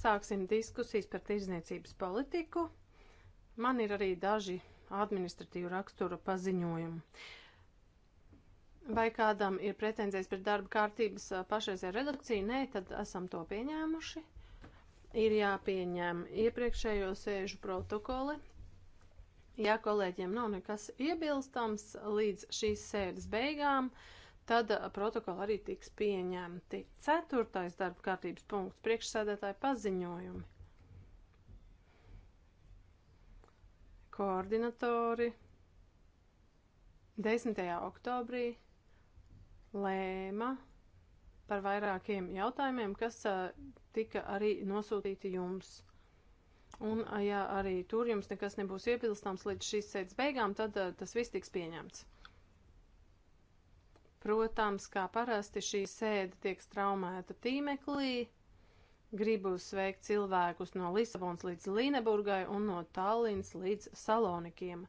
Sāksim diskusijas par tirzniecības politiku. Man ir arī daži administratīvu rakstura paziņojumi. Vai kādam ir pretenzijas pret darba kārtības pašreizējā redakcija? Nē, tad esam to pieņēmuši. Ir jāpieņem iepriekšējo sēžu protokoli. Ja kolēģiem nav nekas iebilstams līdz šīs sēdes beigām, uh, tad uh, protokoli arī tiks pieņemti. Ceturtais darba kārtības punkts - priekšsēdētāja paziņojumi. Koordinatori 10. oktobrī lēma par vairākiem jautājumiem, kas uh, tika arī nosūtīti jums. Un, uh, ja arī tur jums nekas nebūs iebilstams līdz šīs sēdes beigām, tad tas viss tiks pieņemts. Protams, kā parasti šī sēde tiek straumēta tīmeklī. Gribu sveikt cilvēkus no Lisabons līdz Līneburgai un no Tallins līdz Salonikiem.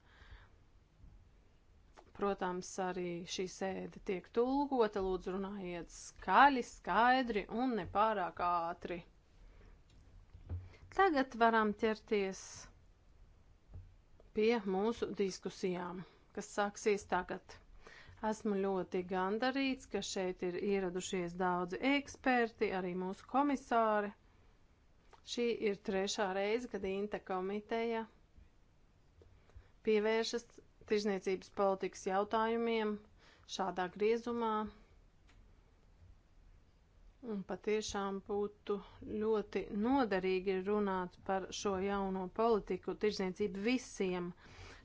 Protams, arī šī sēde tiek tulkota, lūdzu runājiet skaļi, skaidri un nepārāk ātri. Tagad varam ķerties pie mūsu diskusijām, kas sāksies tagad. Esmu ļoti gandarīts, ka šeit ir ieradušies daudzi eksperti, arī mūsu komisāri. Šī ir trešā reize, kad Inta komiteja pievēršas tirzniecības politikas jautājumiem šādā griezumā. Un patiešām būtu ļoti noderīgi runāt par šo jauno politiku, tirzniecību visiem.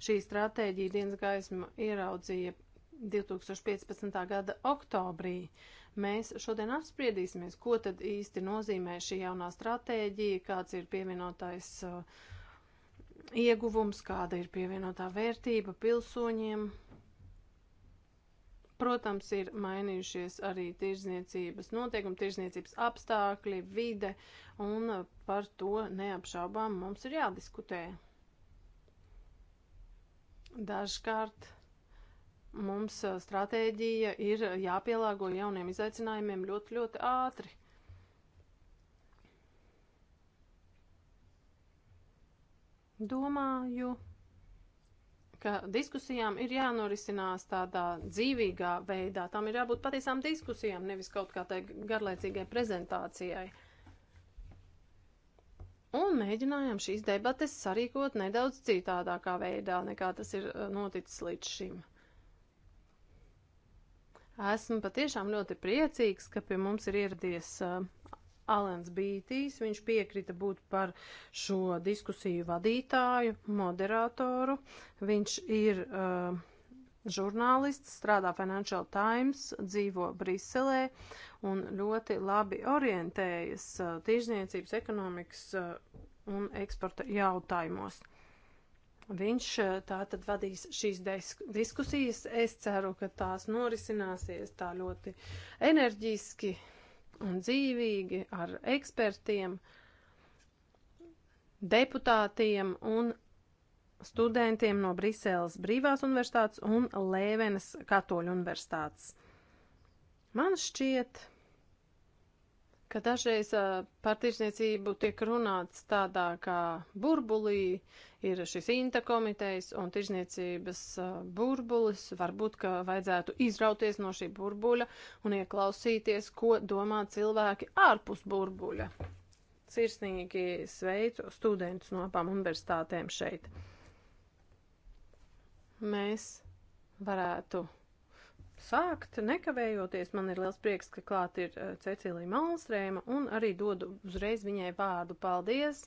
Šī stratēģija dienas gaismu ieraudzīja 2015. gada oktobrī. Mēs šodien apspriedīsimies, ko tad īsti nozīmē šī jaunā stratēģija, kāds ir pievienotais uh, ieguvums, kāda ir pievienotā vērtība pilsoņiem. Protams, ir mainījušies arī tirzniecības noteikumi, tirzniecības apstākļi, vide, un par to neapšaubām mums ir jādiskutē. Dažkārt mums stratēģija ir jāpielāgo jauniem izaicinājumiem ļoti, ļoti ātri. Domāju, ka diskusijām ir jānorisinās tādā dzīvīgā veidā. Tam ir jābūt patiesām diskusijām, nevis kaut kā tai garlaicīgai prezentācijai. Un mēģinājām šīs debates sarīkot nedaudz citādākā veidā, nekā tas ir noticis līdz šim. Esmu patiešām ļoti priecīgs, ka pie mums ir ieradies uh, Alans Bītīs. Viņš piekrita būt par šo diskusiju vadītāju, moderatoru. Viņš ir uh, žurnālists, strādā Financial Times, dzīvo Briselē un ļoti labi orientējas uh, tirzniecības, ekonomikas uh, un eksporta jautājumos. Viņš eh, tā tad vadīs šīs diskusijas. Es ceru, ka tās norisināsies tā ļoti enerģiski un dzīvīgi ar ekspertiem, deputātiem un studentiem no Briseles Brīvās universitātes un Lēvenes Katoļu universitātes. Man šķiet, ka ka dažreiz par tirsniecību tiek runāts tādā kā burbulī, ir šis inta komitejas un tirsniecības burbulis, varbūt, ka vajadzētu izrauties no šī burbuļa un ieklausīties, ko domā cilvēki ārpus burbuļa. Sirsnīgi sveicu studentus no abām universitātēm šeit. Mēs varētu sākt, nekavējoties. Man ir liels prieks, ka klāt ir eh, Cecīlija Malmstrēma un arī dodu uzreiz viņai vārdu. Paldies!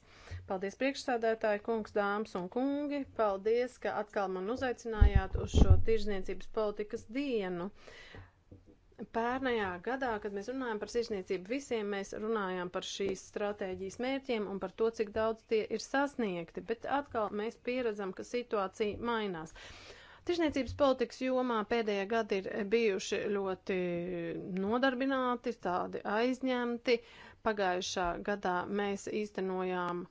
Paldies priekšsādētāji, kungs, dāmas un kungi! Paldies, ka atkal man uzaicinājāt uz šo tirzniecības politikas dienu. Pērnajā gadā, kad mēs runājam par sirsniecību visiem, mēs runājam par šīs stratēģijas mērķiem un par to, cik daudz tie ir sasniegti, bet atkal mēs pieredzam, ka situācija mainās. Uh, Tirzniecības politikas jomā pēdējā gada ir bijuši ļoti nodarbināti, tādi aizņemti. Pagājušā gadā mēs īstenojām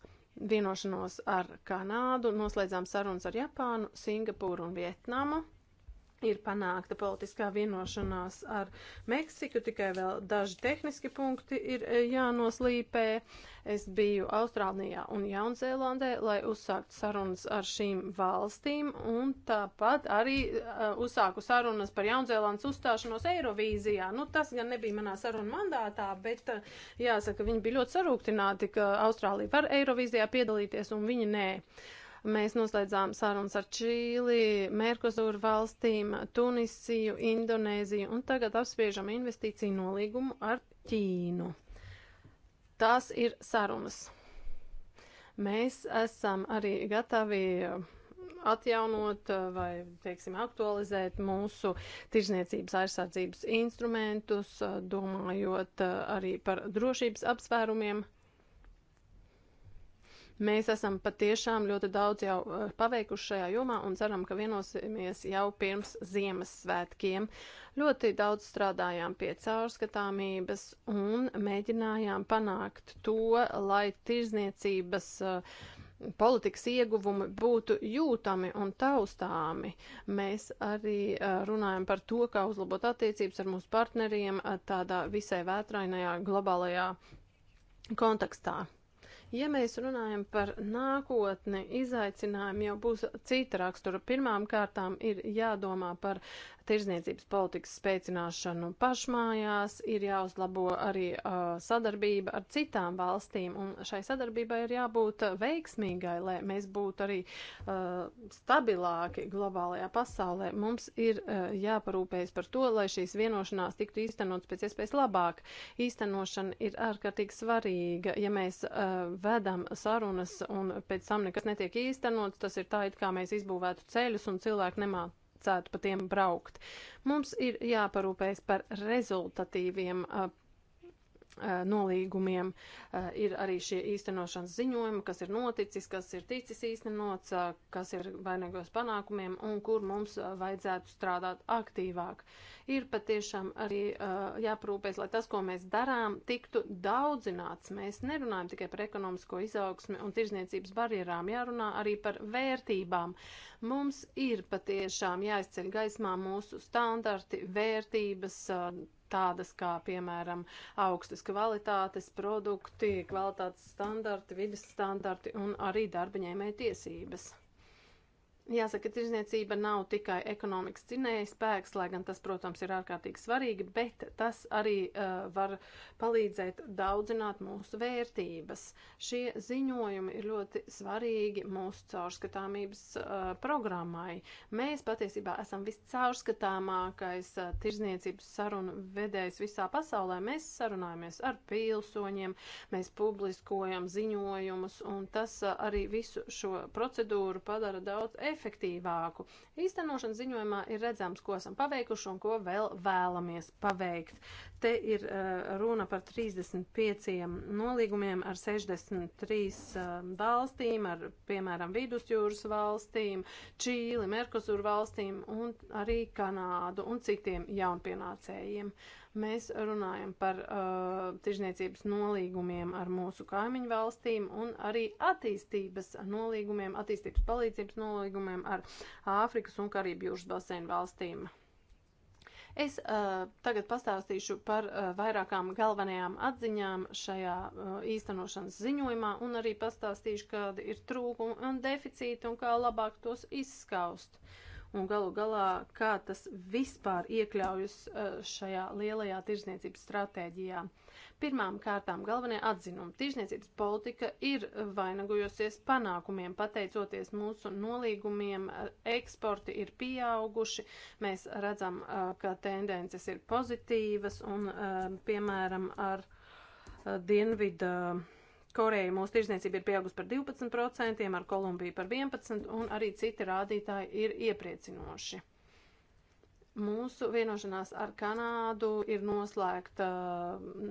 vienošanos ar Kanādu, noslēdzām sarunas ar Japānu, Singapūru un Vietnamu ir panākta politiskā vienošanās ar Meksiku, tikai vēl daži tehniski punkti ir e, jānoslīpē. Es biju Austrālijā un Jaunzēlandē, lai uzsākt sarunas ar šīm valstīm, un tāpat arī uh, uzsāku sarunas par Jaunzēlandes uzstāšanos Eirovīzijā. Nu, tas gan nebija manā saruna mandātā, bet uh, jāsaka, viņi bija ļoti sarūktināti, ka Austrālija var Eirovīzijā piedalīties un viņi nē. Uh, Mēs noslēdzām sarunas ar Čīli, Merkozūru valstīm, Tunisiju, Indonēziju un tagad apspiežam investīciju nolīgumu ar Ķīnu. Tās ir sarunas. Mēs esam arī gatavi atjaunot vai, teiksim, aktualizēt mūsu tirzniecības aizsardzības instrumentus, domājot eh, arī par drošības apsvērumiem. Mēs esam patiešām ļoti daudz jau eh, paveikuši šajā jomā un ceram, ka vienosimies jau pirms Ziemassvētkiem. Ļoti daudz strādājām pie caurskatāmības un mēģinājām panākt to, lai tirzniecības uh, politikas ieguvumi būtu jūtami un taustāmi. Mēs arī eh, runājam par to, kā uzlabot attiecības ar mūsu partneriem tādā visai vētrainajā globālajā kontekstā. Ja mēs runājam par nākotni, izaicinājumi jau būs cita rakstura. Pirmām kārtām ir jādomā par tirzniecības politikas spēcināšanu pašmājās, ir jāuzlabo arī uh, sadarbība ar citām valstīm, un šai sadarbībai ir jābūt veiksmīgai, lai mēs būtu arī uh, stabilāki globālajā pasaulē. Mums ir uh, jāparūpējas par to, lai šīs vienošanās tiktu īstenotas pēc iespējas labāk. Īstenošana ir ārkārtīgi svarīga. Ja mēs uh, vedam sarunas un pēc tam nekas netiek īstenots, tas ir tā, it kā mēs izbūvētu ceļus un cilvēki nemātu vajadzētu pa tiem braukt. Mums ir jāparūpējas par rezultatīviem uh, nolīgumiem ir arī šie īstenošanas ziņojumi, kas ir noticis, kas ir ticis īstenots, kas ir vainagos panākumiem un kur mums vajadzētu strādāt aktīvāk. Ir patiešām arī uh, jāprūpēs, lai tas, ko mēs darām, tiktu daudzināts. Mēs nerunājam tikai par ekonomisko izaugsmi un tirzniecības barjerām, jārunā arī par vērtībām. Mums ir patiešām jāizceļ gaismā mūsu standarti, vērtības. Uh, tādas kā, piemēram, augstas kvalitātes produkti, kvalitātes standarti, vidas standarti un arī darba ņēmēja tiesības. Jāsaka, tirzniecība nav tikai ekonomikas cinējas spēks, lai gan tas, protams, ir ārkārtīgi svarīgi, bet tas arī uh, var palīdzēt daudzināt mūsu vērtības. Šie ziņojumi ir ļoti svarīgi mūsu caurskatāmības uh, programmai. Mēs patiesībā esam viscaurskatāmākais uh, tirzniecības sarunu vedējs visā pasaulē. Mēs sarunājamies ar pilsoņiem, mēs publiskojam ziņojumus, un tas uh, arī visu šo procedūru padara daudz efektīvāk efektīvāku. Īstenošanas ziņojumā ir redzams, ko esam paveikuši un ko vēl vēlamies paveikt. Te ir uh, runa par 35 nolīgumiem ar 63 uh, eh, valstīm, ar piemēram Vidusjūras valstīm, Čīli, Merkosur valstīm un arī Kanādu un citiem jaunpienācējiem. Uh, Mēs runājam par uh, tirzniecības nolīgumiem ar mūsu kaimiņu valstīm un arī attīstības nolīgumiem, attīstības palīdzības nolīgumiem ar Āfrikas un Karību jūras basēnu valstīm. Es uh, tagad pastāstīšu par uh, vairākām galvenajām atziņām šajā uh, īstenošanas ziņojumā un arī pastāstīšu, kādi ir trūkumi un deficīti un kā labāk tos izskaust. Uh, un galu galā, kā tas vispār iekļaujas eh, šajā lielajā tirzniecības stratēģijā. Pirmām kārtām galvenie atzinumi. Tirzniecības politika ir vainagojusies panākumiem, pateicoties mūsu nolīgumiem, eksporti ir pieauguši, mēs redzam, eh, ka tendences ir pozitīvas un, eh, piemēram, ar dienvidu Koreja mūsu tirzniecība ir pieaugusi par 12%, ar Kolumbiju par 11%, un arī citi rādītāji ir iepriecinoši. Mūsu vienošanās ar Kanādu ir noslēgta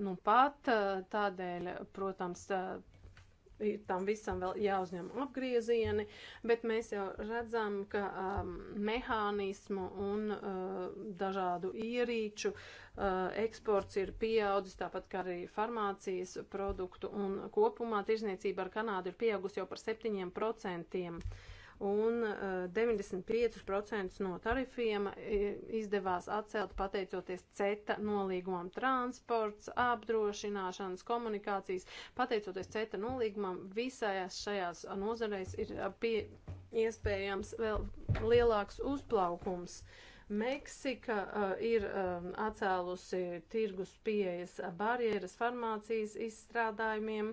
nu pat, tādēļ, protams, tam visam vēl jāuzņem apgriezieni, bet mēs jau redzam, ka um, mehānismu un uh, dažādu ierīču uh, eksports ir pieaudzis, tāpat kā arī farmācijas produktu, un kopumā tirzniecība ar Kanādu ir pieaugusi jau par 7% un 95% eh, no tarifiem eh, izdevās atcelt pateicoties CETA nolīgumam transports, apdrošināšanas, komunikācijas. Pateicoties CETA nolīgumam, visās šajās nozareis ir eh, pie, iespējams vēl lielāks uzplaukums. Uh, Meksika uh, ir um, atcēlusi tirgus pieejas barjeras farmācijas izstrādājumiem,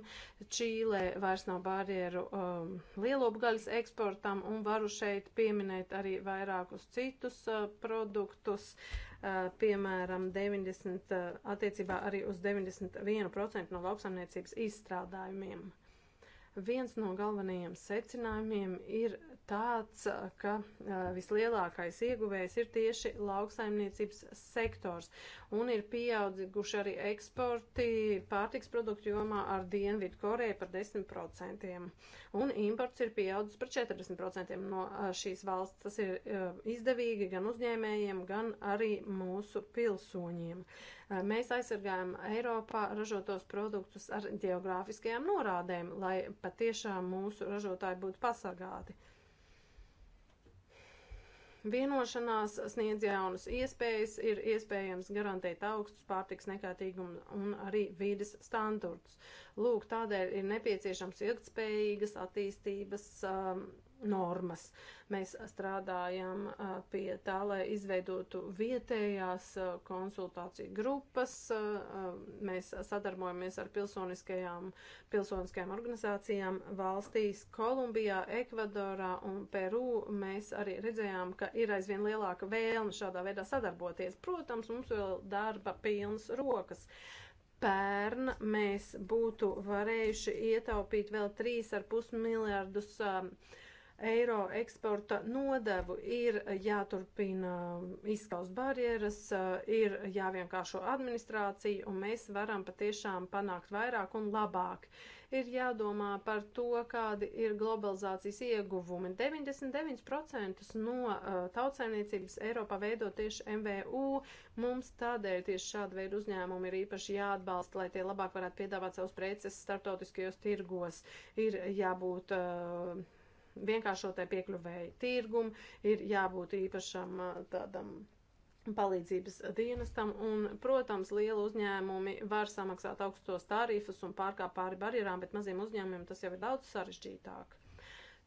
Čīlē vairs nav barjeru um, lielopgaļas eksportam un varu šeit pieminēt arī vairākus citus uh, produktus, uh, piemēram, 90, uh, attiecībā arī uz 91% no lauksaimniecības izstrādājumiem. Viens no galvenajiem secinājumiem ir tāds, ka vislielākais ieguvējs ir tieši lauksaimniecības sektors. Un ir pieauguši arī eksporti pārtiks produktu jomā ar Dienvidu Koreju par 10%. Un imports ir pieaudzis par 40% no šīs valsts. Tas ir izdevīgi gan uzņēmējiem, gan arī mūsu pilsoņiem. Mēs aizsargājam Eiropā ražotos produktus ar geogrāfiskajām norādēm, lai patiešām mūsu ražotāji būtu pasargāti. Vienošanās sniedz jaunas iespējas, ir iespējams garantēt augstus pārtiks nekaitīgumu un arī vīdes standartus. Lūk, tādēļ ir nepieciešams ilgtspējīgas attīstības um, normas. Mēs strādājam pie tā, lai izveidotu vietējās konsultāciju grupas. Mēs sadarbojamies ar pilsoniskajām, pilsoniskajām organizācijām valstīs Kolumbijā, Ekvadorā un Peru. Mēs arī redzējām, ka ir aizvien lielāka vēlme šādā veidā sadarboties. Protams, mums vēl darba pilnas rokas pērn mēs būtu varējuši ietaupīt vēl 3,5 miljardus uh, eiro eksporta nodevu, ir jāturpina izskaust barjeras, ir jāvienkāršo administrācija, un mēs varam patiešām panākt vairāk un labāk. Ir jādomā par to, kādi ir globalizācijas ieguvumi. 99% no uh, tautsēmniecības Eiropā veido tieši MVU. Mums tādēļ tieši šāda veida uzņēmumi ir īpaši jāatbalsta, lai tie labāk varētu piedāvāt savus preces starptautiskajos tirgos. Ir jābūt uh, vienkāršotai piekļuvēji tirgumu, ir jābūt īpašam tādam palīdzības dienestam, un, protams, liela uzņēmumi var samaksāt augstos tarifus un pārkāpt pāri barjerām, bet maziem uzņēmumiem tas jau ir daudz sarežģītāk.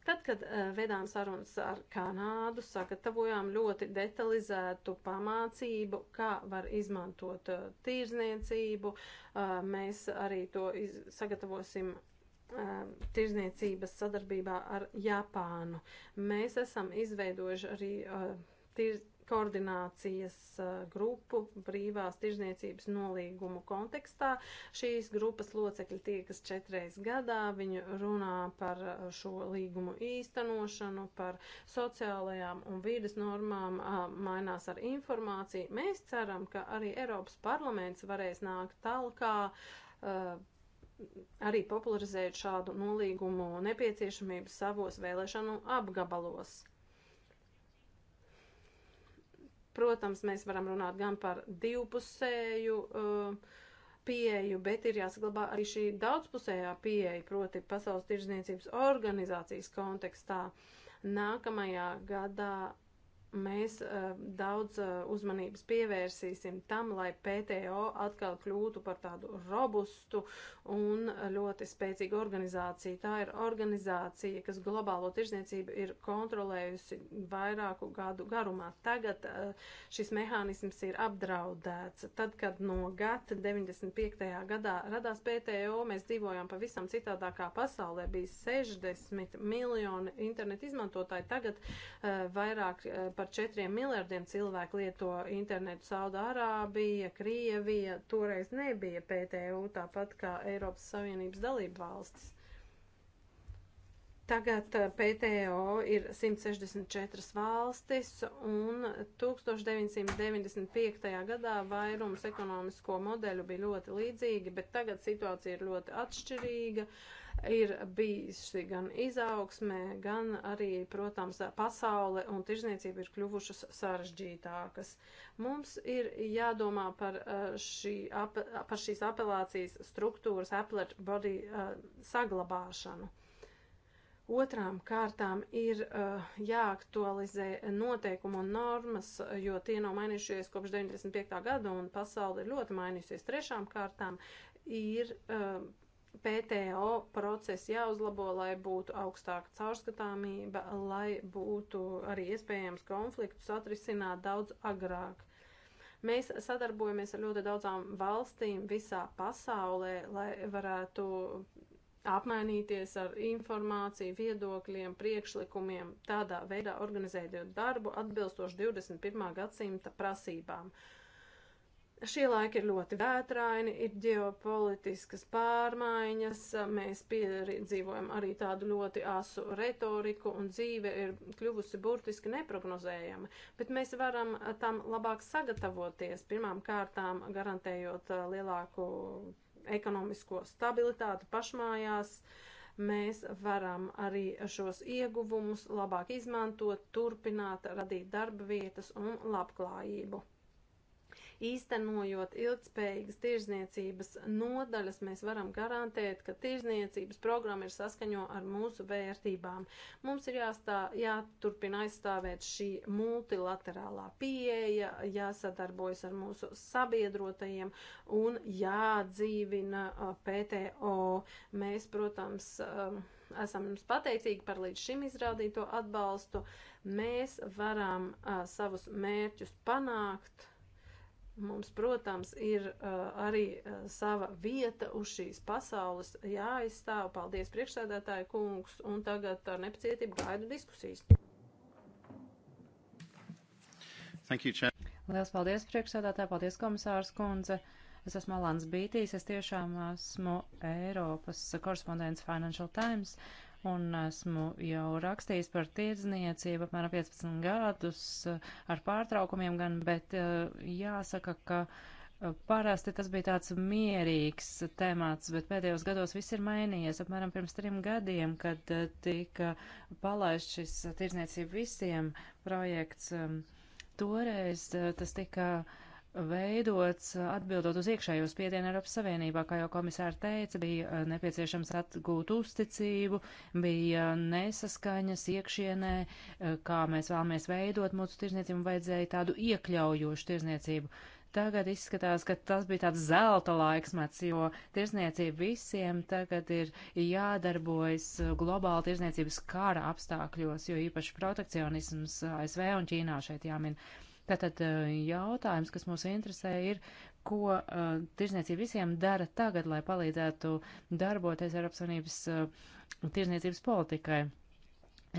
Tad, kad vedām sarunas ar Kanādu, sagatavojām ļoti detalizētu pamācību, kā var izmantot tīrzniecību. Mēs arī to sagatavosim Um, tirzniecības sadarbībā ar Japānu. Mēs esam izveidojuši arī uh, tir, koordinācijas uh, grupu brīvās tirzniecības nolīgumu kontekstā. Šīs grupas locekļi tiekas četreiz gadā, viņi runā par uh, šo līgumu īstenošanu, par sociālajām un vīdes normām, uh, mainās ar informāciju. Mēs ceram, ka arī Eiropas parlaments varēs nākt talkā uh, arī popularizējot šādu nolīgumu nepieciešamību savos vēlēšanu apgabalos. Protams, mēs varam runāt gan par divpusēju uh, pieeju, bet ir jāsaglabā arī šī daudzpusējā pieeja, proti Pasaules tirzniecības organizācijas kontekstā. Nākamajā gadā mēs uh, daudz uh, uzmanības pievērsīsim tam, lai PTO atkal kļūtu par tādu robustu un ļoti spēcīgu organizāciju. Tā ir organizācija, kas globālo tirzniecību ir kontrolējusi vairāku gadu garumā. Tagad uh, šis mehānisms ir apdraudēts. Tad, kad no GATT 95. gadā radās PTO, mēs dzīvojām pavisam citādākā pasaulē. Bija 60 miljoni internetu izmantotāji, tagad uh, vairāk uh, par 4 miljardiem cilvēku lieto internetu Saudārābija, Krievija, toreiz nebija PTU tāpat kā Eiropas Savienības dalība valstis. Tagad eh, PTO ir 164 valstis un 1995. gadā vairums ekonomisko modeļu bija ļoti līdzīgi, bet tagad situācija ir ļoti atšķirīga. Uh, ir bijusi gan izaugsmē, gan arī, protams, pasaule un tirzniecība ir kļuvušas sarežģītākas. Mums ir jādomā par, uh, šī, ap, par šīs apelācijas struktūras applet body uh, saglabāšanu. Otrām kārtām ir uh, jāaktualizē noteikumu un normas, jo tie nav mainījušies kopš 95. gada un pasauli ir ļoti mainījusies. Trešām kārtām ir uh, PTO process jāuzlabo, lai būtu augstāka caurskatāmība, lai būtu arī iespējams konfliktus atrisināt daudz agrāk. Mēs sadarbojamies ar ļoti daudzām valstīm visā pasaulē, lai varētu apmainīties ar informāciju, viedokļiem, priekšlikumiem, tādā veidā organizējot darbu atbilstoši 21. gadsimta prasībām. Uh, Šie laiki ir ļoti vētraini, ir ģeopolitiskas pārmaiņas, mēs piedzīvojam arī tādu ļoti asu retoriku un dzīve ir kļuvusi burtiski neprognozējama, bet mēs varam tam labāk sagatavoties, pirmām kārtām garantējot uh, lielāku ekonomisko stabilitāti pašmājās, mēs varam arī šos ieguvumus labāk izmantot, turpināt radīt darba vietas un labklājību. Īstenojot ilgspējīgas tirzniecības nodaļas, mēs varam garantēt, ka tirzniecības programma ir saskaņo ar mūsu vērtībām. Mums ir jāstā, jāturpina aizstāvēt šī multilaterālā pieeja, jāsadarbojas ar mūsu sabiedrotajiem un jādzīvina PTO. Mēs, protams, esam jums pateicīgi par līdz šim izrādīto atbalstu. Mēs varam uh, savus mērķus panākt Mums, protams, ir uh, arī uh, sava vieta uz šīs pasaules jāizstāv. Paldies, priekšsēdētāja kungs, un tagad ar nepacietību gaidu diskusijas. Thank you, Chair. Liels paldies, priekšsēdētāji, paldies, komisārs kundze. Es esmu Alans Bītīs, es tiešām esmu Eiropas korespondents Financial Times, un esmu jau rakstījis par tirdzniecību apmēram 15 gadus eh, ar pārtraukumiem gan, bet eh, jāsaka, ka eh, parasti tas bija tāds mierīgs temats, bet pēdējos gados viss ir mainījies. Apmēram pirms trim gadiem, kad tika palaists šis tirdzniecību visiem projekts, toreiz tas tika veidots atbildot uz iekšējo spiedienu Eiropas Savienībā. Kā jau komisāra teica, bija eh, nepieciešams atgūt uzticību, bija eh, nesaskaņas iekšienē, eh, kā mēs vēlamies veidot mūsu tirzniecību, vajadzēja tādu iekļaujošu tirzniecību. Tagad izskatās, ka tas bija tāds zelta laikmets, jo tirsniecība visiem tagad ir jādarbojas globāla tirsniecības kara apstākļos, jo īpaši protekcionisms ASV un Ķīnā šeit jāmin. Uh, Tātad eh, jautājums, kas mūs interesē, ir, ko uh, tirzniecība visiem dara tagad, lai palīdzētu darboties Eiropas Savienības uh, tirzniecības politikai.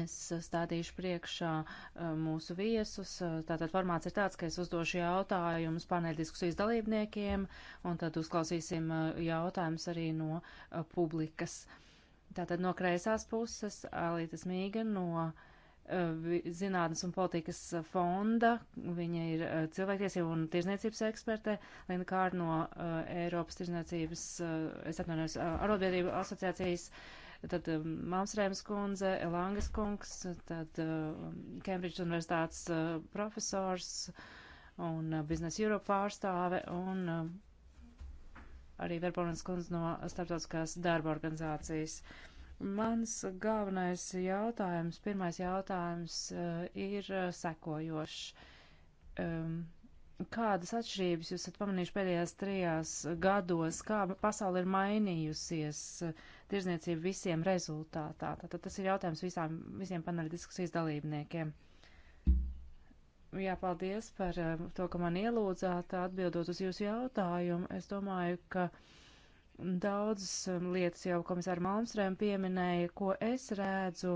Es stādīšu priekšā uh, mūsu viesus. Tātad formāts ir tāds, ka es uzdošu jautājumus paneļdiskusijas dalībniekiem, un tad uzklausīsim uh, jautājumus arī no uh, publikas. Tātad no kreisās puses Alītas Mīga no uh, Eh, zinātnes un politikas eh, fonda, viņa ir eh, cilvēktiesība un tirzniecības eksperte, Linda Kār no Eiropas tirzniecības, es atvainojos, arotbiedrību asociācijas, tad Mamsrēmas kundze, Elangas kungs, tad Kembridžas universitātes profesors un Biznesa Europa pārstāve un arī Verbonas kundze no starptautiskās darba organizācijas. Uh, Mans galvenais jautājums, pirmais jautājums eh, ir eh, sekojošs. Ehm, kādas atšķirības jūs esat pamanījuši pēdējās trijās gados, kā pasauli ir mainījusies eh, tirzniecību visiem rezultātā? Tātad tas ir jautājums visām, visiem paneļa diskusijas dalībniekiem. Jā, paldies par to, ka man ielūdzāt atbildot uz jūsu jautājumu. Es domāju, ka uh, Daudzas um, lietas jau komisāra Malmstrēm pieminēja, ko es redzu.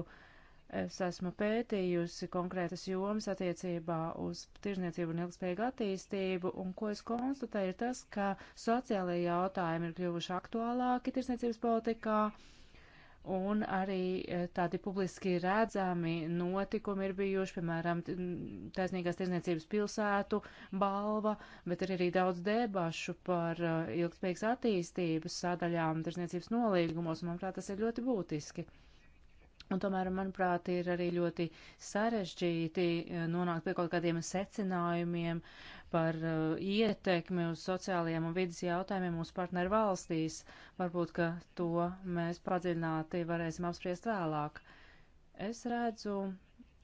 Es esmu pētījusi konkrētas jomas attiecībā uz tirzniecību un ilgspējīgu attīstību, un ko es konstatēju ir tas, ka sociālajie jautājumi ir kļuvuši aktuālāki tirzniecības politikā. Uh, Un arī e, tādi publiski redzami notikumi ir bijuši, piemēram, taisnīgās tirzniecības pilsētu balva, bet ir arī daudz debašu par e, ilgspējīgas attīstības sadaļām tirzniecības nolīgumos, un manuprāt, tas ir ļoti būtiski. Un tomēr, manuprāt, ir arī ļoti sarežģīti e, nonākt pie kaut kādiem secinājumiem, uh, par uh, ietekmi uz sociālajiem un vidas jautājumiem mūsu partneru valstīs. Varbūt, ka to mēs padziļināti varēsim apspriest vēlāk. Es redzu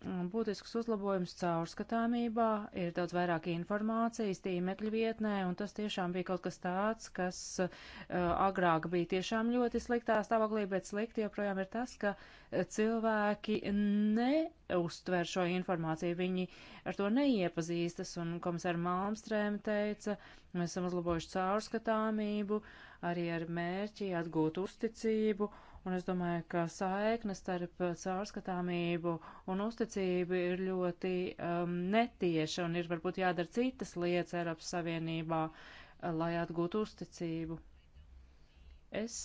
Mm, būtisks uzlabojums caurskatāmībā, ir daudz vairāk informācijas tīmekļa vietnē, un tas tiešām bija kaut kas tāds, kas uh, agrāk bija tiešām ļoti sliktā stāvoklī, bet slikti joprojām ir tas, ka uh, cilvēki neuztver šo informāciju, viņi ar to neiepazīstas, un komisāra Malmstrēma teica, mēs esam uzlabojuši caurskatāmību, arī ar mērķi atgūt uzticību, uh, Un es domāju, ka saikne starp caurskatāmību un uzticību ir ļoti um, netieša un ir varbūt jādara citas lietas Eiropas Savienībā, uh, lai atgūtu uzticību. Es,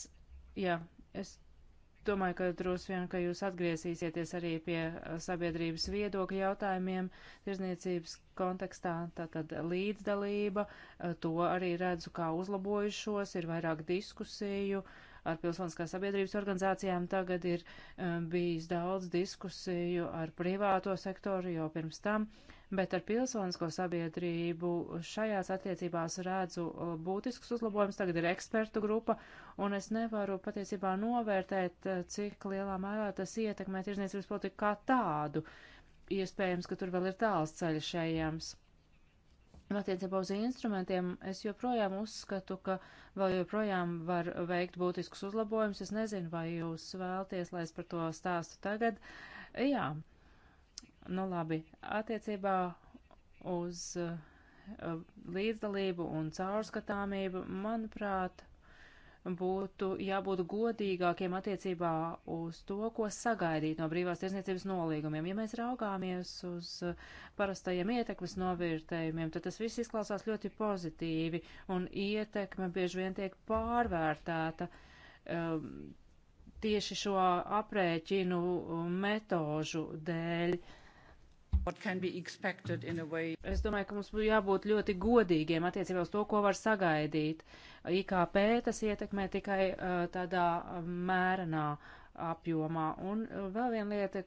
jā, es domāju, ka droši vien, ka jūs atgriezīsieties arī pie uh, sabiedrības viedokļa jautājumiem tirzniecības kontekstā, tātad līdzdalība, uh, to arī redzu kā uzlabojušos, ir vairāk diskusiju. Uh, ar pilsoniskās sabiedrības organizācijām. Tagad ir eh, bijis daudz diskusiju ar privāto sektoru jau pirms tam, bet ar pilsonisko sabiedrību šajās attiecībās redzu eh, būtisks uzlabojums. Tagad ir ekspertu grupa, un es nevaru patiesībā novērtēt, eh, cik lielā mērā tas ietekmē tirzniecības politiku kā tādu. Iespējams, ka tur vēl ir tāls ceļš ejams. Un attiecībā uz instrumentiem es joprojām uzskatu, ka vēl joprojām var veikt būtiskus uzlabojumus. Es nezinu, vai jūs vēlties, lai es par to stāstu tagad. Jā, nu labi, attiecībā uz uh, līdzdalību un caurskatāmību, manuprāt, būtu jābūt godīgākiem attiecībā uz to, ko sagaidīt no brīvās tiesniecības nolīgumiem. Ja mēs raugāmies uz uh, parastajiem ietekmes novērtējumiem, tad tas viss izklausās ļoti pozitīvi, un ietekme bieži vien tiek pārvērtēta um, tieši šo aprēķinu uh, metožu dēļ. Uh, Es domāju, ka mums būtu jābūt ļoti godīgiem attiecībā uz to, ko var sagaidīt. IKP tas ietekmē tikai uh, tādā eh, mērenā apjomā. Un eh, vēl viena lieta,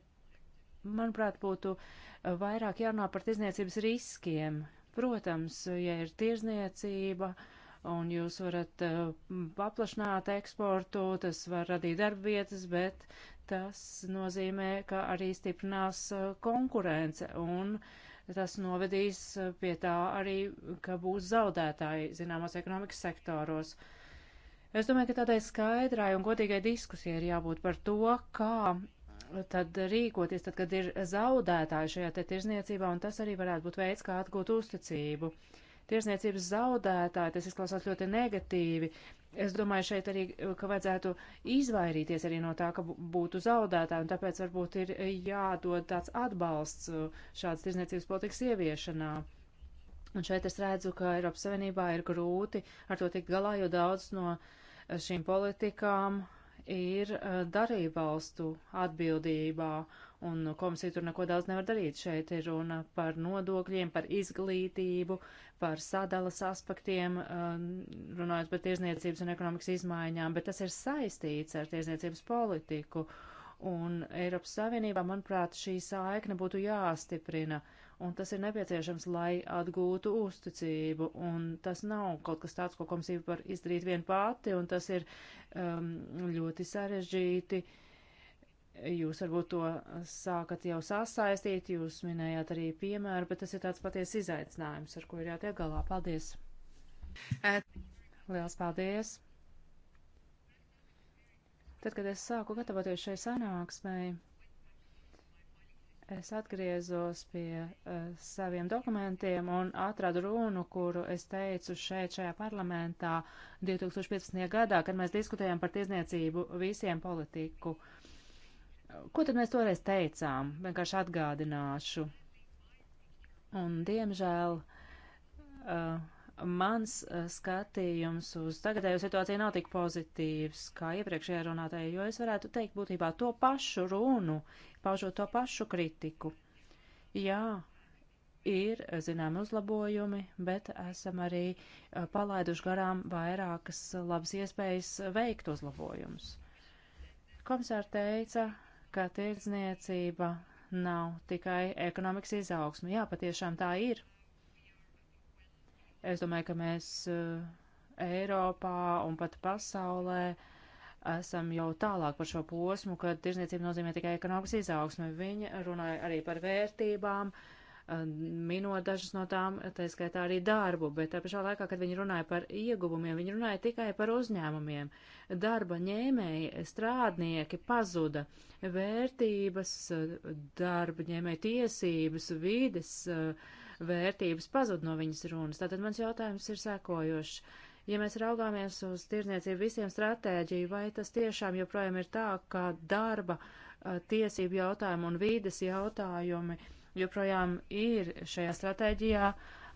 manuprāt, būtu vairāk jārunā par tirzniecības riskiem. Protams, ja ir tirzniecība, uh, un jūs varat eh, paplašināt eksportu, tas var radīt darbvietas, bet tas nozīmē, ka arī stiprinās eh, konkurence un tas novedīs eh, pie tā arī, ka būs zaudētāji zināmos ekonomikas sektoros. Es domāju, ka tādai skaidrai un godīgai diskusijai ir jābūt par to, kā tad rīkoties, tad, kad ir zaudētāji šajā te tirzniecībā, un tas arī varētu būt veids, kā atgūt uzticību. Uh, tirzniecības zaudētāji. Tas izklausās ļoti negatīvi. Es domāju šeit arī, ka vajadzētu izvairīties arī no tā, ka būtu zaudētāji, un tāpēc varbūt ir jādod tāds atbalsts uh, šādas tirzniecības politikas ieviešanā. Un šeit es redzu, ka Eiropas Savienībā ir grūti ar to tikt galā, jo daudz no uh, šīm politikām ir uh, darību valstu atbildībā, un komisija tur neko daudz nevar darīt. Šeit ir runa par nodokļiem, par izglītību, par sadalas aspektiem, uh, runājot par tirzniecības un ekonomikas izmaiņām, bet tas ir saistīts ar tirzniecības politiku. Un Eiropas Savienībā, manuprāt, šī saikne būtu jāstiprina, un tas ir nepieciešams, lai atgūtu uzticību, un tas nav kaut kas tāds, ko komisija var izdarīt vien pati, un tas ir um, ļoti sarežģīti. Uh, Jūs varbūt to sākat jau sasaistīt, jūs minējāt arī piemēru, bet tas ir tāds patiesi izaicinājums, ar ko ir jātiek galā. Paldies! Liels paldies! Tad, kad es sāku gatavoties šai sanāksmei, es atgriezos pie uh, saviem dokumentiem un atradu runu, kuru es teicu šeit, šajā parlamentā 2015. gadā, kad mēs diskutējām par tiesniecību visiem politiku uh, Ko tad mēs toreiz teicām? Vienkārši atgādināšu. Un, diemžēl, uh, mans uh, skatījums uz tagadējo situāciju nav tik pozitīvs kā iepriekšējā runātāja, jo es varētu teikt būtībā to pašu runu, paužot to pašu kritiku. Jā, ir zinām uzlabojumi, bet esam arī uh, palaiduši garām vairākas labas iespējas veikt uzlabojumus. Komisāra teica, ka tirdzniecība nav tikai ekonomikas izaugsme. Jā, patiešām tā ir. Es domāju, ka mēs eh, Eiropā un pat pasaulē esam jau tālāk par šo posmu, kad tirzniecība nozīmē tikai ekonomikas izaugsme. Viņa runāja arī par vērtībām, uh, minot dažas no tām, tā skaitā arī darbu, bet tā pašā laikā, kad viņi runāja par ieguvumiem, viņi runāja tikai par uzņēmumiem. Darba ņēmēji, strādnieki pazuda, vērtības, darba ņēmēji tiesības, vīdes eh, vērtības pazuda no viņas runas. Tātad mans jautājums ir sēkojošs. Ja mēs raugāmies uz tirdzniecību visiem stratēģiju, vai tas tiešām joprojām ir tā, ka darba eh, tiesību jautājumi un vīdes jautājumi uh, joprojām ir šajā stratēģijā,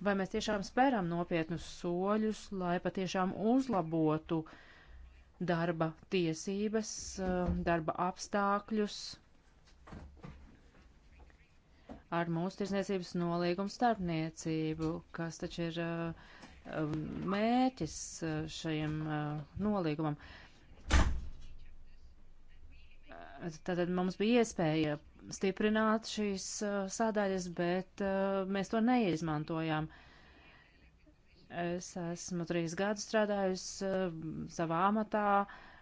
vai mēs tiešām speram nopietnus soļus, lai patiešām uzlabotu darba tiesības, um, darba apstākļus ar mūsu tirsniecības nolīgumu starpniecību, kas taču ir uh, um, mērķis uh, šajam uh, nolīgumam. Tātad mums bija iespēja stiprināt šīs uh, sādaļas, bet uh, mēs to neizmantojām. Es esmu trīs gadus strādājusi uh, savā amatā,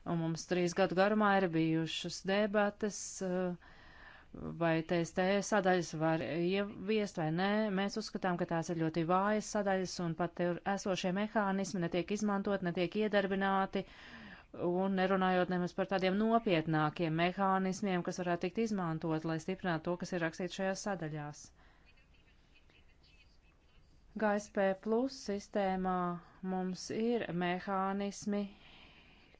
un mums trīs gadu garumā ir bijušas debates, vai TST sadaļas var ieviest vai nē. Mēs uzskatām, ka tās ir ļoti vājas sadaļas, un pat esošie mehānismi netiek izmantot, netiek iedarbināti. Uh, un nerunājot nemaz par tādiem nopietnākiem mehānismiem, kas varētu tikt izmantot, lai stiprinātu to, kas ir rakstīts šajās sadaļās. GSP plus sistēmā mums ir mehānismi,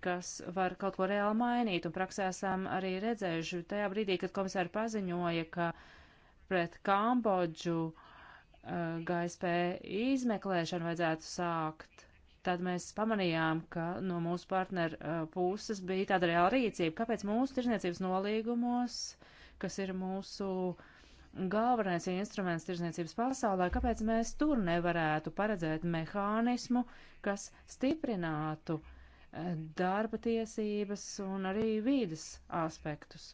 kas var kaut ko reāli mainīt, un praksē esam arī redzējuši tajā brīdī, kad komisāri paziņoja, ka pret Kambodžu uh, GSP izmeklēšanu vajadzētu sākt tad mēs pamanījām, ka no mūsu partneru uh, puses bija tāda reāla rīcība. Kāpēc mūsu tirzniecības nolīgumos, kas ir mūsu galvenais instruments tirzniecības pasaulē, kāpēc mēs tur nevarētu paredzēt mehānismu, kas stiprinātu uh, darba tiesības un arī vīdes aspektus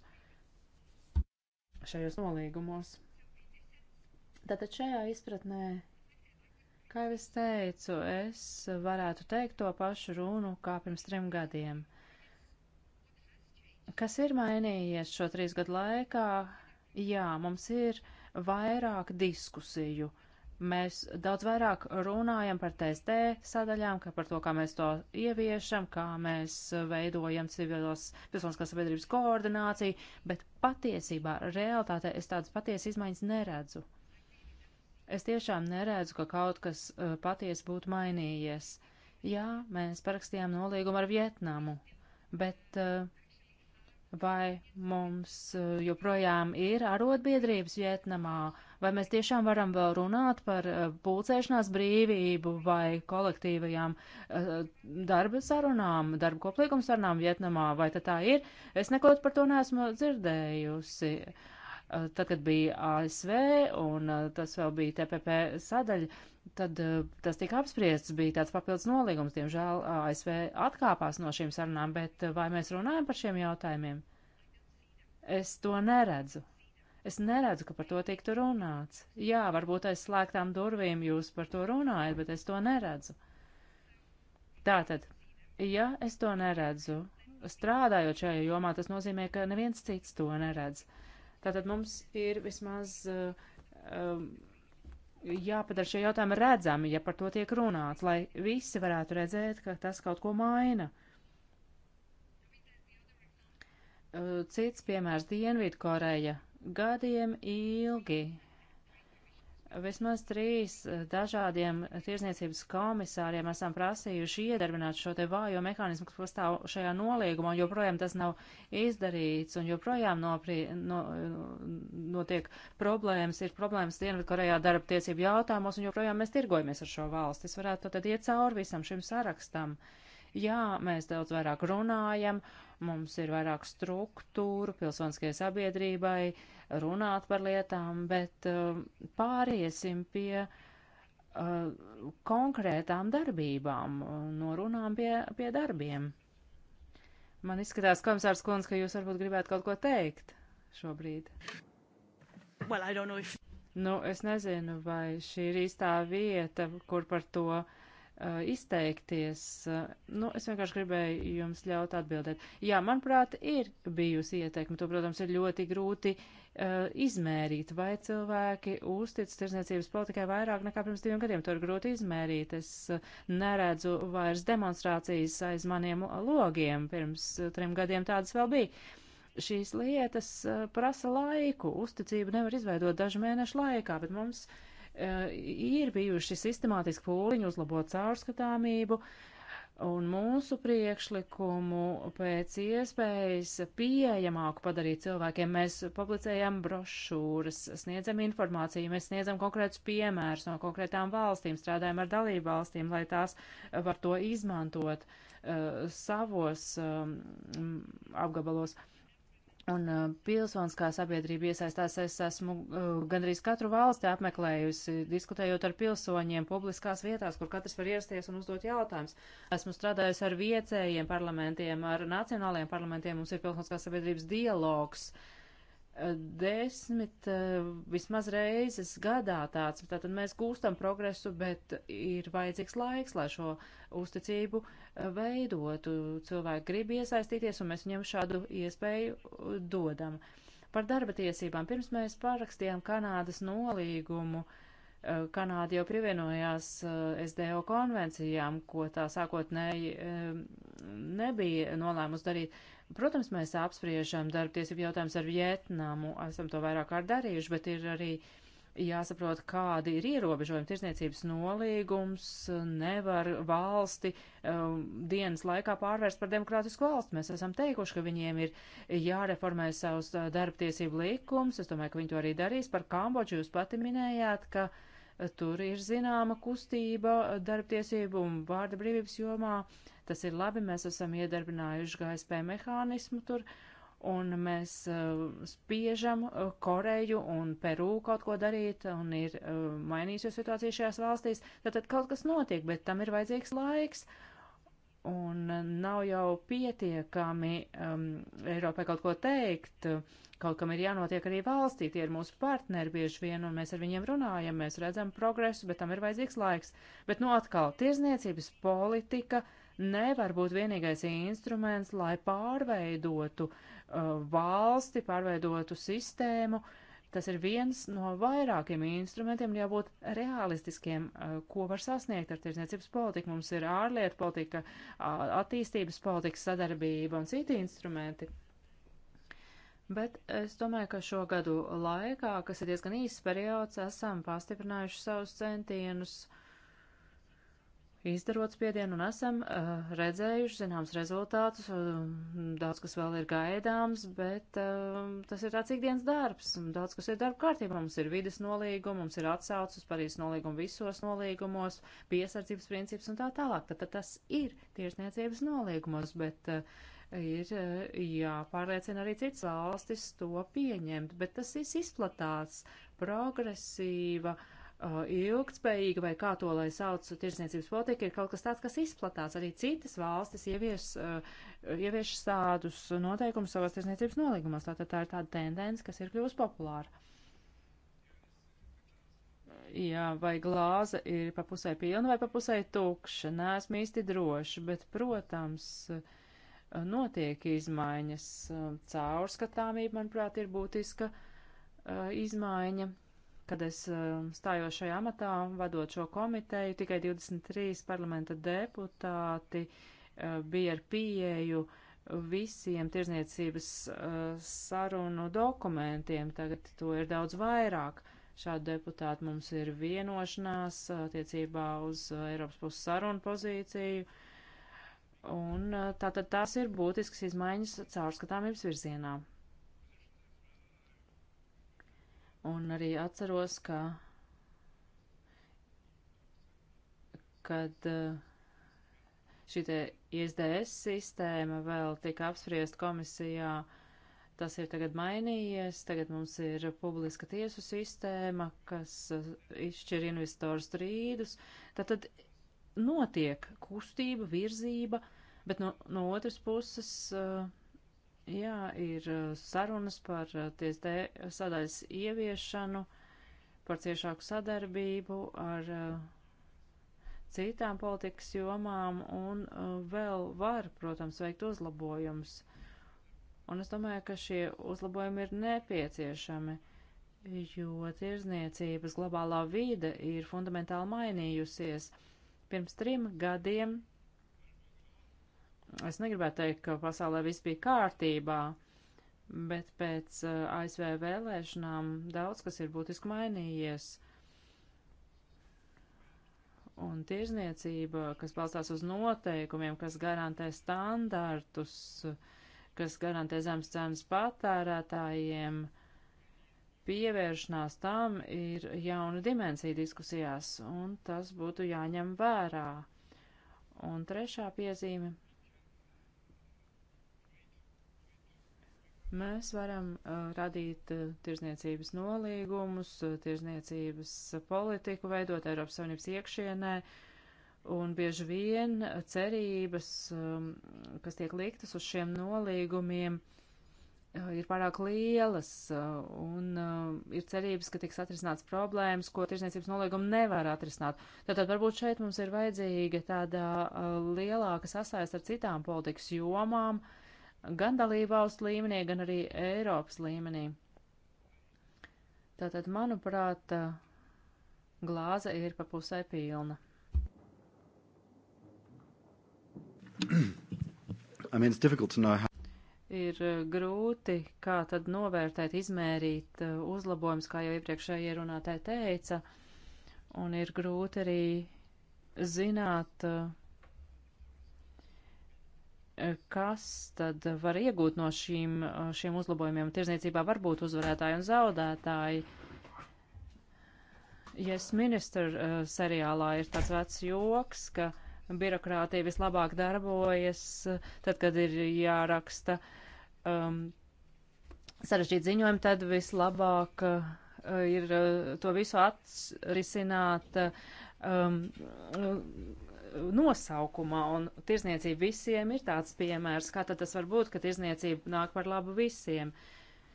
šajos nolīgumos? Tātad šajā izpratnē Kā jau es teicu, es varētu teikt to pašu runu kā pirms trim gadiem. Kas ir mainījies šo trīs gadu laikā? Jā, mums ir vairāk diskusiju. Mēs daudz vairāk runājam par TST sadaļām, kā par to, kā mēs to ieviešam, kā mēs veidojam civilos pilsoniskās sabiedrības koordināciju, bet patiesībā, realitātē es tādas patiesas izmaiņas neredzu. Es tiešām neredzu, ka kaut kas uh, patiesi būtu mainījies. Jā, mēs parakstījām nolīgumu ar Vietnamu, bet uh, vai mums uh, joprojām ir arotbiedrības Vietnamā, vai mēs tiešām varam vēl runāt par pulcēšanās brīvību vai kolektīvajām darba sarunām, darba koplīguma sarunām Vietnamā, vai tad tā ir? Es neko par to neesmu dzirdējusi. Eh, tad, kad bija ASV un eh, tas vēl bija TPP sadaļa, tad eh, tas tika apspriests, bija tāds papildus nolīgums. Diemžēl ASV atkāpās no šīm sarunām, bet vai mēs runājam par šiem jautājumiem? Es to neredzu. Es neredzu, ka par to tiktu runāts. Jā, varbūt aiz slēgtām durvīm jūs par to runājat, bet es to neredzu. Tātad, ja es to neredzu, strādājot šajā jomā, tas nozīmē, ka neviens cits to neredz. Uh, Tātad mums ir vismaz eh, um, jāpadara šie jautājumi redzami, ja par to tiek runāts, lai visi varētu redzēt, ka tas kaut ko maina. Eh, cits piemērs - Dienvidkoreja. Gadiem ilgi Vismaz trīs eh, dažādiem tirzniecības komisāriem esam prasījuši iedarbināt šo te vājo mehānismu, kas pastāv šajā noliegumā, un joprojām tas nav izdarīts, un joprojām nopri, no, eh, notiek problēmas, ir problēmas Dienvidkorejā darba tiesību jautājumos, un joprojām mēs tirgojamies ar šo valsti. Es varētu tad iet cauri visam šim sarakstam. Jā, mēs daudz vairāk runājam, mums ir vairāk struktūru pilsoniskajai sabiedrībai runāt par lietām, bet uh, pāriesim pie uh, konkrētām darbībām, no runām pie, pie darbiem. Man izskatās, komisārs Kunz, ka jūs varbūt gribētu kaut ko teikt šobrīd. Well, if... Nu, es nezinu, vai šī ir īstā vieta, kur par to uh, Uh, izteikties. Uh, nu, es vienkārši gribēju jums ļaut atbildēt. Jā, manuprāt, ir bijusi ieteikuma. To, protams, ir ļoti grūti uh, izmērīt, vai cilvēki uztic tirsniecības politikai vairāk nekā pirms diviem gadiem. To ir grūti izmērīt. Es uh, neredzu vairs demonstrācijas aiz maniem logiem. Pirms uh, trim gadiem tādas vēl bija. Šīs lietas uh, prasa laiku. Uzticību nevar izveidot dažu mēnešu laikā, bet mums. Uh, Eh, ir bijuši sistemātiski pūliņi uzlabot caurskatāmību, un mūsu priekšlikumu pēc iespējas pieejamāku padarīt cilvēkiem. Mēs publicējam brošūras, sniedzam informāciju, mēs sniedzam konkrētus piemērus no konkrētām valstīm, strādājam ar dalību valstīm, lai tās var to izmantot uh, savos um, apgabalos. Uh, Un uh, pilsoniskā sabiedrība iesaistās. Es esmu uh, gandrīz katru valsti apmeklējusi, diskutējot ar pilsoņiem publiskās vietās, kur katrs var ierasties un uzdot jautājumus. Esmu strādājusi ar vietējiem parlamentiem, ar nacionālajiem parlamentiem. Mums ir pilsoniskās sabiedrības dialogs. Uh, desmit eh, vismaz reizes gadā tāds. Tātad mēs gūstam progresu, bet ir vajadzīgs laiks, lai šo uzticību eh, veidotu. Cilvēki grib iesaistīties, un mēs viņam šādu iespēju eh, dodam. Par darba tiesībām. Pirms mēs parakstījām Kanādas nolīgumu, Kanāda jau pievienojās SDO konvencijām, ko tā sākotnēji nebija nolēmus darīt Protams, mēs apspriežam darbtiesību jautājums ar Vietnamu, esam to vairāk kārt darījuši, bet ir arī jāsaprot, kādi ir ierobežojumi. Tirzniecības nolīgums nevar valsti um, dienas laikā pārvērst par demokrātisku valsti. Mēs esam teikuši, ka viņiem ir jāreformē savus uh, darbtiesību likums. Es domāju, ka viņi to arī darīs. Par Kambodžu jūs pati minējāt, ka uh, tur ir zināma kustība uh, darbtiesību un vārda brīvības jomā. Uh, Tas ir labi, mēs esam iedarbinājuši GSP mehānismu tur, un mēs uh, spiežam uh, Koreju un Peru kaut ko darīt, un ir uh, mainījusies situācija šajās valstīs. Tātad kaut kas notiek, bet tam ir vajadzīgs laiks un uh, nav jau pietiekami um, Eiropai kaut ko teikt. Kaut kam ir jānotiek arī valstī, tie ir mūsu partneri bieži vien, un mēs ar viņiem runājam, mēs redzam progresu, bet tam ir vajadzīgs laiks. Bet nu atkal, tirzniecības politika nevar būt vienīgais instruments, lai pārveidotu uh, valsti, pārveidotu sistēmu. Tas ir viens no vairākiem instrumentiem, jābūt realistiskiem, uh, ko var sasniegt ar tirsniecības politiku. Mums ir ārlietu politika, uh, attīstības politika, sadarbība un citi instrumenti. Bet es domāju, ka šo gadu laikā, kas ir diezgan īsts periods, esam pastiprinājuši savus centienus uh, izdarot spiedienu un esam uh, redzējuši zināms rezultātus, uh, daudz kas vēl ir gaidāms, bet uh, tas ir tāds ikdienas darbs, daudz kas ir darba kārtībā, mums ir vides nolīguma, mums ir atsaucas uz Parīzes nolīgumu visos nolīgumos, piesardzības princips un tā tālāk, tad, tad tas ir tiešniecības nolīgumos, bet uh, ir jāpārliecina arī citas valstis to pieņemt, bet tas ir izplatāts progresīva uh, Uh, ilgtspējīga vai kā to lai sauc tirsniecības politika, ir kaut kas tāds, kas izplatās. Arī citas valstis ievies, uh, ievieš tādus noteikumus savās tirsniecības nolīgumos. Tātad tā ir tāda tendence, kas ir kļuvusi populāra. Jā, vai glāze ir pa pusē pilna vai pa pusē tukša, neesmu īsti droši, bet, protams, uh, notiek izmaiņas. Caurskatāmība, manuprāt, ir būtiska izmaiņa kad es um, stājos šajā amatā, vadot šo komiteju, tikai 23 parlamenta deputāti uh, bija ar pieeju visiem tirzniecības uh, sarunu dokumentiem. Tagad to ir daudz vairāk. Šādu deputātu mums ir vienošanās uh, attiecībā uz Eiropas puses sarunu pozīciju. Un tātad tās ir būtiskas izmaiņas caurskatāmības virzienā. Un arī atceros, ka kad eh, šī ISDS sistēma vēl tika apspriest komisijā, tas ir tagad mainījies, tagad mums ir publiska tiesu sistēma, kas eh, izšķir investoru strīdus. Tātad notiek kustība, virzība, bet no, no otras puses. Uh, Jā, ir uh, sarunas par uh, TSD sadaļas ieviešanu, par ciešāku sadarbību ar uh, citām politikas jomām un vēl var, protams, veikt uzlabojumus. Un es domāju, ka šie uzlabojumi ir nepieciešami, jo tirzniecības globālā vīde ir fundamentāli mainījusies. Pirms trim gadiem Es negribētu teikt, ka pasaulē viss bija kārtībā, bet pēc eh, ASV vēlēšanām daudz kas ir būtiski mainījies. Un tirzniecība, kas balstās uz noteikumiem, kas garantē standartus, kas garantē zemes cenas patērētājiem, pievēršanās tam ir jauna dimensija diskusijās, un tas būtu jāņem vērā. Un trešā piezīme Mēs varam uh, radīt uh, tirzniecības nolīgumus, uh, tirzniecības politiku veidot Eiropas Savienības iekšienē, un bieži vien uh, cerības, um, kas tiek liktas uz šiem nolīgumiem, uh, ir pārāk lielas, uh, un ir cerības, ka tiks atrisināts problēmas, ko tirzniecības nolīgumi nevar atrisināt. Tātad varbūt šeit mums ir vajadzīga tāda lielāka sasaist ar citām politikas jomām, uh, gan dalībvalstu līmenī, gan arī Eiropas līmenī. Tātad, manuprāt, glāze ir pa pusē pilna. I mean, how... Ir eh, grūti, kā tad novērtēt, izmērīt eh, uzlabojumus, kā jau iepriekšējie runātāji teica, un ir grūti arī zināt, uh, kas tad var iegūt no šīm, šiem uzlabojumiem. Tirzniecībā var būt uzvarētāji un zaudētāji. Yes, minister eh, seriālā ir tāds vecs joks, ka birokrātija vislabāk darbojas, tad, kad ir jāraksta um, sarežģīti ziņojumi, tad vislabāk uh, ir uh, to visu atrisināt um, nosaukumā, un tirzniecība visiem ir tāds piemērs, kā tad tas var būt, ka tirzniecība nāk par labu visiem,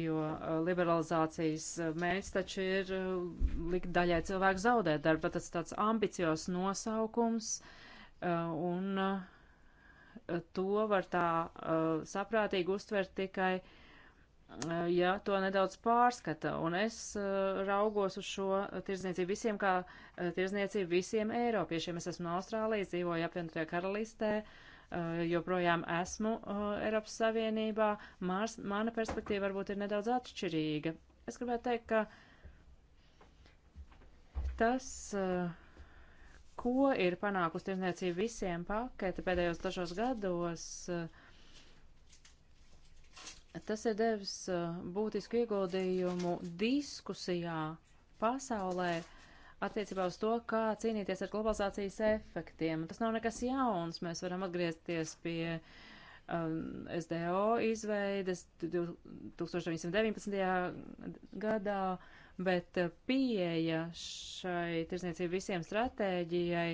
jo uh, liberalizācijas uh, mērķis taču ir uh, likt daļai cilvēku zaudēt darbu, tas tāds ambicios nosaukums, un to var tā saprātīgi uztvert tikai uh, ja to nedaudz pārskata, un es uh, raugos uz šo tirzniecību visiem, kā uh, tirzniecību visiem Eiropiešiem. Es esmu no Austrālijas, dzīvoju apvienotajā karalistē, uh, joprojām esmu Eiropas Savienībā. Mārs, mana perspektīva varbūt ir nedaudz atšķirīga. Es gribētu teikt, ka tas, ko ir panākusi tirzniecība visiem pakete pēdējos dažos gados, uh, Tas ir devis eh, būtisku ieguldījumu diskusijā pasaulē attiecībā uz to, kā cīnīties ar globalizācijas efektiem. Tas nav nekas jauns. Mēs varam atgriezties pie um, SDO izveides 1919. gadā, bet eh, pieeja šai tirzniecību visiem stratēģijai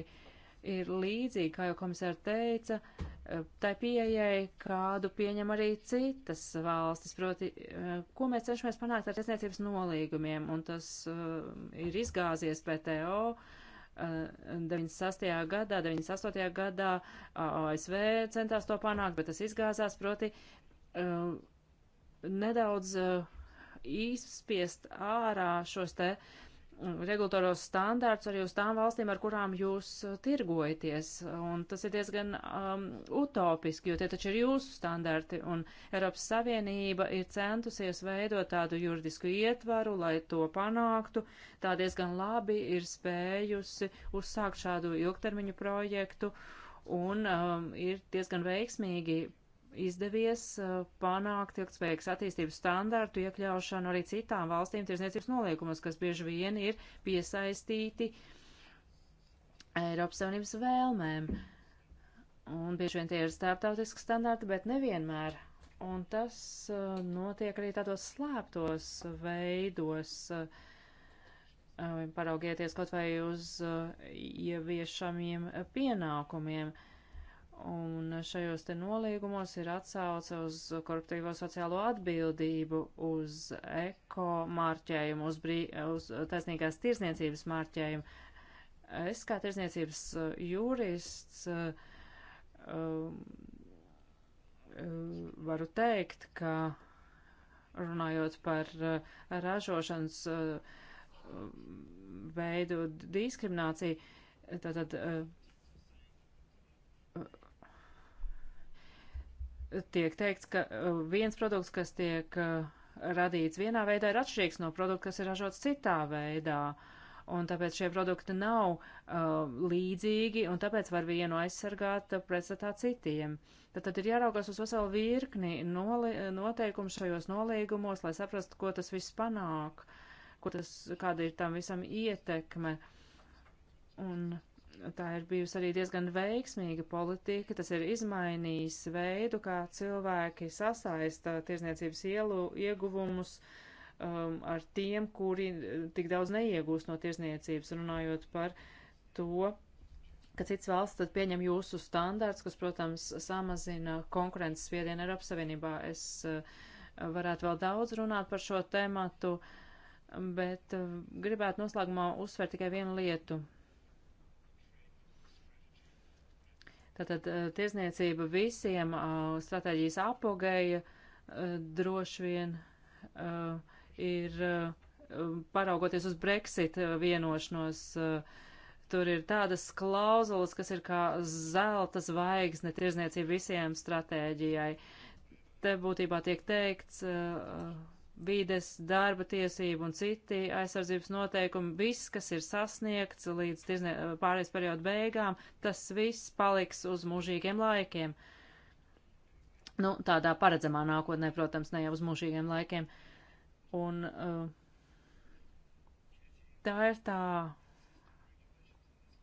ir līdzīga, kā jau komisāra teica. Uh, Eh, tai pieejai, kādu pieņem arī citas valstis, proti, eh, ko mēs cenšamies panākt ar tiesniecības nolīgumiem, un tas uh, ir izgāzies PTO. Uh, 96. gadā, 98. gadā ASV centās to panākt, bet tas izgāzās, proti, uh, nedaudz izspiest ārā šos te uh, Mm, regulatoros standārts arī uz tām valstīm, ar kurām jūs uh, tirgojaties. Un tas ir diezgan um, utopiski, jo tie taču ir jūsu standarti, un Eiropas Savienība ir centusies veidot tādu juridisku ietvaru, lai to panāktu. Tā diezgan labi ir spējusi uzsākt šādu ilgtermiņu projektu, un um, ir diezgan veiksmīgi izdevies eh, panākt ilgspējīgas attīstības standārtu iekļaušanu arī citām valstīm tirzniecības noliekumos, kas bieži vien ir piesaistīti Eiropas Savienības vēlmēm. Un bieži vien tie ir starptautiski standārti, bet nevienmēr. Un tas eh, notiek arī tādos slēptos veidos. Eh, Paraugieties kaut vai uz ieviešamiem pienākumiem. Uh, Un šajos te nolīgumos ir atsauce uz korporatīvo sociālo atbildību, uz eko mārķējumu, uz, brī, uz taisnīgās tirzniecības mārķējumu. Es kā tirzniecības eh, jurists eh, eh, varu teikt, ka runājot par ražošanas veidu diskrimināciju, tātad. Tā, tiek teikts, ka uh, viens produkts, kas tiek uh, radīts vienā veidā, ir atšķirīgs no produkta, kas ir ražots citā veidā. Un tāpēc šie produkti nav uh, līdzīgi, un tāpēc var vienu aizsargāt pretstatā citiem. Tad, tad ir jāraugās uz veselu virkni noteikumu šajos nolīgumos, lai saprastu, ko tas viss panāk, ko tas, kāda ir tam visam ietekme. Un uh, tā ir bijusi arī diezgan veiksmīga politika. Tas ir izmainījis veidu, kā cilvēki sasaista tirzniecības ielu ieguvumus um, ar tiem, kuri eh, tik daudz neiegūst no tirzniecības, runājot par to, ka cits valsts tad pieņem jūsu standārts, kas, protams, samazina konkurences spiedienu Eiropas Savienībā. Es uh, varētu vēl daudz runāt par šo tematu, bet uh, gribētu noslēgumā uzsvērt tikai vienu lietu Tātad tirzniecība visiem stratēģijas apogēja droši vien ir paraugoties uz Brexit vienošanos. Tur ir tādas klauzulas, kas ir kā zelta zvaigzne tirzniecība visiem stratēģijai. Te būtībā tiek teikts, vides, darba tiesība un citi aizsardzības noteikumi, viss, kas ir sasniegts līdz tirznie, eh, pārējais periodu beigām, tas viss paliks uz mūžīgiem laikiem. Nu, tādā paredzamā nākotnē, protams, ne jau uz mūžīgiem laikiem. Un eh, tā ir tā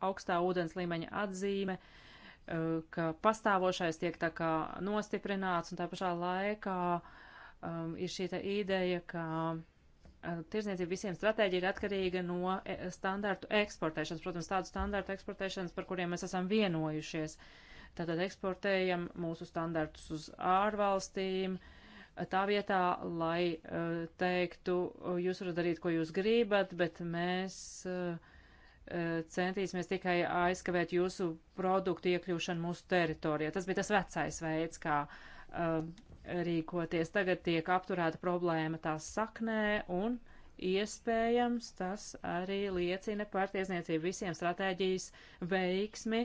augstā ūdens līmeņa atzīme, eh, ka pastāvošais tiek tā kā nostiprināts un tā pašā laikā uh, um, ir šī ideja, ka uh, tirzniecība visiem stratēģija ir atkarīga no e, standārtu eksportēšanas, protams, tādu standārtu eksportēšanas, par kuriem mēs esam vienojušies. Tātad eksportējam mūsu standārtus uz ārvalstīm, tā vietā, lai uh, teiktu, jūs varat darīt, ko jūs gribat, bet mēs uh, centīsimies tikai aizkavēt jūsu produktu iekļūšanu mūsu teritorijā. Tas bija tas vecais veids, kā rīkoties. Tagad tiek apturēta problēma tās saknē un iespējams tas arī liecina par tiesniecību visiem stratēģijas veiksmi.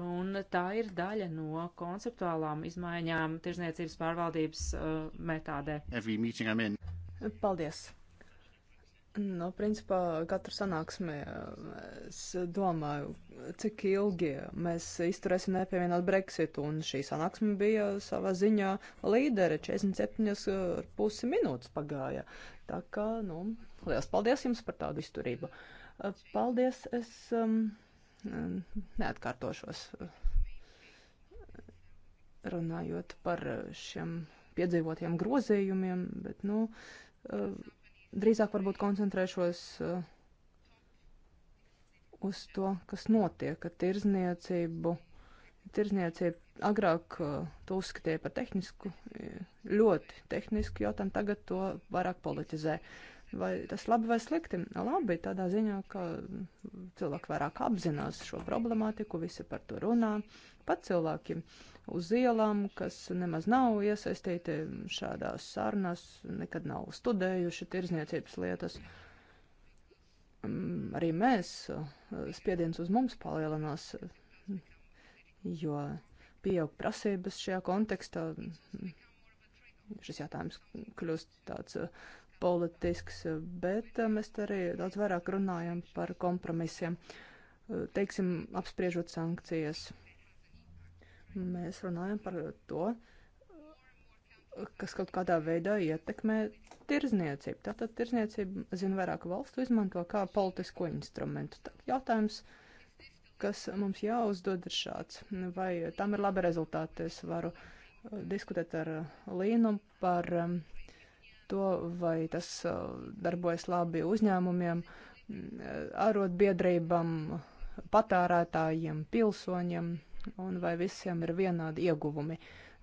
Un tā ir daļa no konceptuālām izmaiņām tirzniecības pārvaldības uh, metādē. Paldies! Nu, principā, katru sanāksmi es domāju, cik ilgi mēs izturēsim nepievienot Brexitu, un šī sanāksme bija savā ziņā līdere, 47,5 minūtes pagāja. Tā kā, nu, liels paldies jums par tādu izturību. Paldies, es um, neatkārtošos runājot par šiem piedzīvotiem grozījumiem, bet, nu. Uh, drīzāk varbūt koncentrēšos uh, uz to, kas notiek ar tirzniecību. Tirzniecība agrāk uh, to uzskatīja par tehnisku, uh, ļoti tehnisku jautājumu, tagad to vairāk politizē. Vai tas labi vai slikti? Labi, tādā ziņā, ka cilvēki vairāk apzinās šo problemātiku, visi par to runā, pat cilvēki. Uh, uz ielām, kas nemaz nav iesaistīti šādās sarunās, nekad nav studējuši tirzniecības lietas. Mm, arī mēs, uh, spiediens uz mums palielinās, jo pieaug prasības šajā kontekstā. Šis jautājums kļūst tāds uh, politisks, uh, bet mēs arī daudz vairāk runājam par kompromisiem, teiksim, apspriežot sankcijas. Mēs runājam par to, kas kaut kādā veidā ietekmē tirzniecību. Tātad tirzniecība, zinu, vairāk valstu izmanto kā politisko instrumentu. Tad jautājums, kas mums jāuzdod ir šāds, vai tam ir labi rezultāti. Es varu uh, diskutēt ar uh, Līnu par um, to, vai tas uh, darbojas labi uzņēmumiem, mm, arotbiedrībām, patērētājiem, pilsoņiem un vai visiem ir vienādi ieguvumi.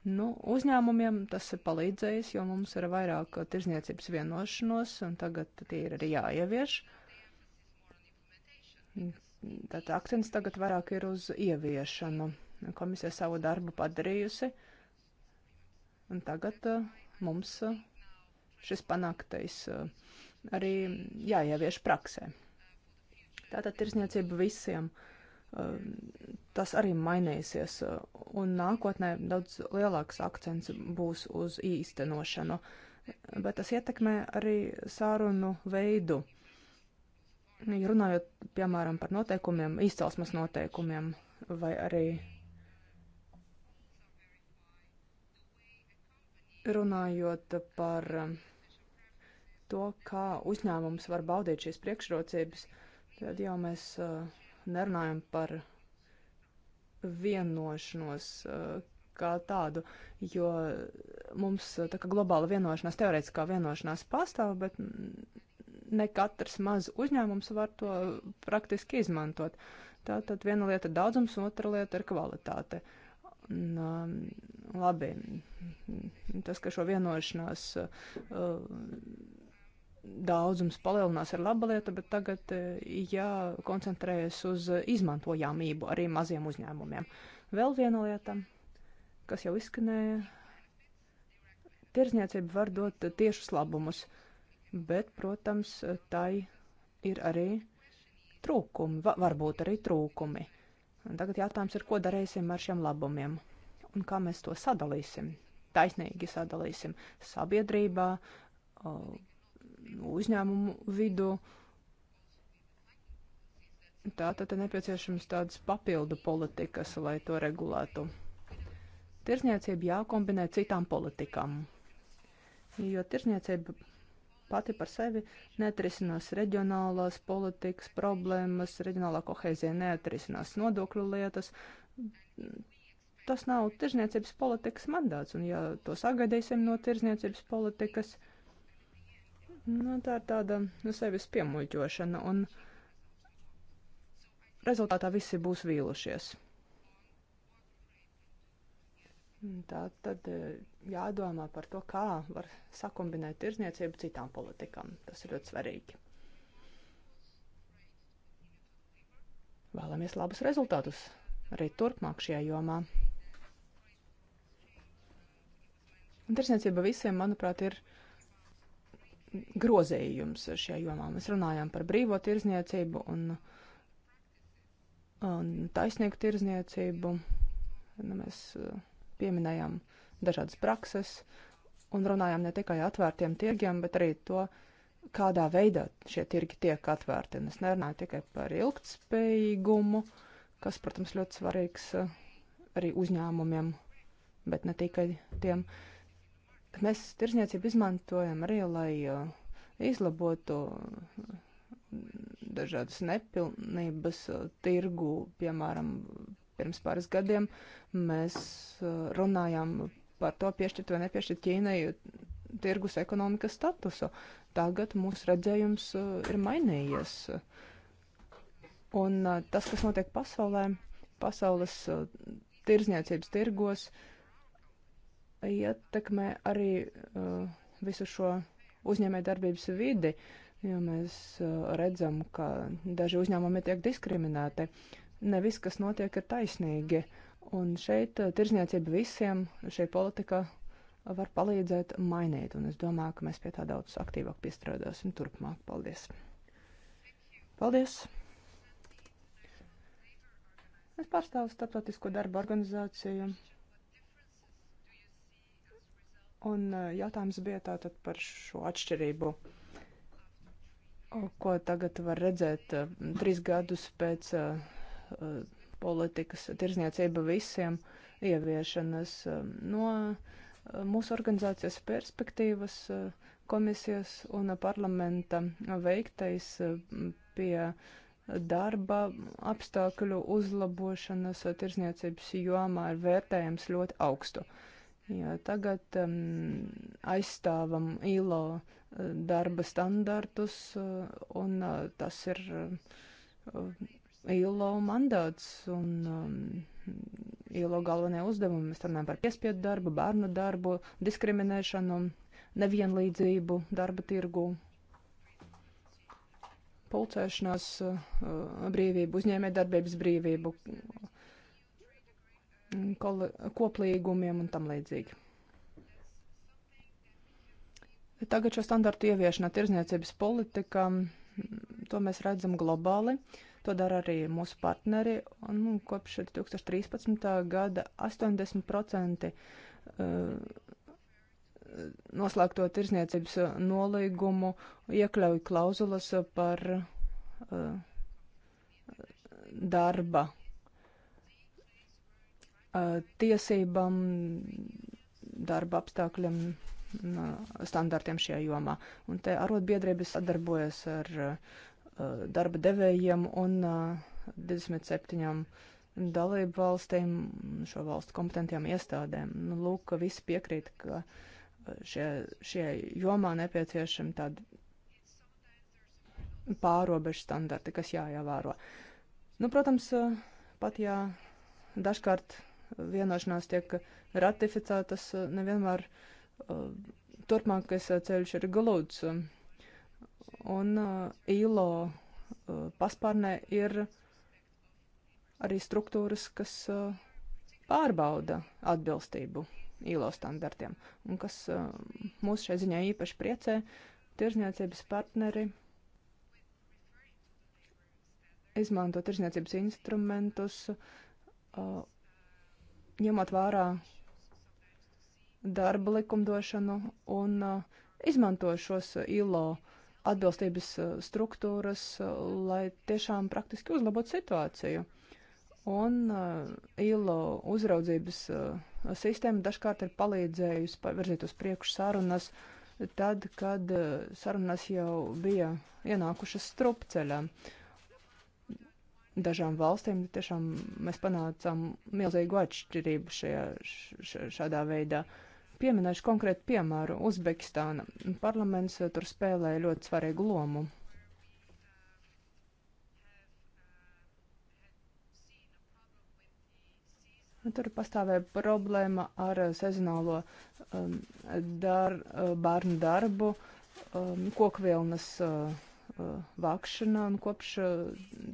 Nu, uzņēmumiem tas ir palīdzējis, jo mums ir vairāk uh, tirzniecības vienošanos, un tagad tie ir arī jāievieš. Tad akcents tagad vairāk ir uz ieviešanu. Komisija savu darbu padarījusi, un tagad uh, mums uh, šis panāktais arī jāievieš praksē. Tātad tirzniecība visiem. Uh, tas arī mainīsies, un nākotnē daudz lielāks akcents būs uz īstenošanu, bet tas ietekmē arī sārunu veidu. Runājot, piemēram, par noteikumiem, izcelsmes noteikumiem vai arī runājot par to, kā uzņēmums var baudīt šīs priekšrocības, tad jau mēs uh, nerunājam par vienošanos uh, kā tādu, jo mums uh, tā kā globāla vienošanās, teorētiskā vienošanās pastāv, bet ne katrs maz uzņēmums var to praktiski izmantot. Tātad viena lieta ir daudzums, otra lieta ir kvalitāte. Un, um, labi, tas, ka šo vienošanās uh, daudzums palielinās ir laba lieta, bet tagad e, jākoncentrējas uz izmantojamību arī maziem uzņēmumiem. Vēl viena lieta, kas jau izskanēja, tirzniecība var dot tiešus labumus, bet, protams, tai ir arī trūkumi, va varbūt arī trūkumi. Un tagad jautājums ir, ko darīsim ar šiem labumiem un kā mēs to sadalīsim, taisnīgi sadalīsim sabiedrībā, uzņēmumu vidu. Tātad ir nepieciešams tādas papildu politikas, lai to regulētu. Tirzniecība jākombinē citām politikām, jo tirzniecība pati par sevi neatrisinās reģionālās politikas problēmas, reģionālā kohēzija neatrisinās nodokļu lietas. Tas nav tirzniecības politikas mandāts, un ja to sagaidīsim no tirzniecības politikas, tad Nu, tā ir tāda nu, sevis piemuļķošana, un rezultātā visi būs vīlušies. Tā tad eh, jādomā par to, kā var sakumbinēt tirzniecību citām politikām. Tas ir ļoti svarīgi. Vēlamies labus rezultātus arī turpmāk šajā jomā. Un tirsniecība visiem, manuprāt, ir grozējums šajā jomā. Mēs runājām par brīvo tirzniecību un, un taisnīgu tirzniecību. Nu, mēs uh, pieminējām dažādas prakses un runājām ne tikai atvērtiem tirgiem, bet arī to, kādā veidā šie tirgi tiek atvērti. Un es nerunāju tikai par ilgtspējīgumu, kas, protams, ļoti svarīgs uh, arī uzņēmumiem, bet ne tikai tiem. Uh, ka mēs tirzniecību izmantojam arī, lai uh, izlabotu mm, dažādas nepilnības uh, tirgu. Piemēram, pirms pāris gadiem mēs uh, runājām par to piešķirt vai nepiešķirt Ķīnai tirgus ekonomikas statusu. Tagad mūsu redzējums ir mainījies. Un tas, kas notiek pasaulē, pasaules tirzniecības tirgos, uh, ietekmē arī uh, visu šo uzņēmē darbības vidi, jo mēs uh, redzam, ka daži uzņēmumi tiek diskriminēti. Nevis, kas notiek, ir taisnīgi. Un šeit uh, tirzniecība visiem, šī politika var palīdzēt mainīt, un es domāju, ka mēs pie tā daudz aktīvāk piestrādāsim turpmāk. Paldies! Paldies! Es pārstāvu Startautisko darba organizāciju. Un eh, jautājums bija tātad par šo atšķirību, ko tagad var redzēt eh, trīs gadus pēc eh, politikas tirzniecība visiem ieviešanas no mūsu organizācijas perspektīvas komisijas un parlamenta veiktais pie darba apstākļu uzlabošanas tirzniecības jomā ir vērtējams ļoti augstu. Uh, Ja tagad um, aizstāvam ILO uh, darba standartus, uh, un uh, tas ir uh, ILO mandāts un um, ILO galvenie uzdevumi. Mēs runājam par piespiedu darbu, bērnu darbu, diskriminēšanu, nevienlīdzību darba tirgu, pulcēšanās uh, brīvību, uzņēmē darbības brīvību. Uh, Mm, koplīgumiem un tam līdzīgi. Tagad šo standartu ieviešana tirzniecības politikā, mm, to mēs redzam globāli, to dara arī mūsu partneri, un nu, kopš 2013. gada 80% uh, noslēgto tirzniecības nolīgumu iekļauj klauzulas par uh, darba Uh, tiesībām, darba apstākļiem, mm, uh, standartiem šajā jomā. Un te arotbiedrības sadarbojas ar uh, darba devējiem un 27 dalību valstīm, šo valstu kompetentiem iestādēm. Nu, lūk, visi piekrīt, ka šie, šie jomā nepieciešami tādi pārobežu standarti, kas jāievēro. Nu, protams, pat jā, dažkārt vienošanās tiek ratificētas, nevienmēr uh, turpmākais uh, ceļš ir glūds. Un uh, ILO paspārnē ir arī struktūras, kas pārbauda atbilstību ILO standartiem. Un kas mūs šai ziņā īpaši priecē, tirzniecības partneri izmanto tirzniecības instrumentus ņemot vērā darba likumdošanu un uh, izmanto šos uh, ILO atbilstības uh, struktūras, lai tiešām praktiski uzlabotu situāciju. Un ILO uzraudzības sistēma dažkārt ir palīdzējusi pavirzīt uz priekšu sarunas tad, kad sarunas jau bija ienākušas strupceļā. Uh, dažām valstīm, tiešām mēs panācām milzīgu atšķirību šajā, šādā veidā. Pieminēšu konkrētu piemēru - Uzbekistāna. Parlaments eh, tur spēlēja ļoti svarīgu lomu. Tur pastāvēja problēma ar eh, sezonālo um, dar, eh, bērnu darbu, um, kokvilnas uh, vākšanām kopš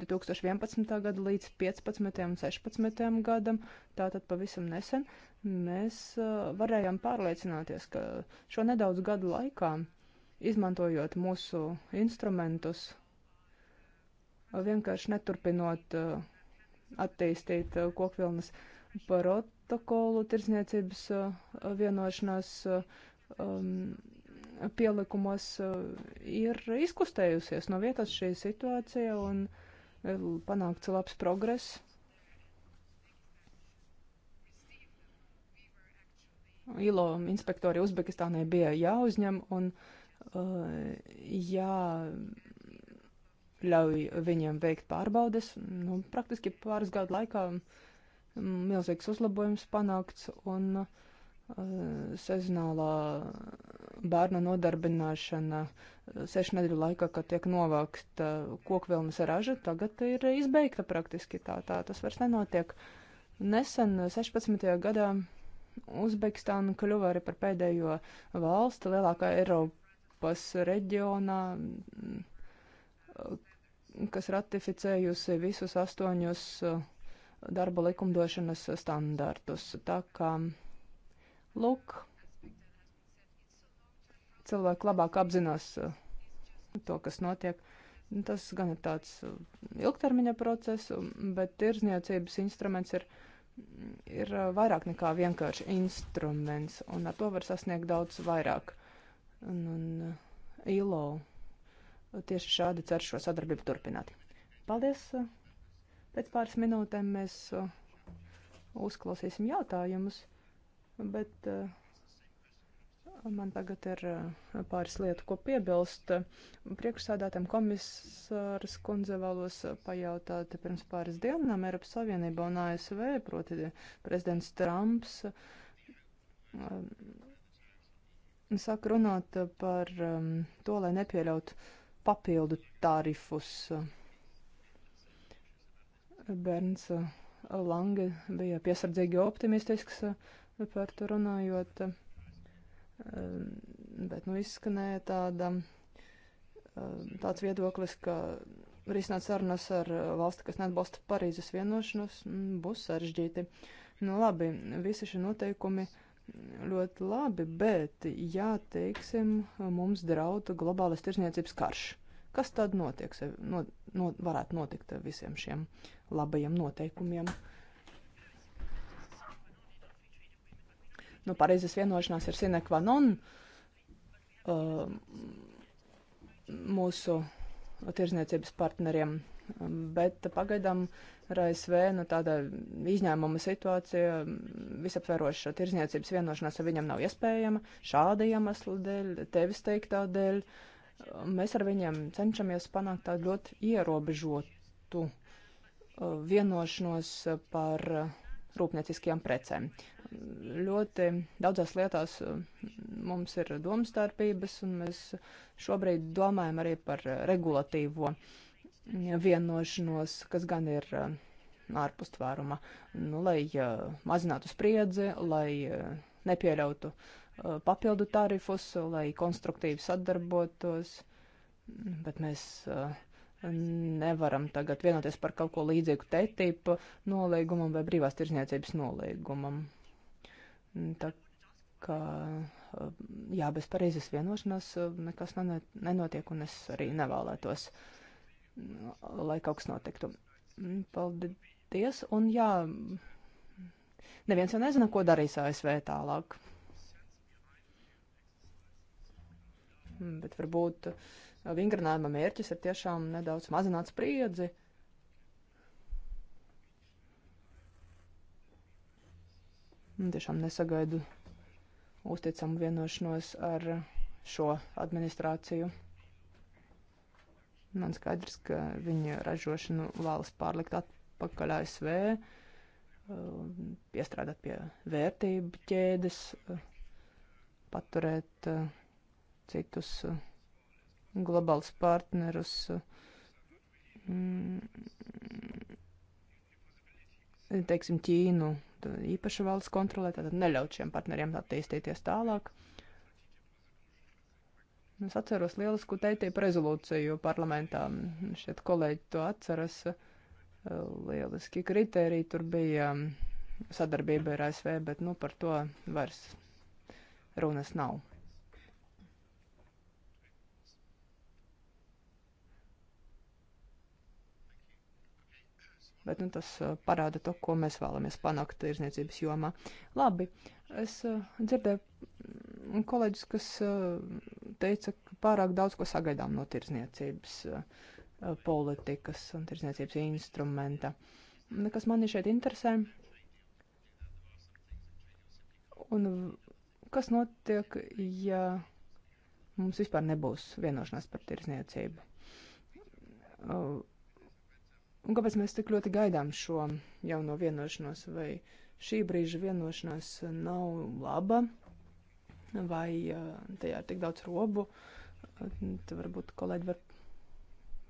2011. gada līdz 15. un 16. gadam, tātad pavisam nesen, mēs varējām pārliecināties, ka šo nedaudz gadu laikā, izmantojot mūsu instrumentus, vienkārši neturpinot attīstīt kokvilnas protokolu tirsniecības vienošanās, um, pielikumos eh, ir izkustējusies no vietas šī situācija un eh, panākts labs progress. ILO inspektori Uzbekistānai bija jāuzņem un uh, jāļauj viņiem veikt pārbaudes. Nu, praktiski pāris gadu laikā mm, milzīgs uzlabojums panākts un uh, sezonālā bērnu nodarbināšana sešu nedēļu laikā, kad tiek novākta kokvilnas raža, tagad ir izbeigta praktiski tā, tā tas vairs nenotiek. Nesen 16. gadā Uzbekistāna kļuva arī par pēdējo valsti lielākā Eiropas reģionā, kas ratificējusi visus astoņus uh, darba likumdošanas standartus. Tā kā uh, Lūk, cilvēki labāk apzinās uh, to, kas notiek. Tas gan ir tāds uh, ilgtermiņa process, um, bet tirzniecības instruments ir, ir uh, vairāk nekā vienkārši instruments, un ar to var sasniegt daudz vairāk. Un, un ILO tieši šādi cer šo sadarbību turpināt. Paldies! Pēc pāris minūtēm mēs uzklausīsim jautājumus bet eh, man tagad ir eh, pāris lietu, ko piebilst. Priekšsādātam komisārs kundze vēlos pajautāt pirms pāris dienām Eiropas Savienība un ASV, proti prezidents Trumps eh, sāk runāt par um, to, lai nepieļaut papildu tarifus. Bērns Lange bija piesardzīgi optimistisks par to runājot, eh, bet nu izskanēja tāda, eh, tāds viedoklis, ka risināt sarunas ar eh, valsti, kas neatbalsta Parīzes vienošanos, mm, būs sarežģīti. Nu labi, visi šie noteikumi ļoti labi, bet, ja, teiksim, mums draudu globālas tirsniecības karš, kas tad notiek, no, no, varētu notikt visiem šiem labajiem noteikumiem? Uh, Nu, Parīzes vienošanās ir sine qua non uh, mūsu tirzniecības partneriem, um, bet pagaidām ar ASV nu, tāda izņēmuma situācija, um, visaptveroša tirzniecības vienošanās ar viņam nav iespējama šāda iemesla dēļ, tevis teiktā dēļ. Mēs ar viņiem cenšamies panākt tādu ļoti ierobežotu uh, vienošanos par uh, rūpnieciskajām precēm. Ļoti daudzās lietās uh, mums ir domstarpības, un mēs šobrīd domājam arī par regulatīvo vienošanos, kas gan ir uh, ārpus tvēruma, nu, lai uh, mazinātu spriedzi, lai nepieļautu papildu tarifus, lai konstruktīvi sadarbotos. Bet mēs uh, nevaram tagad vienoties par kaut ko līdzīgu TTIP nolīgumam vai brīvās tirzniecības nolīgumam. Tā kā, jā, bez Parīzes vienošanās eh, nekas nenotiek, un es arī nevēlētos, mm, lai kaut kas notiktu. Mm, paldies, un jā, neviens jau nezina, ko darīs ASV tālāk. Mm, bet varbūt. Uh, vingrinājuma mērķis ir tiešām nedaudz mazināt spriedzi. Un tiešām nesagaidu uzticamu vienošanos ar šo administrāciju. Man skaidrs, ka viņa ražošanu vēlas pārlikt atpakaļ ASV, um, piestrādāt pie vērtību ķēdes, uh, paturēt uh, citus uh, globālus partnerus. Mm. Teiksim, Ķīnu īpaši valsts kontrolē, tad neļaut šiem partneriem attīstīties tālāk. Es atceros lielisku teitību rezolūciju parlamentā. Šeit kolēģi to atceras. Lieliski kriteriji tur bija sadarbība ar ASV, bet nu, par to vairs runas nav. bet nu, tas uh, parāda to, ko mēs vēlamies panākt tirzniecības jomā. Labi, es uh, dzirdēju kolēģis, kas uh, teica, ka pārāk daudz ko sagaidām no tirzniecības politikas un tirzniecības instrumenta. Kas mani šeit interesē? Un kas notiek, ja mums vispār nebūs vienošanās par tirzniecību? Un kāpēc mēs tik ļoti gaidām šo jauno vienošanos? Vai šī brīža vienošanās nav laba, vai eh, tajā ir tik daudz robu? Tad varbūt kolēģi var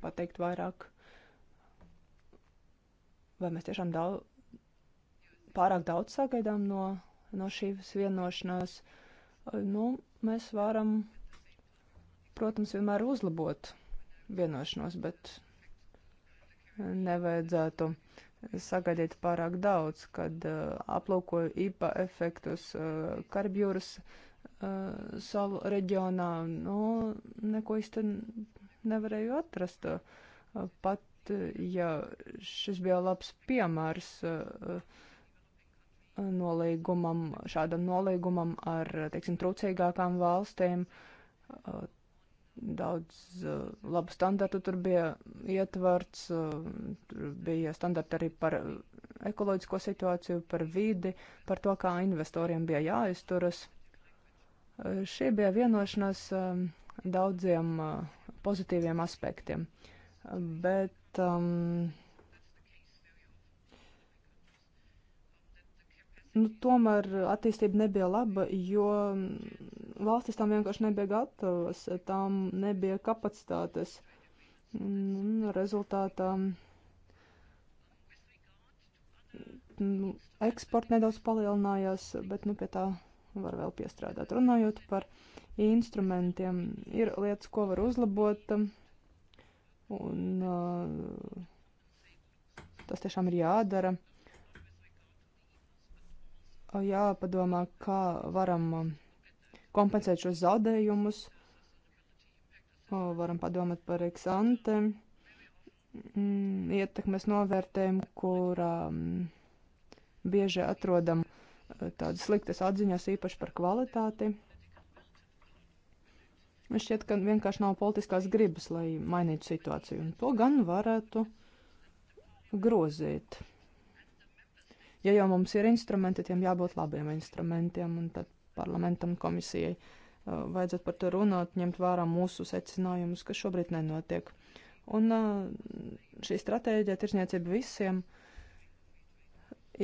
pateikt vairāk. Vai mēs tiešām daudz, pārāk daudz sagaidām no, no šīs vienošanās? Eh, nu, mēs varam, protams, vienmēr uzlabot vienošanos, bet nevajadzētu sagaidīt pārāk daudz, kad uh, aplūkoju IPA efektus uh, Karibjūras uh, salu reģionā. Nu, neko īsti nevarēju atrast. Uh, pat, uh, ja šis bija labs piemērs uh, uh nolīgumam, šādam nolīgumam ar, teiksim, trūcīgākām valstīm, uh, daudz uh, labu standartu tur bija ietverts, uh, tur bija standarti arī par eh, ekoloģisko situāciju, par vidi, par to, kā investoriem bija jāizturas. Uh, šī bija vienošanās uh, daudziem uh, pozitīviem aspektiem, bet um, Nu, tomēr attīstība nebija laba, jo mm, valstis tam vienkārši nebija gatavas, tam nebija kapacitātes. Un rezultātā mm, nu, eksports nedaudz palielinājās, bet nu, pie tā var vēl piestrādāt. Runājot par instrumentiem, ir lietas, ko var uzlabot. Un, uh, tas tiešām ir jādara jāpadomā, kā varam uh, kompensēt šos zaudējumus. Varam padomāt par eksantēm, mm, ietekmes novērtējumu, kurā mm, bieži atrodam uh, tādas sliktas atziņas, īpaši par kvalitāti. Man šķiet, ka vienkārši nav politiskās gribas, lai mainītu situāciju, un to gan varētu grozīt. Ja jau mums ir instrumenti, tiem jābūt labiem instrumentiem, un tad parlamentam komisijai uh, vajadzētu par to runāt, ņemt vērā mūsu secinājumus, kas šobrīd nenotiek. Un uh, šī stratēģija tirsniecība visiem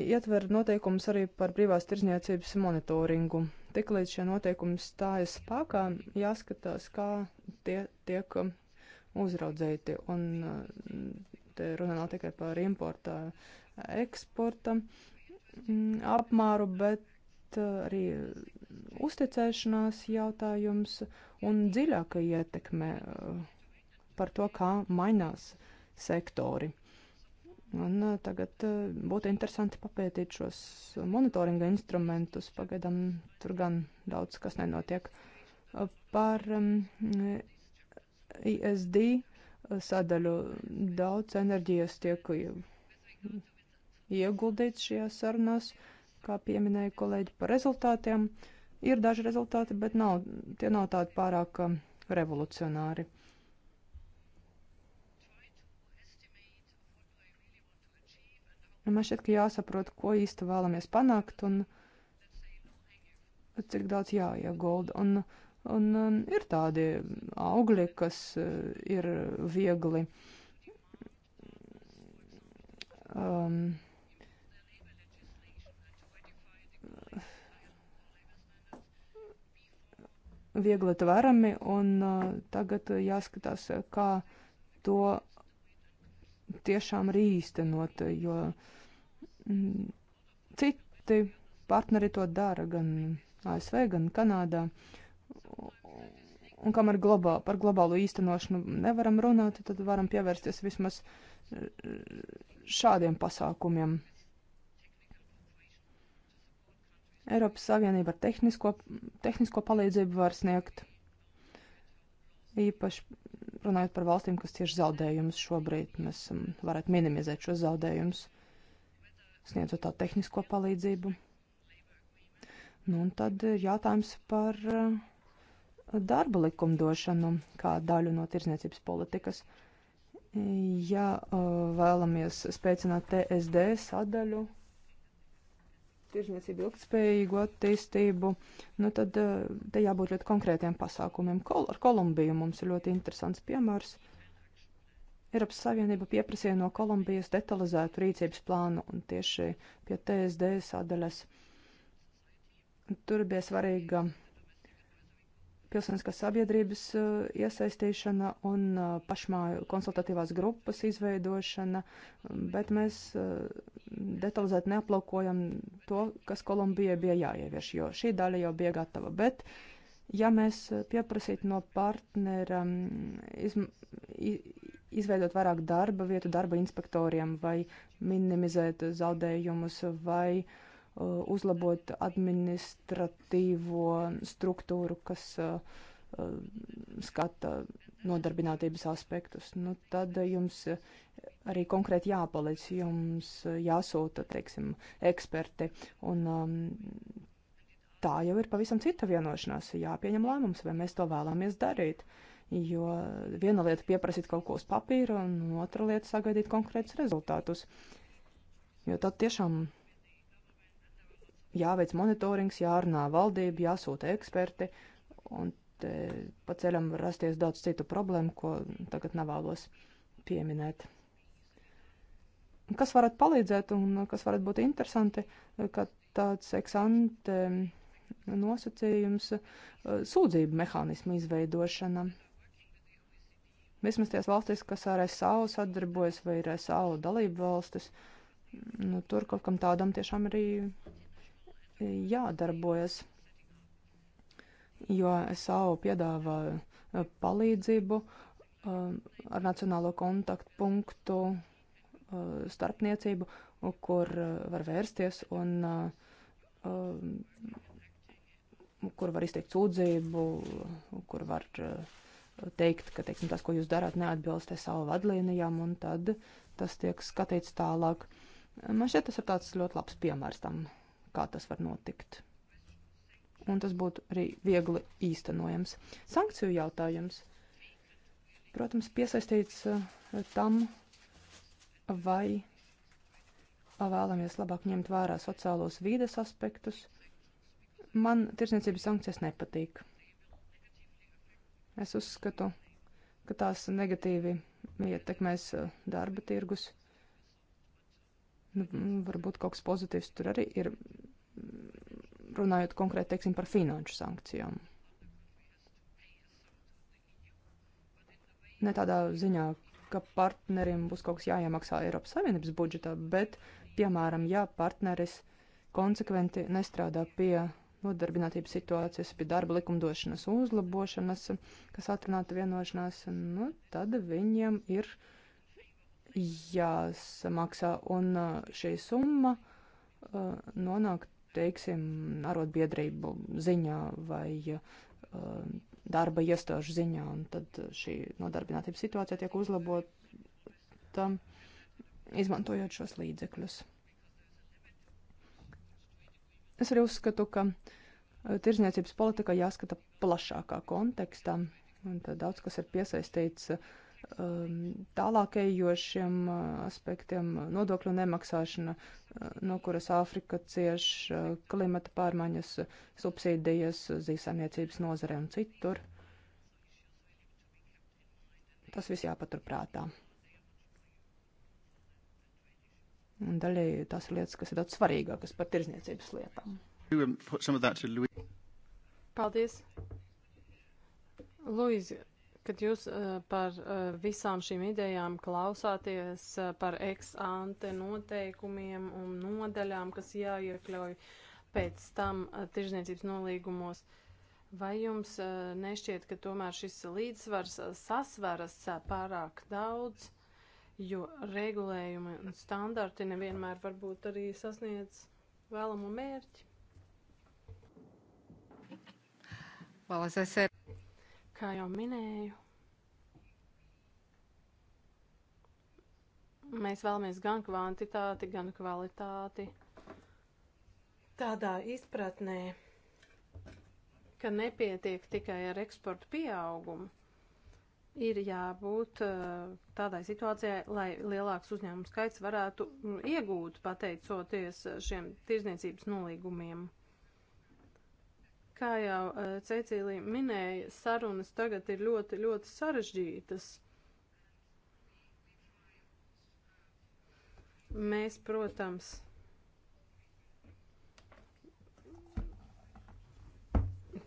ietver noteikumus arī par brīvās tirsniecības monitoringu. Tiklīdz šie noteikumi stājas spēkā, jāskatās, kā tie tiek uzraudzīti. Un uh, te runā tikai par importa, eksporta Mm, apmāru, bet uh, arī uzticēšanās jautājums un dziļāka ietekme uh, par to, kā mainās sektori. Un uh, tagad būtu interesanti papētīt šos monitoringa instrumentus. Pagaidām tur gan daudz kas nenotiek. Par um, ISD sadaļu daudz enerģijas tiek ieguldīts šajās sarunās, kā pieminēja kolēģi par rezultātiem. Ir daži rezultāti, bet nav, tie nav tādi pārāk um, revolucionāri. Nu, man šķiet, ka jāsaprot, ko īsti vēlamies panākt un cik daudz jāiegulda. Un, un, un um, ir tādi augļi, kas uh, ir viegli um, viegli tverami, un uh, tagad jāskatās, uh, kā to tiešām arī īstenot, jo mm, citi partneri to dara gan ASV, gan Kanādā. Un kamēr globā, par globālu īstenošanu nevaram runāt, tad varam pievērsties vismaz uh, šādiem pasākumiem. Eiropas Savienība ar tehnisko, tehnisko palīdzību var sniegt, īpaši runājot par valstīm, kas cieši zaudējumus šobrīd, mēs um, varētu minimizēt šos zaudējumus, sniedzot tā tehnisko palīdzību. Nu, un tad ir jautājums par uh, darba likumdošanu kā daļu no tirzniecības politikas. Ja uh, vēlamies spēcināt TSD sadaļu, tirzniecību, ilgspējīgu attīstību, nu tad eh, te jābūt ļoti konkrētiem pasākumiem. Kol ar Kolumbiju mums ir ļoti interesants piemērs. Eiropas Savienība pieprasīja no Kolumbijas detalizētu rīcības plānu un tieši pie TSD sadaļas. Tur bija svarīga pilsoniskās sabiedrības eh, iesaistīšana un eh, pašmāju konsultatīvās grupas izveidošana, bet mēs eh, detalizēti neaplakojam to, kas Kolumbijai bija jāievieš, jo šī daļa jau bija gatava. Bet, ja mēs pieprasītu no partnera mm, izm, izveidot vairāk darba vietu darba inspektoriem vai minimizēt zaudējumus vai uh, Eh, uzlabot administratīvo struktūru, kas eh, skata nodarbinātības aspektus. Nu, tad jums arī konkrēti jāpalic, jums jāsūta, teiksim, eksperti. Un, um, tā jau ir pavisam cita vienošanās. Jāpieņem lēmums, vai mēs to vēlamies darīt. Jo viena lieta pieprasīt kaut ko uz papīra, un otra lieta sagaidīt konkrētus rezultātus. Jo tad tiešām jāveic monitorings, jārunā valdība, jāsūta eksperti, un pa ceļam var rasties daudz citu problēmu, ko tagad nevēlos pieminēt. Kas varētu palīdzēt un kas varētu būt interesanti, ka tāds eksante nosacījums eh, sūdzību mehānismu izveidošana. Vismaz tās valstis, kas ar SAU sadarbojas vai ir SAU dalību valstis, nu, tur kaut kam tādam tiešām arī jādarbojas, jo SAO piedāvā e, palīdzību e, ar nacionālo kontaktpunktu e, starpniecību, kur var vērsties un kur var izteikt sūdzību, kur var teikt, ka teiksim, tas, ko jūs darāt, neatbilst savu vadlīnijām, un tad tas tiek skatīts tālāk. Man šķiet, tas ir tāds ļoti labs piemērs tam kā tas var notikt. Un tas būtu arī viegli īstenojams. Sankciju jautājums, protams, piesaistīts eh, tam, vai vēlamies labāk ņemt vērā sociālos vīdes aspektus. Man tirsniecības sankcijas nepatīk. Es uzskatu, ka tās negatīvi ietekmēs eh, darba tirgus. Nu, varbūt kaut kas pozitīvs tur arī ir, runājot konkrēti, teiksim, par finanšu sankcijām. Ne tādā ziņā, ka partnerim būs kaut kas jāiemaksā Eiropas Savienības budžetā, bet, piemēram, ja partneris konsekventi nestrādā pie nodarbinātības situācijas, pie darba likumdošanas uzlabošanas, kas atrunāta vienošanās, nu, tad viņiem ir jāsamaksā, un uh, šī summa uh, nonāk teiksim, arotbiedrību ziņā vai uh, darba iestāžu ziņā, un tad šī nodarbinātības situācija tiek uzlabota, izmantojot šos līdzekļus. Es arī uzskatu, ka uh, tirzniecības politika jāskata plašākā kontekstā, un tad daudz kas ir piesaistīts uh, Um, tālākajošiem uh, aspektiem - nodokļu nemaksāšana, uh, no kuras Āfrika cieš uh, klimata pārmaiņas, subsīdijas zīsāniecības nozare un citur. Tas viss jāpaturprātā. Un daļai tās lietas, kas ir daudz svarīgākas par tirzniecības lietām. Paldies! Luīzi, Kad jūs eh, par eh, visām šīm idejām klausāties, eh, par ex-ante noteikumiem un nodaļām, kas jāiekļauj pēc tam tirzniecības nolīgumos, vai jums nešķiet, ka tomēr šis līdzsvars sasveras pārāk daudz, jo regulējumi un standarti nevienmēr varbūt arī sasniedz vēlamo mērķi? Well, as I said, Kā jau minēju, mēs vēlamies gan kvantitāti, gan kvalitāti. Tādā izpratnē, ka nepietiek tikai ar eksportu pieaugumu, ir jābūt eh, tādai situācijai, lai lielāks uzņēmums skaits varētu mm, iegūt pateicoties eh, šiem tirzniecības nolīgumiem. Kā jau uh, Cecīlija minēja, sarunas tagad ir ļoti, ļoti sarežģītas. Mēs, protams,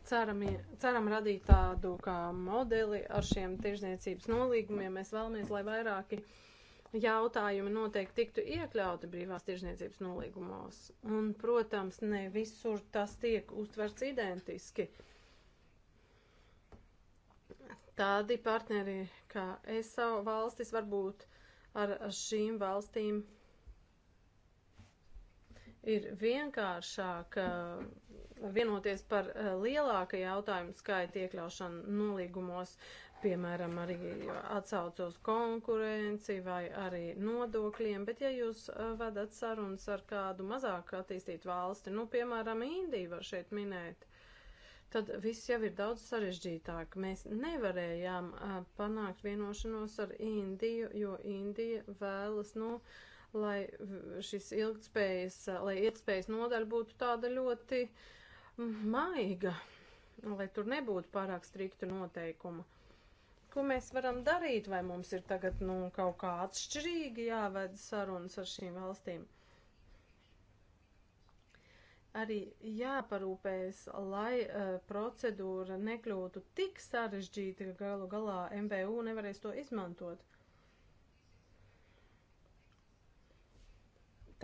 ceram, ceram radīt tādu kā modeli ar šiem tirzniecības nolīgumiem. Mēs vēlamies, lai vairāki uh, jautājumi noteikti tiktu iekļauti brīvās tirzniecības nolīgumos. Un, protams, ne visur tas tiek uztverts identiski. Tādi partneri kā ESO valstis varbūt ar šīm valstīm ir vienkāršāk uh, vienoties par uh, lielāku jautājumu skaitu iekļaušanu nolīgumos, piemēram, arī atsaucos konkurenci vai arī nodokļiem, bet ja jūs vedat sarunas ar kādu mazāk attīstītu valsti, nu, piemēram, Indiju var šeit minēt, tad viss jau ir daudz sarežģītāk. Mēs nevarējām panākt vienošanos ar Indiju, jo Indija vēlas, nu, lai šis ilgtspējas, lai ilgtspējas nodaļa būtu tāda ļoti maiga, lai tur nebūtu pārāk striktu noteikumu. Ko mēs varam darīt, vai mums ir tagad nu, kaut kā atšķirīgi jāved sarunas ar šīm valstīm? Arī jāparūpējas, lai uh, procedūra nekļūtu tik sarežģīta, ka galu galā MVU nevarēs to izmantot.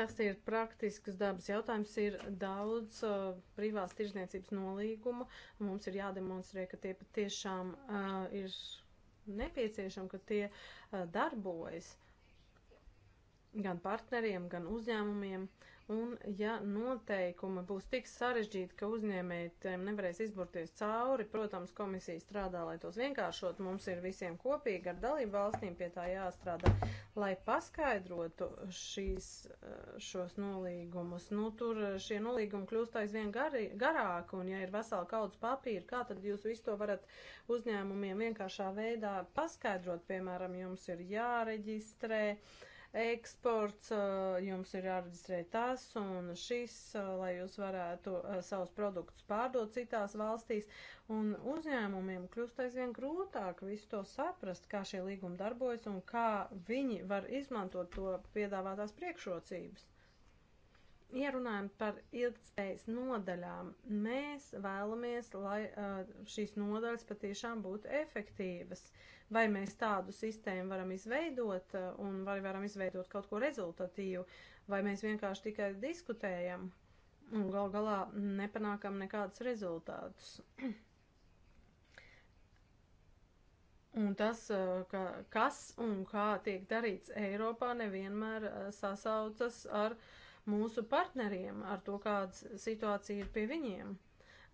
Tas ir praktisks dabas jautājums. Ir daudz uh, privās tirzniecības nolīgumu. Mums ir jādemonstrē, ka tie patiešām uh, ir nepieciešami, ka tie darbojas gan partneriem, gan uzņēmumiem. Un ja noteikumi būs tik sarežģīti, ka uzņēmēji tiem nevarēs izburties cauri, protams, komisija strādā, lai tos vienkāršot. Mums ir visiem kopīgi ar dalību valstīm pie tā jāstrādā lai paskaidrotu šīs, eh, šos nolīgumus. Nu, tur eh, šie nolīgumi kļūst aizvien garāki, un ja ir vesela kaudzes papīra, kā tad jūs visu to varat uzņēmumiem vienkāršā veidā paskaidrot? Piemēram, jums ir jāreģistrē. Uh, eksports, jums ir jāreģistrē tas un šis, lai jūs varētu savus produktus pārdot citās valstīs. Un uzņēmumiem kļūst aizvien grūtāk visu to saprast, kā šie līgumi darbojas un kā viņi var izmantot to piedāvātās priekšrocības. Ierunājam par ilgspējas nodaļām. Mēs vēlamies, lai šīs nodaļas patiešām būtu efektīvas. Uh, Vai mēs tādu sistēmu varam izveidot eh, un vai varam izveidot kaut ko rezultatīvu, vai mēs vienkārši tikai diskutējam un gal galā nepanākam nekādus rezultātus. Un tas, eh, ka kas un kā tiek darīts Eiropā, nevienmēr eh, sasaucas ar mūsu partneriem, ar to, kāda situācija ir pie viņiem.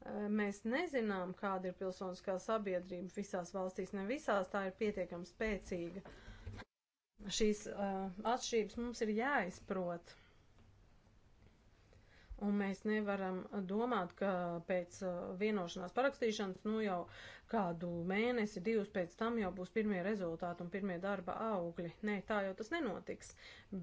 Eh, mēs nezinām, kāda ir pilsoniskā sabiedrība visās valstīs, ne visās tā ir pietiekami spēcīga. Šīs uh, atšķirības mums ir jāizprot. Un mēs nevaram domāt, ka pēc uh, vienošanās parakstīšanas, nu jau kādu mēnesi, divus pēc tam jau būs pirmie rezultāti un pirmie darba augļi. Nē, tā jau tas nenotiks.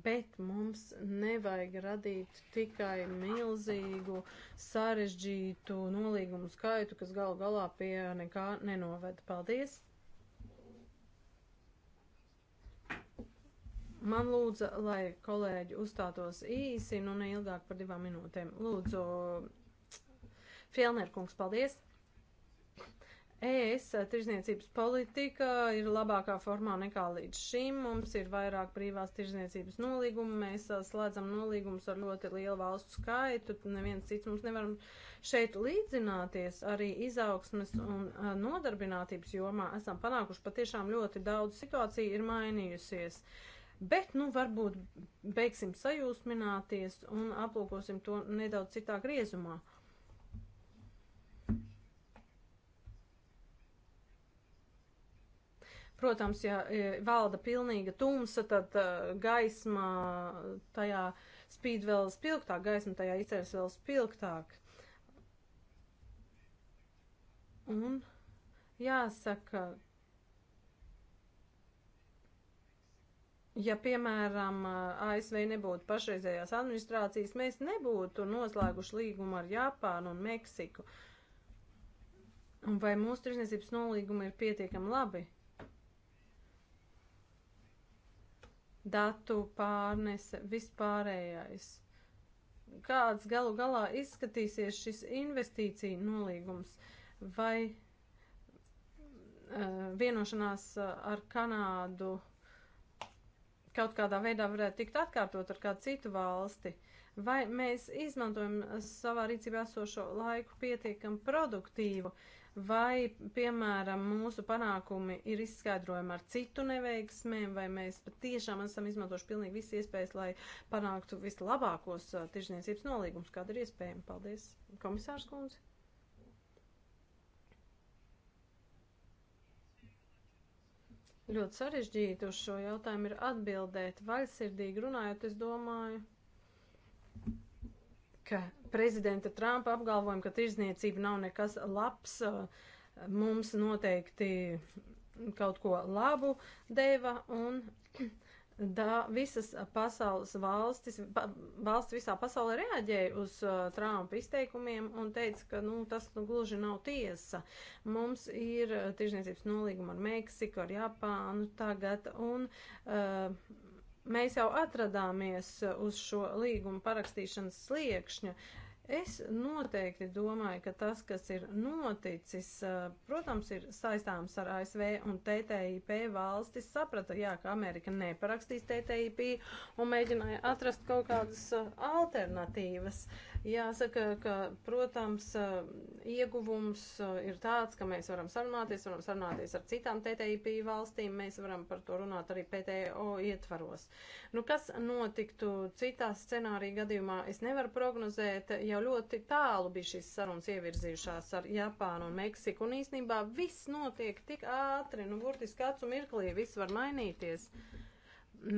Bet mums nevajag radīt tikai milzīgu, sarežģītu nolīgumu skaitu, kas galu galā pie nekā nenoveda. Paldies! Man lūdza, lai kolēģi uzstātos īsi, nu neilgāk par divām minūtēm. Lūdzu, Fielnerkungs, paldies! ES eh, tirzniecības politika ir labākā formā nekā līdz šim. Mums ir vairāk brīvās tirzniecības nolīgumu, mēs eh, slēdzam nolīgumus ar ļoti lielu valstu skaitu, neviens cits mums nevar šeit līdzināties. Arī izaugsmes un eh, nodarbinātības jomā esam panākuši patiešām ļoti daudz situācija ir mainījusies. Uh, Bet, nu, varbūt beigsim sajūsmināties un aplūkosim to nedaudz citā griezumā. Protams, ja e, valda pilnīga tumsa, tad e, gaisma tajā spīd vēl spilgtāk, gaisma tajā izceras vēl spilgtāk. Un jāsaka, Ja, piemēram, ASV nebūtu pašreizējās administrācijas, mēs nebūtu noslēguši līgumu ar Japānu un Meksiku. Vai mūsu tirsniecības nolīgumi ir pietiekami labi? Datu pārnese, vispārējais. Kāds galu galā izskatīsies šis investīcija nolīgums? Vai uh, vienošanās eh, ar Kanādu? kaut kādā veidā varētu tikt atkārtot ar kādu citu valsti. Vai mēs izmantojam savā rīcībā esošo laiku pietiekam produktīvu, vai, piemēram, mūsu panākumi ir izskaidrojami ar citu neveiksmēm, vai mēs patiešām esam izmantojuši pilnīgi visas iespējas, lai panāktu vislabākos uh, tirzniecības nolīgumus, kāda ir iespējama. Paldies, komisārs Kundze! Ļoti sarežģīti uz šo jautājumu ir atbildēt. Vaļsirdīgi runājot, es domāju, ka prezidenta Trumpa apgalvojumi, ka tirzniecība nav nekas labs, mums noteikti kaut ko labu deva un Da, visas pasaules valstis, pa, valsts visā pasaulē reaģēja uz uh, Trumpa izteikumiem un teica, ka nu, tas nu, gluži nav tiesa. Mums ir uh, tirzniecības nolīguma ar Meksiku, ar Japānu tagad, un uh, mēs jau atradāmies uz šo līgumu parakstīšanas sliekšņa. Uh, Es noteikti domāju, ka tas, kas ir noticis, protams, ir saistāms ar ASV un TTIP valstis. Saprata, jā, ka Amerika neparakstīs TTIP un mēģināja atrast kaut kādas alternatīvas. Uh, Jāsaka, ka, protams, ieguvums ir tāds, ka mēs varam sarunāties, varam sarunāties ar citām TTIP valstīm, mēs varam par to runāt arī PTO ietvaros. Nu, kas notiktu citā scenārija gadījumā, es nevaru prognozēt, jau ļoti tālu bija šīs sarunas ievirzījušās ar Japānu un Meksiku, un īsnībā viss notiek tik ātri, nu, burtiski acu mirklī, viss var mainīties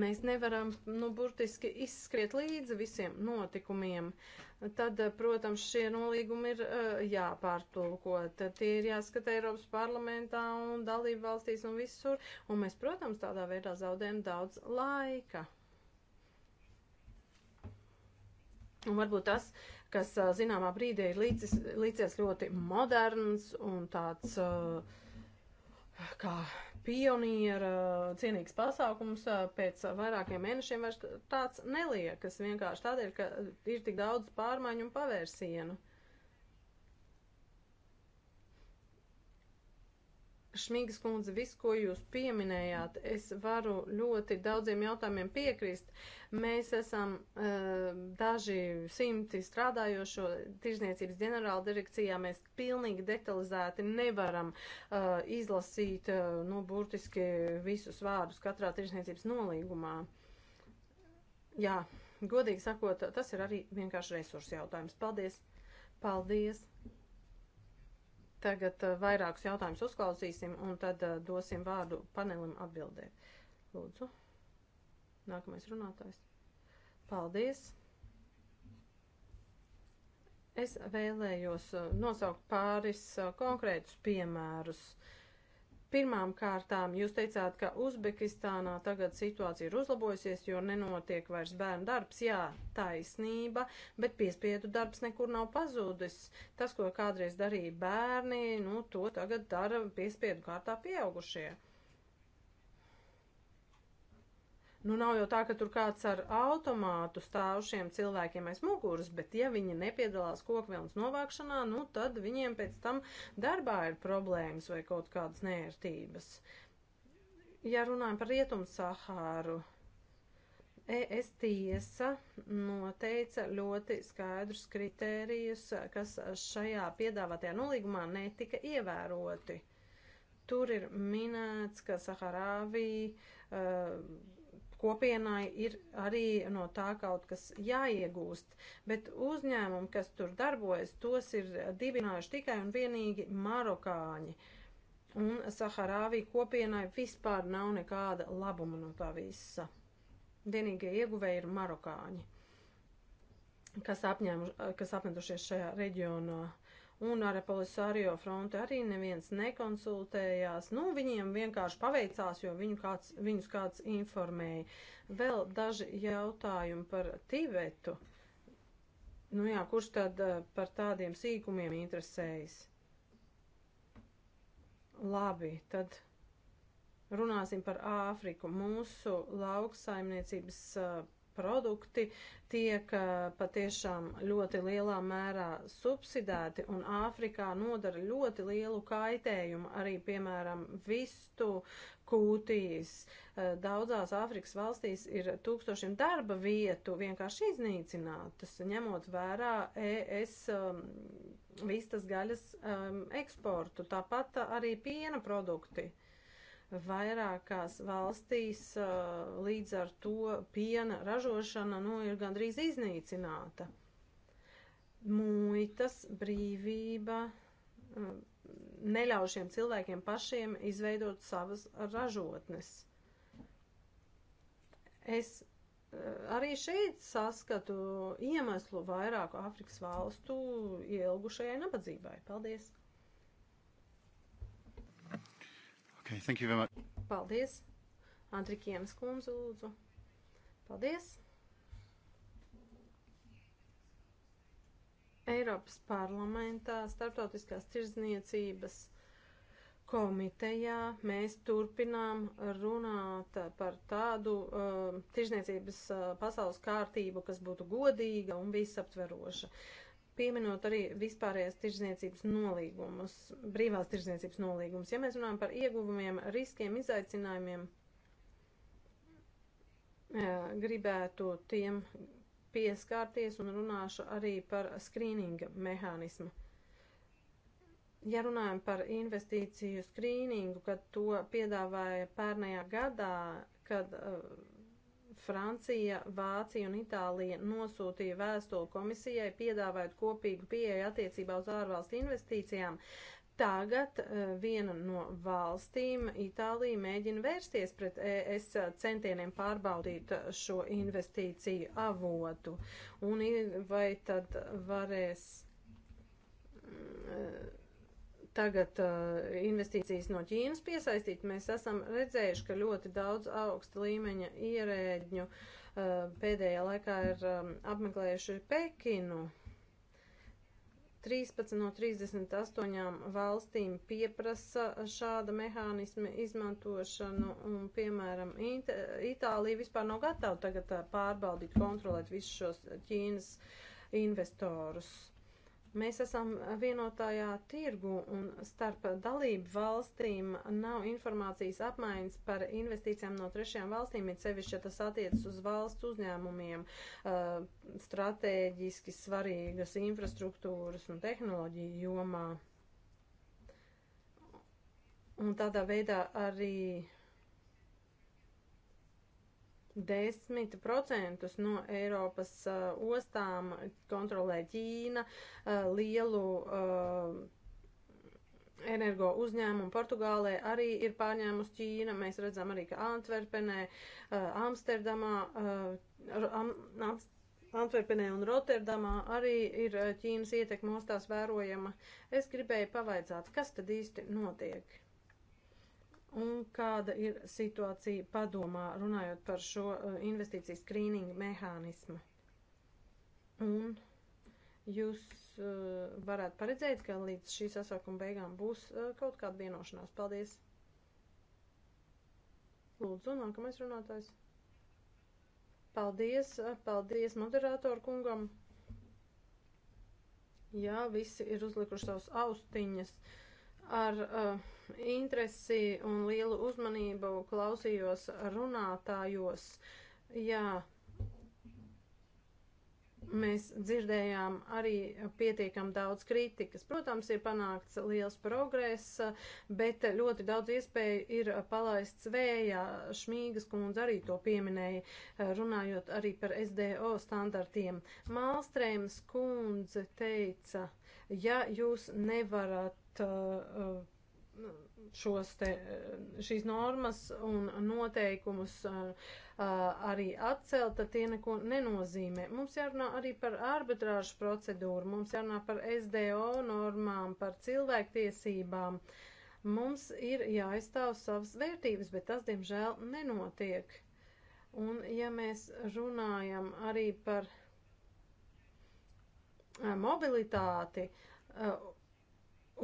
mēs nevaram, nu, burtiski izskriet līdzi visiem notikumiem tad, eh, protams, šie nolīgumi ir eh, jāpārtulko. Tad tie ir jāskata Eiropas parlamentā un dalību valstīs un visur. Un mēs, protams, tādā veidā zaudējam daudz laika. Un varbūt tas, kas eh, zināmā brīdī ir līdzies ļoti moderns un tāds uh, kā pioniera cienīgs pasākums pēc vairākiem mēnešiem vairs tāds neliekas vienkārši tādēļ, ka ir tik daudz pārmaiņu un pavērsienu. Šmigas kundze, visu, ko jūs pieminējāt, es varu ļoti daudziem jautājumiem piekrist. Mēs esam uh, daži simti strādājošo tirzniecības ģenerāla direkcijā. Mēs pilnīgi detalizēti nevaram uh, izlasīt, uh, nu, burtiski visus vārdus katrā tirzniecības nolīgumā. Jā, godīgi sakot, tas ir arī vienkārši resursu jautājums. Paldies! Paldies! Tagad uh, vairākus jautājumus uzklausīsim un tad uh, dosim vārdu panelim atbildēt. Lūdzu. Nākamais runātājs. Paldies. Es vēlējos uh, nosaukt pāris konkrētus piemērus. Uh, Pirmām kārtām jūs teicāt, ka Uzbekistānā tagad situācija ir uzlabojusies, jo nenotiek vairs bērnu darbs. Jā, taisnība, bet piespiedu darbs nekur nav pazudis. Tas, ko kādreiz darīja bērni, nu, to tagad dara piespiedu kārtā pieaugušie. Nu, nav jau tā, ka tur kāds ar automātu stāv šiem cilvēkiem aiz muguras, bet ja viņi nepiedalās kokvilnas novākšanā, nu, tad viņiem pēc tam darbā ir problēmas vai kaut kādas nērtības. Ja runājam par rietumu Sahāru, ES tiesa noteica ļoti skaidrus kritērijus, kas šajā piedāvātajā nolīgumā netika ievēroti. Tur ir minēts, ka Sahārāvī uh, kopienai ir arī no tā kaut kas jāiegūst, bet uzņēmumi, kas tur darbojas, tos ir dibinājuši tikai un vienīgi marokāņi. Un Saharāvī kopienai vispār nav nekāda labuma no tā visa. Vienīgie ieguvēji ir marokāņi, kas, apņēmu, kas apmetušies šajā reģionā un ar Polisario fronti arī neviens nekonsultējās. Nu, viņiem vienkārši paveicās, jo viņu kāds, viņus kāds informēja. Vēl daži jautājumi par Tibetu. Nu jā, kurš tad eh, par tādiem sīkumiem interesējas? Labi, tad runāsim par Āfriku. Mūsu lauksaimniecības eh, produkti tiek patiešām ļoti lielā mērā subsidēti, un Āfrikā nodara ļoti lielu kaitējumu arī, piemēram, vistu kūtīs. Daudzās Āfrikas valstīs ir tūkstošiem darba vietu vienkārši iznīcinātas, ņemot vērā ES vistas gaļas eksportu, tāpat arī piena produkti. Vairākās valstīs līdz ar to piena ražošana nu, ir gandrīz iznīcināta. Mūitas brīvība neļauj šiem cilvēkiem pašiem izveidot savas ražotnes. Es arī šeit saskatu iemeslu vairāku Āfrikas valstu ielgušajai nabadzībai. Paldies! Okay, thank you very much. Paldies. Andrikienas kundze lūdzu. Paldies. Eiropas parlamentā, starptautiskās tirzniecības komitejā mēs turpinām runāt par tādu uh, tirzniecības uh, pasaules kārtību, kas būtu godīga un visaptveroša. Uh, pieminot arī vispārējās tirzniecības nolīgumus, brīvās tirzniecības nolīgumus. Ja mēs runājam par ieguvumiem, riskiem, izaicinājumiem, eh, gribētu tiem pieskārties un runāšu arī par skrīninga mehānismu. Ja runājam par investīciju skrīningu, kad to piedāvāja pērnajā gadā, kad uh, Francija, Vācija un Itālija nosūtīja vēstuli komisijai, piedāvājot kopīgu pieeju attiecībā uz ārvalstu investīcijām. Tagad uh, viena no valstīm, Itālija, mēģina vērsties pret ES centieniem pārbaudīt šo investīciju avotu. Un vai tad varēs. Uh, tagad uh, investīcijas no Ķīnas piesaistīt, mēs esam redzējuši, ka ļoti daudz augsta līmeņa ierēģņu uh, pēdējā laikā ir um, apmeklējuši Pekinu. 13 no 38 valstīm pieprasa šāda mehānisma izmantošanu, un, piemēram, It Itālija vispār nav gatava tagad pārbaudīt, kontrolēt visus šos Ķīnas investorus. Mēs esam vienotājā tirgu un starp dalību valstīm nav informācijas apmaiņas par investīcijām no trešajām valstīm, ir sevišķi, ja tas attiecas uz valsts uzņēmumiem, stratēģiski svarīgas infrastruktūras un tehnoloģiju jomā. Un tādā veidā arī 10% no Eiropas uh, ostām kontrolē Ķīna, uh, lielu uh, energo uzņēmumu Portugālē arī ir pārņēmusi Ķīna. Mēs redzam arī, ka Antverpenē, uh, Amsterdamā, uh, am, amst Antverpenē un Rotterdamā arī ir uh, Ķīnas ietekme ostās vērojama. Es gribēju pavaicāt, kas tad īsti notiek? Un kāda ir situācija padomā, runājot par šo eh, investīciju skrīningu mehānismu? Un jūs uh, varētu paredzēt, ka līdz šī sasaukuma beigām būs uh, kaut kāda vienošanās. Paldies! Lūdzu, nākamais runātājs. Paldies, paldies moderātoru kungam. Jā, visi ir uzlikuši savus austiņas ar. Uh, interesi un lielu uzmanību klausījos runātājos. Jā, mēs dzirdējām arī pietiekam daudz kritikas. Protams, ir panākts liels progress, bet ļoti daudz iespēju ir palaists vējā. Šmīgas kundze arī to pieminēja, runājot arī par SDO standartiem. Mālstrēms kundze teica, ja jūs nevarat uh, Nu, šos te, šīs normas un noteikumus arī atcelt, tad tie neko nenozīmē. Mums jārunā arī par arbitrāžu procedūru, mums jārunā par SDO normām, par cilvēktiesībām. Mums ir jāaizstāv savas vērtības, bet tas, diemžēl, nenotiek. Un, ja mēs runājam arī par mobilitāti,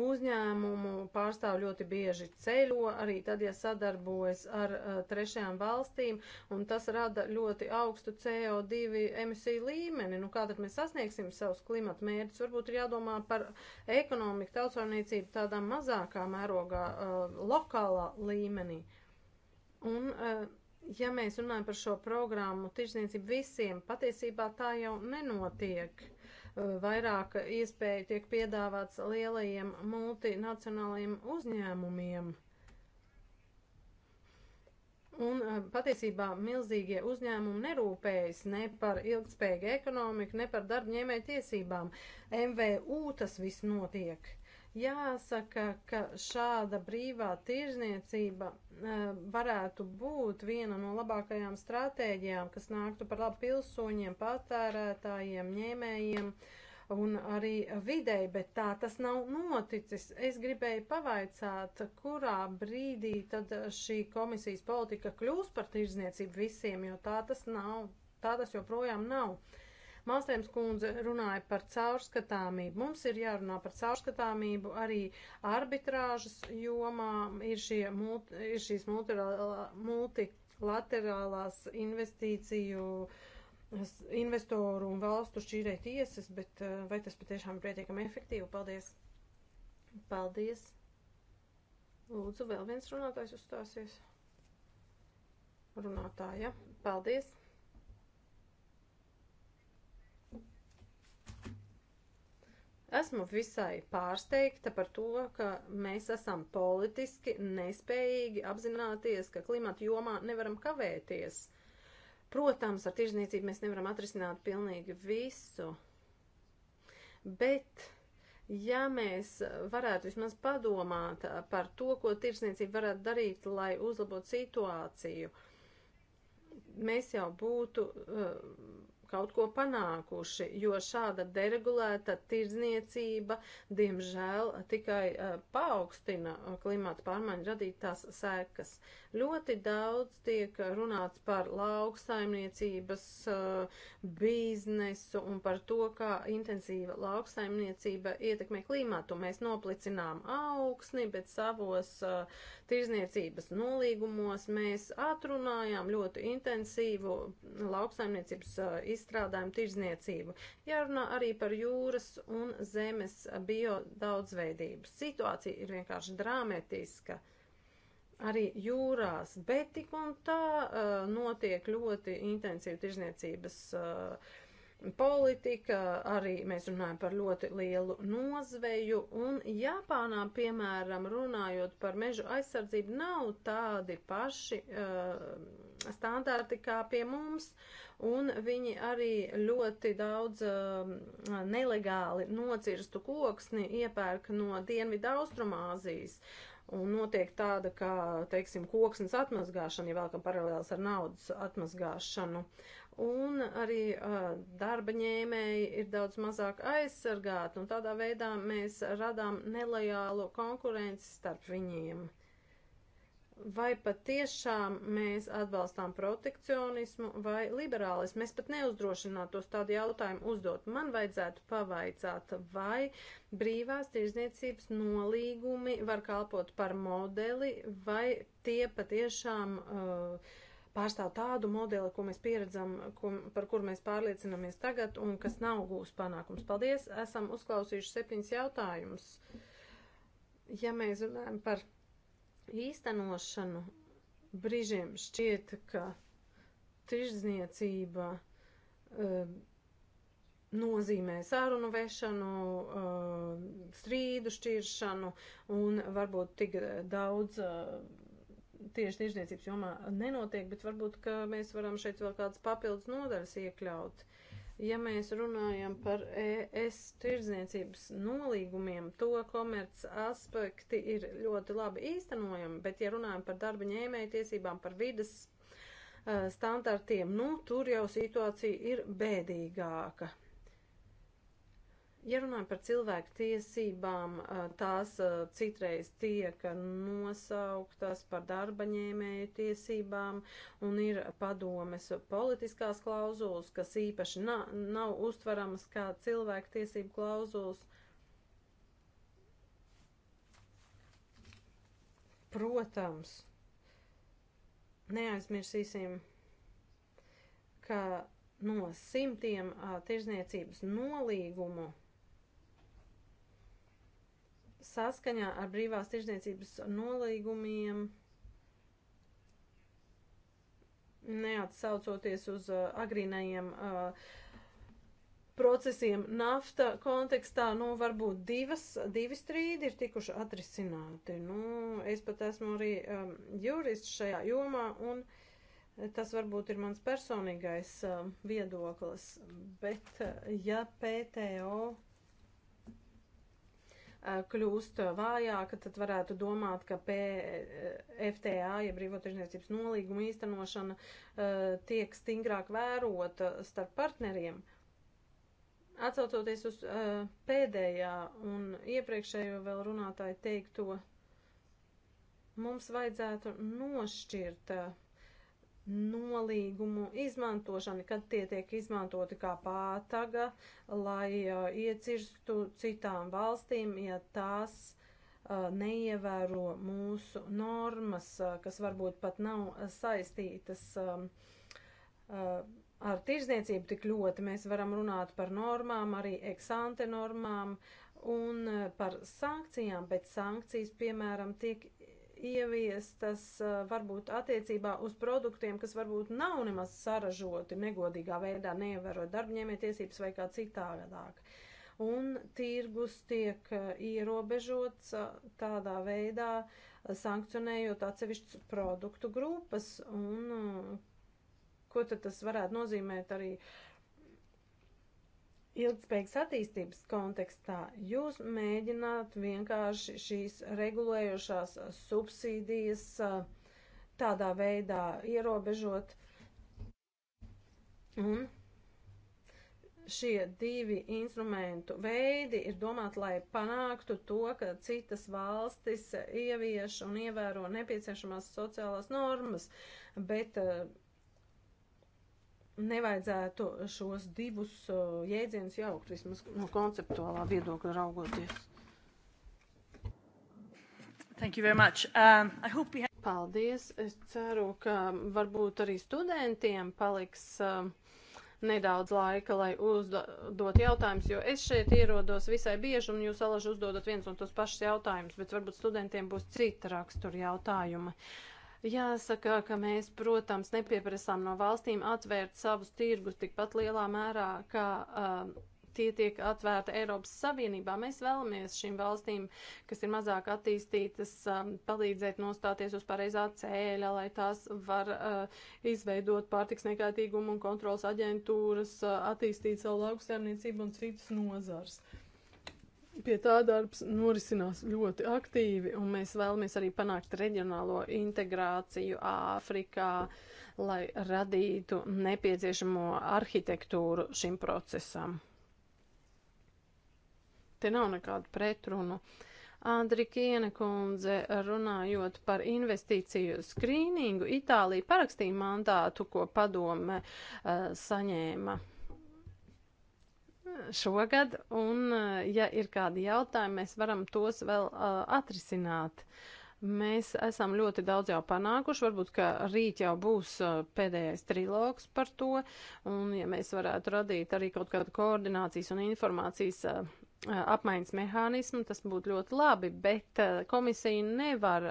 Uzņēmumu pārstāv ļoti bieži ceļo, arī tad, ja sadarbojas ar uh, trešajām valstīm, un tas rada ļoti augstu CO2 emisiju līmeni. Nu, kā tad mēs sasniegsim savus klimata mērķus? Varbūt ir jādomā par ekonomiku, tautsvarniecību tādā mazākā mērogā, uh, lokālā līmenī. Un, uh, ja mēs runājam par šo programmu, tirzniecību visiem, patiesībā tā jau nenotiek. Eh, vairāk iespēju tiek piedāvāts lielajiem multinacionālajiem uzņēmumiem. Un eh, patiesībā milzīgie uzņēmumi nerūpējas ne par ilgspējīgu ekonomiku, ne par darbņēmēju tiesībām. MVU tas viss notiek. Jāsaka, ka šāda brīvā tirzniecība e, varētu būt viena no labākajām stratēģijām, kas nāktu par labu pilsoņiem, patērētājiem, ņēmējiem un arī videi, bet tā tas nav noticis. Es gribēju pavaicāt, kurā brīdī tad šī komisijas politika kļūs par tirzniecību visiem, jo tā tas nav, tā tas joprojām nav. Mālstēms kundze runāja par caurskatāmību. Mums ir jārunā par caurskatāmību arī arbitrāžas jomā. Ir, šie, multi, ir šīs multilaterālās investīciju investoru un valstu šķīrē tiesas, bet eh, vai tas patiešām ir pietiekami efektīvi? Paldies! Paldies! Lūdzu, vēl viens runātājs uzstāsies. Runātāja, paldies! Esmu visai pārsteigta par to, ka mēs esam politiski nespējīgi apzināties, ka klimata jomā nevaram kavēties. Protams, ar tirzniecību mēs nevaram atrisināt pilnīgi visu, bet ja mēs varētu vismaz padomāt par to, ko tirsniecība varētu darīt, lai uzlabotu situāciju, mēs jau būtu uh, kaut ko panākuši, jo šāda deregulēta tirdzniecība, diemžēl, tikai uh, paaugstina eh, klimata pārmaiņu radītās sekas. Uh, Ļoti daudz tiek runāts par lauksaimniecības uh, biznesu un par to, kā intensīva lauksaimniecība ietekmē klimatu. Mēs noplicinām augsni, bet savos uh, tirzniecības nolīgumos mēs atrunājām ļoti intensīvu lauksaimniecības uh, izstrādājumu tirzniecību. Jārunā arī par jūras un zemes bio daudzveidību. Situācija ir vienkārši dramatiska arī jūrās, bet tik un tā uh, notiek ļoti intensīva tirzniecības uh, politika, arī mēs runājam par ļoti lielu nozveju, un Japānā, piemēram, runājot par mežu aizsardzību, nav tādi paši uh, standarti kā pie mums, un viņi arī ļoti daudz uh, nelegāli nocirstu koksni iepērk no Dienvidu Austrumāzijas. Uh, un notiek tāda, kā, teiksim, koksnes atmazgāšana, ja vēlkam paralēls ar naudas atmazgāšanu. Un arī uh, darba ņēmēji ir daudz mazāk aizsargāti, un tādā veidā mēs radām nelojālu konkurenci starp viņiem. Uh, vai patiešām mēs atbalstām protekcionismu vai liberālismu. Es pat neuzdrošinātos tādu jautājumu uzdot. Man vajadzētu pavaicāt, vai brīvās tirzniecības nolīgumi var kalpot par modeli, vai tie patiešām uh, pārstāv tādu modeli, ko mēs pieredzam, ko, par kur mēs pārliecinamies tagad un kas nav gūs panākums. Paldies, esam uzklausījuši septiņas jautājumus. Ja mēs runājam par īstenošanu. Brīžiem šķiet, ka tirzniecība eh, nozīmē sarunu vešanu, eh, strīdu šķiršanu un varbūt tik daudz eh, tieši tirzniecības jomā nenotiek, bet varbūt, ka mēs varam šeit vēl kādas papildus nodaļas iekļaut. Ja mēs runājam par ES tirdzniecības nolīgumiem, to komerc aspekti ir ļoti labi īstenojami, bet ja runājam par darba ņēmēju tiesībām, par vidas uh, eh, standartiem, nu, tur jau situācija ir bēdīgāka. Ja runājam par cilvēku tiesībām, tās citreiz tiek nosauktas par darba ņēmēju tiesībām un ir padomes politiskās klauzulas, kas īpaši nav, nav uztveramas kā cilvēku tiesību klauzulas. Protams, neaizmirsīsim, ka no simtiem tirzniecības nolīgumu saskaņā ar brīvās tirzniecības nolīgumiem, neatsaucoties uz uh, agrīnajiem uh, procesiem nafta kontekstā, nu, varbūt divas, divi strīdi ir tikuši atrisināti. Nu, es pat esmu arī um, jurists šajā jomā, un tas varbūt ir mans personīgais um, viedoklis, bet uh, ja PTO Eh, kļūst vājāka, tad varētu domāt, ka PFTA, eh, ja brīvotirzniecības nolīguma īstenošana, eh, tiek stingrāk vērota starp partneriem. Atcaucoties uz pēdējā un iepriekšējo vēl runātāju teikto, mums vajadzētu nošķirt uh, nolīgumu izmantošana, kad tie tiek izmantoti kā pātaga, lai uh, iecirstu citām valstīm, ja tās uh, neievēro mūsu normas, uh, kas varbūt pat nav saistītas um, uh, ar tirzniecību tik ļoti. Mēs varam runāt par normām, arī eksante normām un uh, par sankcijām, bet sankcijas, piemēram, tiek ieviestas eh, varbūt attiecībā uz produktiem, kas varbūt nav nemaz saražoti negodīgā veidā, neievēro darbņēmē tiesības vai kā citādāk. Un tirgus tiek eh, ierobežots eh, tādā veidā, sankcionējot atsevišķas produktu grupas. Un ko tad tas varētu nozīmēt arī uh, ilgspējīgas attīstības kontekstā jūs mēģināt vienkārši šīs regulējošās subsīdijas uh, tādā veidā ierobežot. Un šie divi instrumentu veidi ir domāti, lai panāktu to, ka citas valstis ievieš un ievēro nepieciešamās sociālās normas, bet uh, nevajadzētu šos divus jēdzienus jaukt, vismaz no konceptuālā viedokļa raugoties. Thank you very much. Um, I hope we have... Paldies. Es ceru, ka varbūt arī studentiem paliks um, nedaudz laika, lai uzdot jautājumus, jo es šeit ierodos visai bieži, un jūs alaži uzdodat viens un tos pašus jautājumus, bet varbūt studentiem būs cita rakstura jautājuma. Uh, Jāsaka, ka mēs, protams, nepieprasām no valstīm atvērt savus tirgus tikpat lielā mērā, kā uh, tie tiek atvērti Eiropas Savienībā. Mēs vēlamies šīm valstīm, kas ir mazāk attīstītas, um, palīdzēt nostāties uz pareizā ceļa, lai tās var uh, izveidot pārtiks nekaitīgumu un kontrolas aģentūras, uh, attīstīt savu lauku saimniecību un citas nozars. Uh, Pie tā darbs norisinās ļoti aktīvi, un mēs vēlamies arī panākt reģionālo integrāciju Āfrikā, lai radītu nepieciešamo arhitektūru šim procesam. Te nav nekādu pretrunu. Andrikiene kundze, runājot par investīciju skrīningu, Itālija parakstīja mandātu, ko padome uh, saņēma šogad, un eh, ja ir kādi jautājumi, mēs varam tos vēl uh, atrisināt. Mēs esam ļoti daudz jau panākuši, varbūt, ka rīt jau būs uh, pēdējais trilogs par to, un ja mēs varētu radīt arī kaut kādu koordinācijas un informācijas uh, apmaiņas mehānismu, tas būtu ļoti labi, bet komisija nevar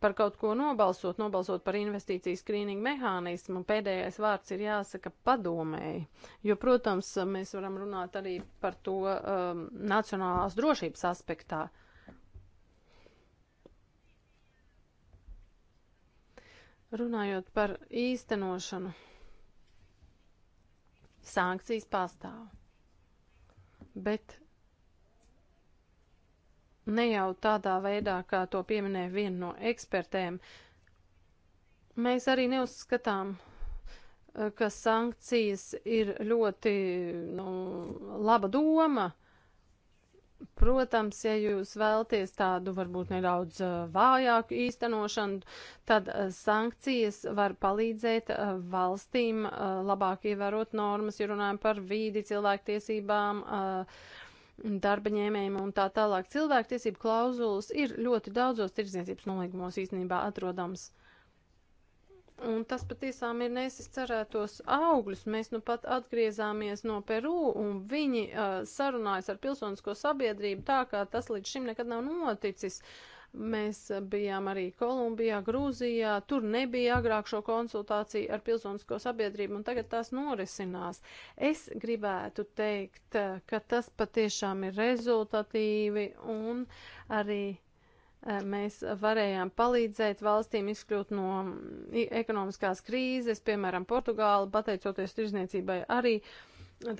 par kaut ko nobalsot, nobalsot par investīciju skrīningu mehānismu. Pēdējais vārds ir jāsaka padomēji, jo, protams, mēs varam runāt arī par to um, nacionālās drošības aspektā. Runājot par īstenošanu, sankcijas pastāv, bet ne jau tādā veidā, kā to pieminēja viena no ekspertēm. Mēs arī neuzskatām, eh, ka sankcijas ir ļoti nu, laba doma. Protams, ja jūs vēlties tādu varbūt nedaudz eh, vājāku īstenošanu, tad eh, sankcijas var palīdzēt valstīm labāk ievērot normas, ja runājam par vīdi, cilvēktiesībām, uh, darba ņēmējiem un tā tālāk. Cilvēktiesību klauzulas ir ļoti daudzos tirdzniecības nolīgumos īstenībā atrodams. Un tas patiesām ir nesis cerētos augļus. Mēs nu pat atgriezāmies no Peru un viņi uh, sarunājas ar pilsonisko sabiedrību tā, kā tas līdz šim nekad nav noticis. Uh, Mēs bijām arī Kolumbijā, Grūzijā, tur nebija agrāk šo konsultāciju ar pilsonisko sabiedrību, un tagad tās norisinās. Es gribētu teikt, eh, ka tas patiešām ir rezultatīvi, un arī eh, mēs varējām palīdzēt valstīm izkļūt no mm, ekonomiskās krīzes, piemēram, Portugāla, pateicoties tirzniecībai, arī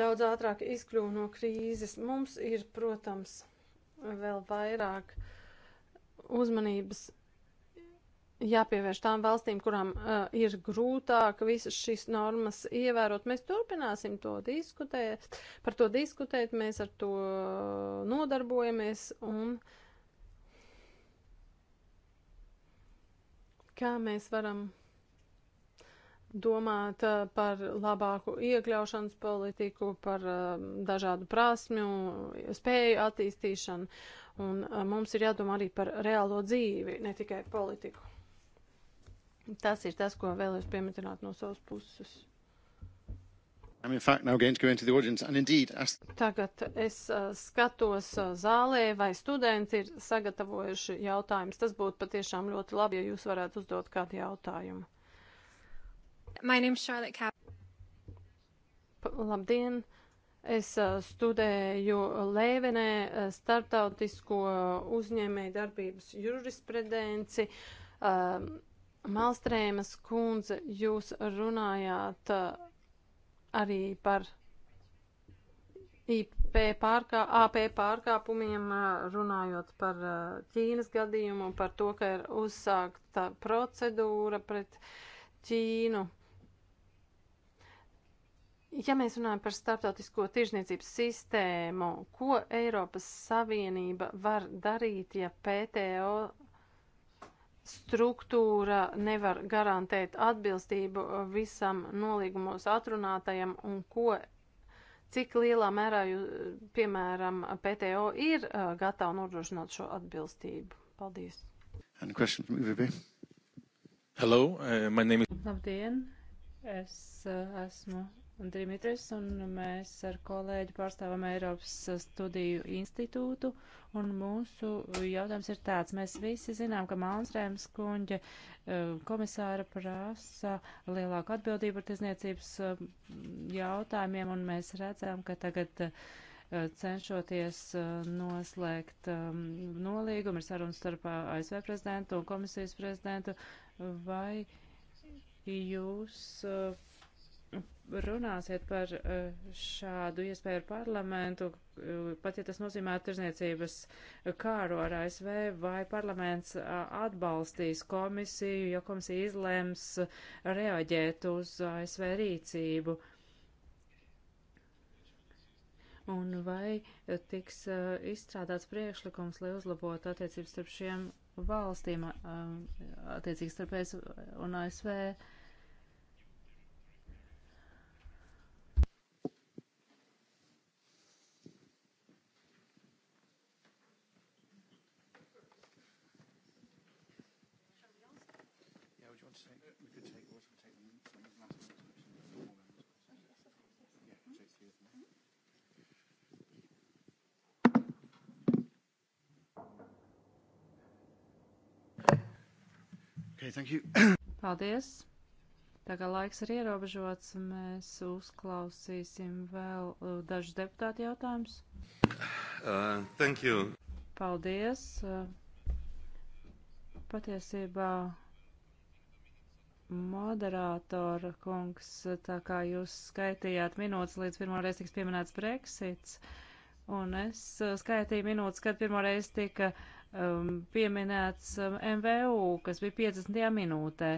daudz ātrāk izkļuva no krīzes. Mums ir, protams, vēl vairāk uh, uzmanības jāpievērš tām valstīm, kurām uh, ir grūtāk visas šīs normas ievērot. Mēs turpināsim to diskutēt, par to diskutēt, mēs ar to nodarbojamies un kā mēs varam domāt eh, par labāku iekļaušanas politiku, par eh, dažādu prasmju, spēju attīstīšanu. Uh, Un mums ir jādomā arī par reālo dzīvi, ne tikai politiku. Tas ir tas, ko vēlējos pieminēt no savas puses. I'm in fact now going to go into the audience and indeed ask... Tagad es uh, skatos uh, zālē, vai studenti ir sagatavojuši jautājumus. Tas būtu patiešām ļoti labi, ja jūs varētu uzdot kādu jautājumu. My name is Charlotte Cap. Labdien! Uh, Es studēju Lēvenē startautisko uzņēmēju darbības jurisprudenci. Malstrēmas kundze, jūs runājāt arī par IP pārkā, AP pārkāpumiem, runājot par Ķīnas gadījumu, par to, ka ir uzsākta procedūra pret Ķīnu. Ja mēs runājam par starptautisko tirzniecības sistēmu, ko Eiropas Savienība var darīt, ja PTO struktūra nevar garantēt atbilstību visam nolīgumos atrunātajam un ko, cik lielā mērā, piemēram, PTO ir uh, gatava nodrošināt šo atbilstību? Paldies! Hello, uh, my name is... Labdien, es uh, esmu un Dimitris, un mēs ar kolēģi pārstāvam Eiropas studiju institūtu, un mūsu jautājums ir tāds. Mēs visi zinām, ka Malmstrēms kuņģe eh, komisāra prasa lielāku atbildību par tiesniecības eh, jautājumiem, un mēs redzam, ka tagad eh, cenšoties noslēgt nolīgumu, ir saruna starp ASV prezidentu un komisijas prezidentu, vai jūs runāsiet par eh, šādu iespēju ar parlamentu, eh, pat ja tas nozīmē tirzniecības kāru ar ASV, vai parlaments eh, atbalstīs komisiju, ja komisija izlems reaģēt uz ASV rīcību? Un vai tiks izstrādāts priekšlikums, lai uzlabotu attiecības starp šiem valstīm, attiecīgi starp ES un ASV? Okay, Paldies! Tā kā laiks ir ierobežots, mēs uzklausīsim vēl uh, dažus deputātu jautājumus. Uh, thank you. Paldies. Uh, patiesībā moderātora kungs, tā kā jūs skaitījāt minūtes līdz pirmoreiz tiks pieminēts Brexits, un es uh, skaitīju minūtes, kad pirmoreiz tika uh, um, pieminēts um, MVU, kas bija 50. minūtē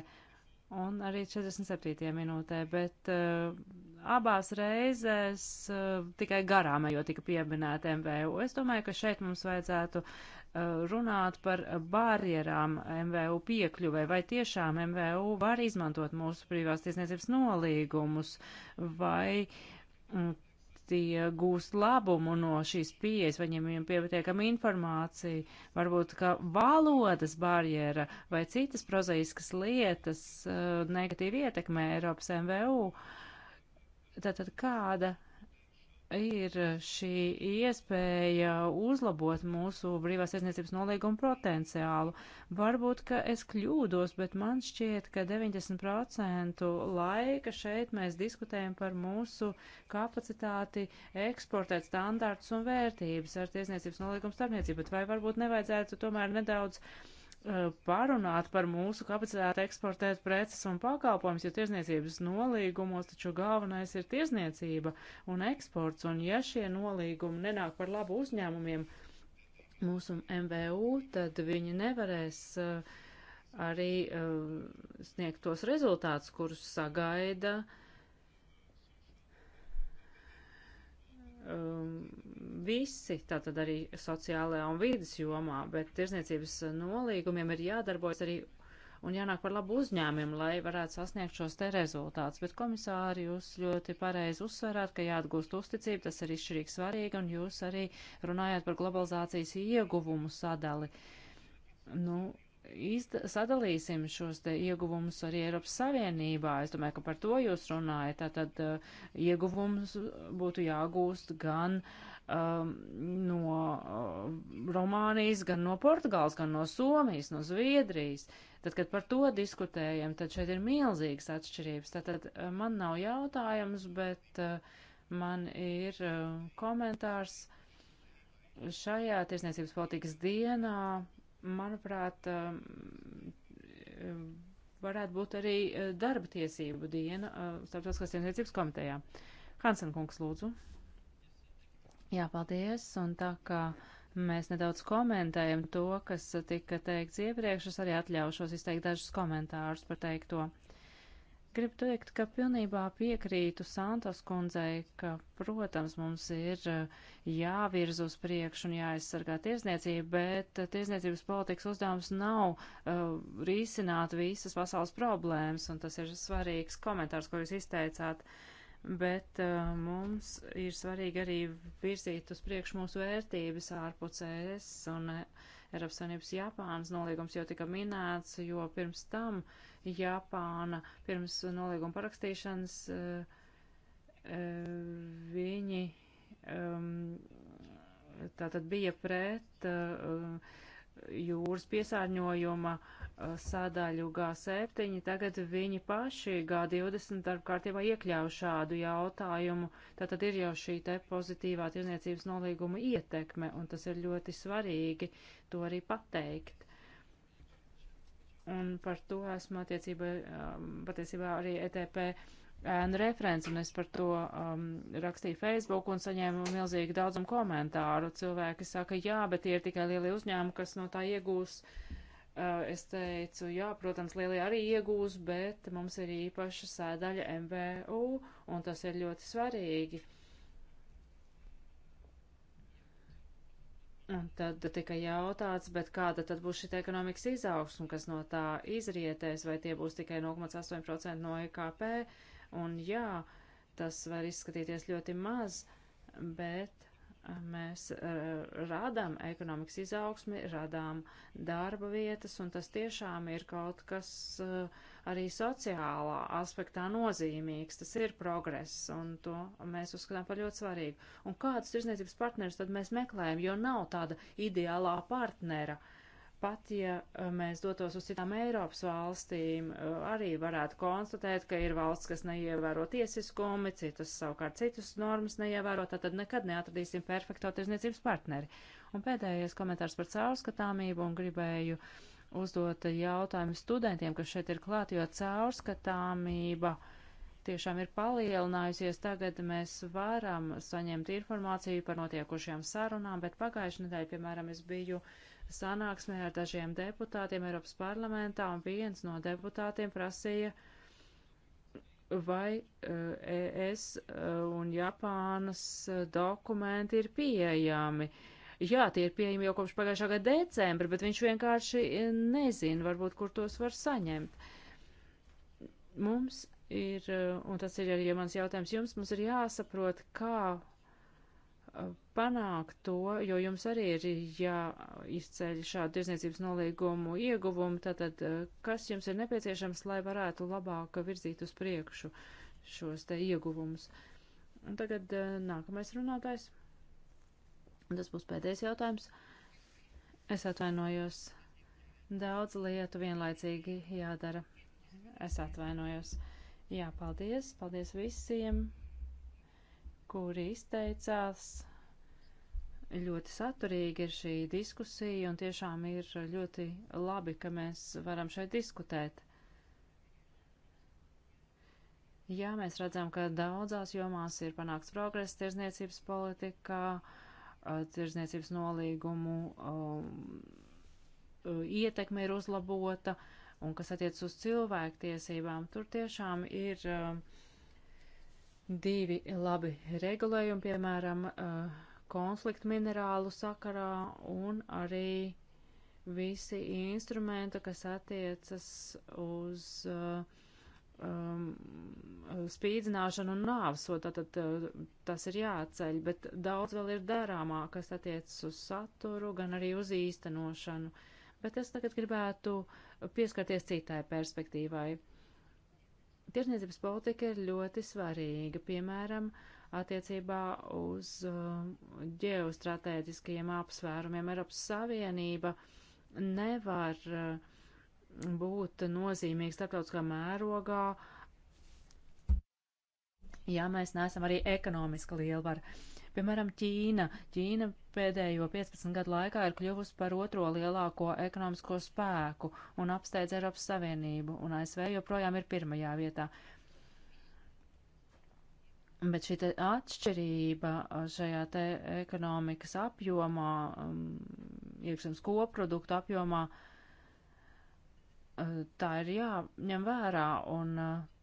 un arī 47. minūtē, bet uh, abās reizēs uh, tikai garām, jo tika pieminēta MVU. Es domāju, ka šeit mums vajadzētu uh, runāt par barjerām MVU piekļuvē, vai tiešām MVU var izmantot mūsu privās tiesniecības nolīgumus, vai mm, tie eh, gūst labumu no šīs pieejas, viņiem pietiekama informācija, varbūt kā valodas barjera vai citas prozaiskas lietas eh, negatīvi ietekmē Eiropas MVU. Tātad kāda ir eh, šī iespēja uzlabot mūsu brīvās aizniecības nolīgumu potenciālu. Varbūt, ka es kļūdos, bet man šķiet, ka 90% laika šeit mēs diskutējam par mūsu kapacitāti eksportēt standārtus un vērtības ar tiesniecības nolīgumu starpniecību, bet vai varbūt nevajadzētu tomēr nedaudz uh, Eh, parunāt par mūsu kapacitāti eksportēt preces un pakalpojumus, jo tiesniecības nolīgumos taču galvenais ir tiesniecība un eksports, un ja šie nolīgumi nenāk par labu uzņēmumiem mūsu MVU, tad viņi nevarēs eh, arī eh, sniegt tos rezultātus, kurus sagaida um, visi, tātad arī sociālajā un vīdas jomā, bet tirzniecības nolīgumiem ir jādarbojas arī un jānāk par labu uzņēmiem, lai varētu sasniegt šos te rezultātus. Bet komisāri jūs ļoti pareizi uzsverāt, ka jāatgūst uzticība, tas ir izšķirīgi svarīgi, un jūs arī runājāt par globalizācijas ieguvumu sadali. Nu, izda, sadalīsim šos te ieguvumus arī Eiropas Savienībā. Es domāju, ka par to jūs runājat. Tātad uh, ieguvumus būtu jāgūst gan uh, um, no uh, Romānijas, gan no Portugāles, gan no Somijas, no Zviedrijas. Tad, kad par to diskutējam, tad šeit ir milzīgas atšķirības. Tātad uh, man nav jautājums, bet uh, man ir uh, komentārs šajā tiesniecības politikas dienā. Manuprāt, uh, varētu būt arī uh, darba tiesību diena starptautiskās tiesniecības komitejā. Hansen kungs, lūdzu. Jā, paldies. Un tā kā mēs nedaudz komentējam to, kas tika teikts iepriekš, es arī atļaušos izteikt dažus komentārus par teikto. Gribu teikt, ka pilnībā piekrītu Santos kundzei, ka, protams, mums ir eh, jāvirz uz priekšu un jāaizsargā tirzniecība, bet eh, tirzniecības politikas uzdevums nav uh, risināt visas pasaules problēmas, un tas ir svarīgs komentārs, ko jūs izteicāt. Uh, bet uh, mums ir svarīgi arī virzīt uz priekšu mūsu vērtības ārpus ES un eh, Eiropas Savienības Japānas nolīgums jau tika minēts, jo pirms tam Japāna pirms nolīguma parakstīšanas uh, uh, viņi um, tātad bija pret uh, jūras piesārņojuma uh, sadaļu G7, tagad viņi paši G20 darba kārtībā iekļauj šādu jautājumu. Tātad ir jau šī te pozitīvā tirniecības nolīguma ietekme, un tas ir ļoti svarīgi to arī pateikt. Un par to esmu attiecībā, um, patiesībā arī ETP ēnu referents, un es par to um, rakstīju Facebook un saņēmu milzīgi daudzumu komentāru. Cilvēki saka, jā, bet tie ir tikai lielie uzņēmumi, kas no tā iegūs. Uh, Eh, es teicu, jā, protams, lielie arī iegūs, bet mums ir īpaša sēdaļa MVU, un tas ir ļoti svarīgi. Un tad tika jautāts, bet kāda tad būs šī ekonomikas izaugsme, kas no tā izrietēs, vai tie būs tikai 0,8% no IKP? E un jā, tas var izskatīties ļoti maz, bet mēs eh, radām ekonomikas izaugsmi, radām darba vietas, un tas tiešām ir kaut kas eh, arī sociālā aspektā nozīmīgs. Tas ir progress, un to mēs uzskatām par ļoti svarīgu. Un kādus tirzniecības partnerus tad mēs meklējam, jo nav tāda ideālā partnera. Uh, Pat ja eh, mēs dotos uz citām Eiropas valstīm, eh, arī varētu konstatēt, ka ir valsts, kas neievēro tiesiskumi, citas savukārt citus normas neievēro, tad nekad neatradīsim perfekto tirzniecības partneri. Un pēdējais komentārs par caurskatāmību un gribēju uzdot jautājumu studentiem, kas šeit ir klāt, jo caurskatāmība tiešām ir palielinājusies. Tagad mēs varam saņemt informāciju par notiekušajām sarunām, bet pagājušajā nedēļā, piemēram, es biju uh, sanāksmē ar dažiem deputātiem Eiropas parlamentā, un viens no deputātiem prasīja, vai ES eh, e eh, un Japānas eh, dokumenti ir pieejami. Jā, tie ir pieejami jau kopš pagājušā gada decembra, bet viņš vienkārši nezina, varbūt, kur tos var saņemt. Mums ir, un tas ir arī mans jautājums jums, mums ir jāsaprot, kā panākt to, jo jums arī ir jāizceļ šādu tirzniecības nolīgumu ieguvumu, tātad eh, kas jums ir nepieciešams, lai varētu labāk virzīt uz priekšu šos te ieguvumus. Un tagad eh, nākamais runātājs. Tas būs pēdējais jautājums. Es atvainojos. Daudz lietu vienlaicīgi jādara. Es atvainojos. Jā, paldies. Paldies visiem kuri izteicās. Ļoti saturīga ir šī diskusija un tiešām ir ļoti labi, ka mēs varam šeit diskutēt. Jā, mēs redzam, ka daudzās jomās ir panāks progress tirzniecības politikā, tirzniecības nolīgumu ietekme ir uzlabota, un kas attiec uz cilvēktiesībām, tur tiešām ir uh, divi labi regulējumi, piemēram, eh, konfliktu minerālu sakarā un arī visi instrumenti, kas attiecas uz eh, um, spīdzināšanu un nāvsodu, tad eh, tas ir jāceļ, bet daudz vēl ir darāmā, kas attiecas uz saturu, gan arī uz īstenošanu. Bet es tagad gribētu pieskarties citai perspektīvai. Tirzniecības politika ir ļoti svarīga, piemēram, attiecībā uz uh, ģeostrateģiskajiem apsvērumiem. Eiropas Savienība nevar uh, būt nozīmīga starptautiskā mērogā, ja mēs neesam arī ekonomiska lielvara. Piemēram, Ķīna. Ķīna pēdējo 15 gadu laikā ir kļuvusi par otro lielāko ekonomisko spēku un apsteidz Eiropas Savienību, un ASV joprojām ir pirmajā vietā. Bet šī atšķirība šajā te ekonomikas apjomā, um, iekšzemes koproduktu apjomā, tā ir jāņem vērā, un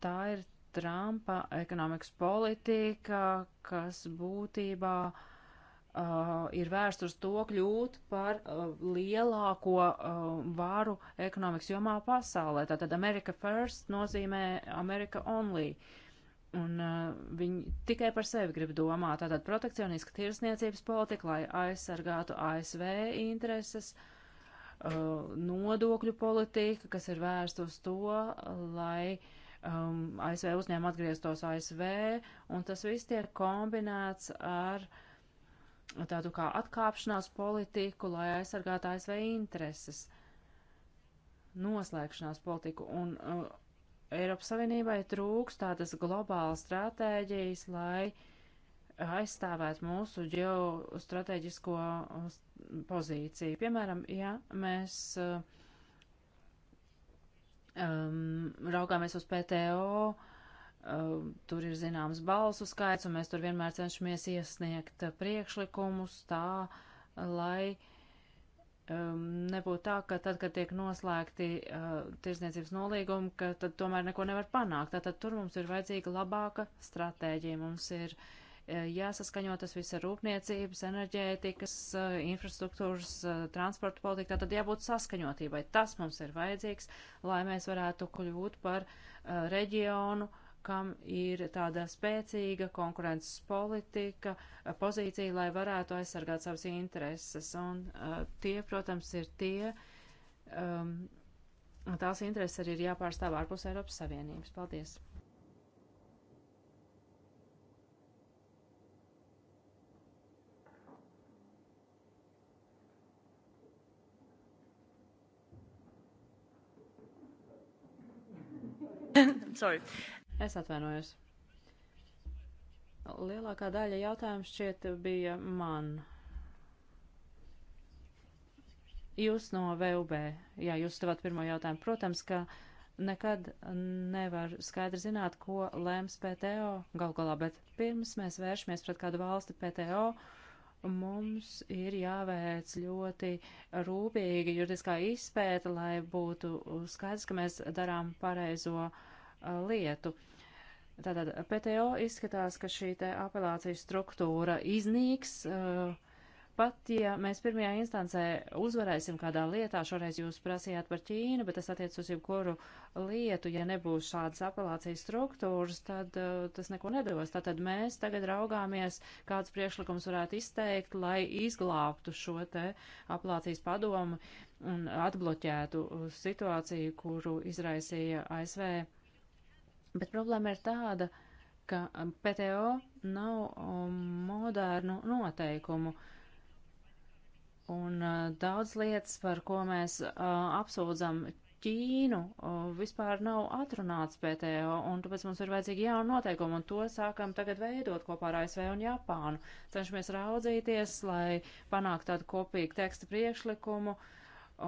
tā ir Trumpa ekonomikas politika, kas būtībā uh, ir vērst uz to kļūt par uh, lielāko uh, varu ekonomikas jomā pasaulē. Tātad America First nozīmē America Only. Un uh, viņi tikai par sevi grib domāt. Tātad protekcioniska tirsniecības politika, lai aizsargātu ASV intereses. Uh, nodokļu politika, kas ir vērsta uz to, lai um, ASV uzņēmumi atgrieztos ASV, un tas viss tiek kombinēts ar tādu kā atkāpšanās politiku, lai aizsargātu ASV intereses, noslēgšanās politiku. Un uh, Eiropas Savienībai trūks tādas globālas stratēģijas, lai aizstāvēt mūsu ģeostrateģisko uh, pozīciju. Piemēram, ja mēs uh, um, raugāmies uz PTO, um, tur ir zināms balsu skaits, un mēs tur vienmēr cenšamies iesniegt priekšlikumus tā, lai um, nebūtu tā, ka tad, kad tiek noslēgti uh, eh, tirsniecības nolīgumi, ka tad tomēr neko nevar panākt. Tātad tur mums ir vajadzīga labāka stratēģija, mums ir uh, E, jāsaskaņo tas viss ar rūpniecības, enerģētikas, e, infrastruktūras, e, transporta politiku. Tātad jābūt saskaņotībai. Tas mums ir vajadzīgs, lai mēs varētu kļūt par reģionu, kam ir tāda spēcīga konkurences politika, pozīcija, lai varētu aizsargāt savas intereses. Un tie, protams, ir tie. Um, tās intereses arī ir jāpārstāv ārpus Eiropas Savienības. Paldies! es atvainojos. Lielākā daļa jautājumu šķiet bija man. Jūs no VUB, jā, jūs stāvāt pirmo jautājumu. Protams, ka nekad nevar skaidri zināt, ko lēms PTO gal galā, bet pirms mēs vēršamies pret kādu valsti PTO, uh, mums ir jāveic ļoti rūpīgi juridiskā izpēta, lai būtu skaidrs, ka mēs darām pareizo uh, lietu. Tātad PTO izskatās, ka šī te apelācijas struktūra iznīks. Uh, Pat ja mēs pirmajā instancē uzvarēsim kādā lietā, šoreiz jūs prasījāt par Ķīnu, bet tas attiec uz jebkuru lietu, ja nebūs šādas apelācijas struktūras, tad uh, tas neko nedos. Tātad mēs tagad raugāmies, kāds priekšlikums varētu izteikt, lai izglābtu šo te apelācijas padomu un atbloķētu situāciju, kuru izraisīja ASV. Bet problēma ir tāda, ka um, PTO nav um, modernu noteikumu. Uh, un uh, daudz lietas, par ko mēs uh, apsūdzam Ķīnu, uh, vispār nav atrunāts PTO, un tāpēc mums ir vajadzīgi jauni noteikumi, un to sākam tagad veidot kopā ar ASV un Japānu. Cenšamies raudzīties, lai panāktu tādu kopīgu teksta priekšlikumu.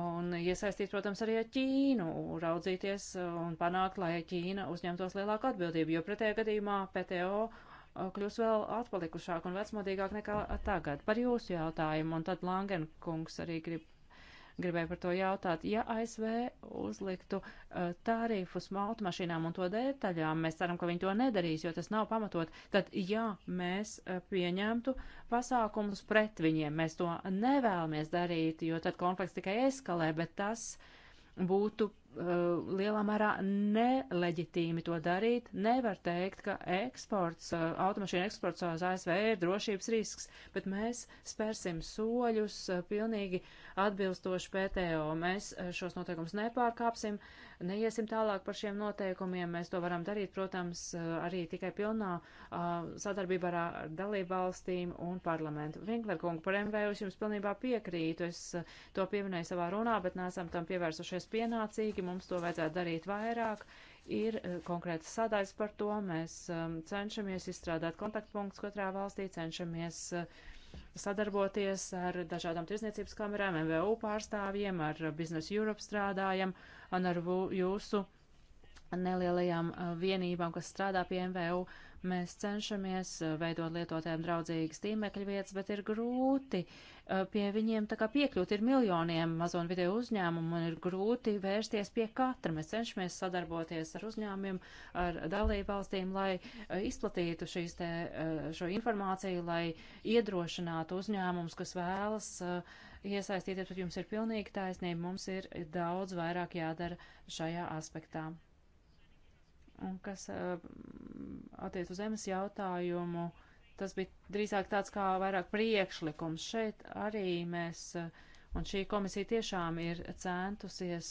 Un iesaistīt, protams, arī ar Ķīnu, raudzīties un panākt, lai Ķīna uzņemtos lielāku atbildību, jo pretējā gadījumā PTO Uh, kļūs vēl atpalikušāk un vecmodīgāk nekā tagad. Par jūsu jautājumu, un tad Langenkungs arī grib, gribēja par to jautāt, ja ASV uzliktu uh, tarifus automašīnām un to detaļām, mēs ceram, ka viņi to nedarīs, jo tas nav pamatot, tad ja mēs uh, pieņemtu pasākumus pret viņiem, mēs to nevēlamies darīt, jo tad konflikts tikai eskalē, bet tas būtu Eh, lielā mērā neleģitīmi to darīt. Nevar teikt, ka eksports, eh, automašīnu eksports uz ASV ir drošības risks, bet mēs spērsim soļus eh, pilnīgi atbilstoši PTO. Mēs šos noteikumus nepārkāpsim, neiesim tālāk par šiem noteikumiem. Mēs to varam darīt, protams, arī tikai pilnā sadarbībā ar dalību valstīm un parlamentu. Vinklerkungu par MVU es jums pilnībā piekrītu. Es to pieminēju savā runā, bet neesam tam pievērsušies pienācīgi. Mums to vajadzētu darīt vairāk. Ir konkrēta sadaļas par to. Mēs cenšamies izstrādāt kontaktpunktus katrā valstī, cenšamies uh, sadarboties ar dažādām tirzniecības kamerām, MVU pārstāvjiem, ar Business Europe strādājam un ar jūsu nelielajām uh, vienībām, kas strādā pie MVU. Mēs cenšamies eh, veidot lietotēm draudzīgas tīmekļa vietas, bet ir grūti eh, pie viņiem tā kā piekļūt. Ir miljoniem mazo un video uzņēmumu un ir grūti vērsties pie katra. Mēs cenšamies sadarboties ar uzņēmumiem, ar dalību valstīm, lai eh, izplatītu šīs te, šo informāciju, lai iedrošinātu uzņēmumus, kas vēlas iesaistīties, bet jums ir pilnīgi taisnība, mums ir daudz vairāk jādara šajā aspektā. Un kas attiec uz zemes jautājumu, tas bija drīzāk tāds kā vairāk priekšlikums. Šeit arī mēs, un šī komisija tiešām ir centusies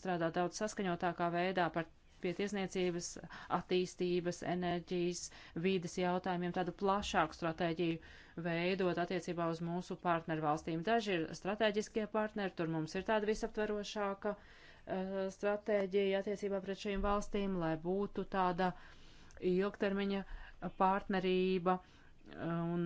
strādāt daudz saskaņotākā veidā par pie tiesniecības, attīstības, enerģijas, vīdes jautājumiem tādu plašāku stratēģiju veidot attiecībā uz mūsu partnervalstīm. Daži ir strateģiskie partneri, tur mums ir tāda visaptverošāka uh, Eh, stratēģija attiecībā pret šīm valstīm, lai būtu tāda ilgtermiņa partnerība eh, un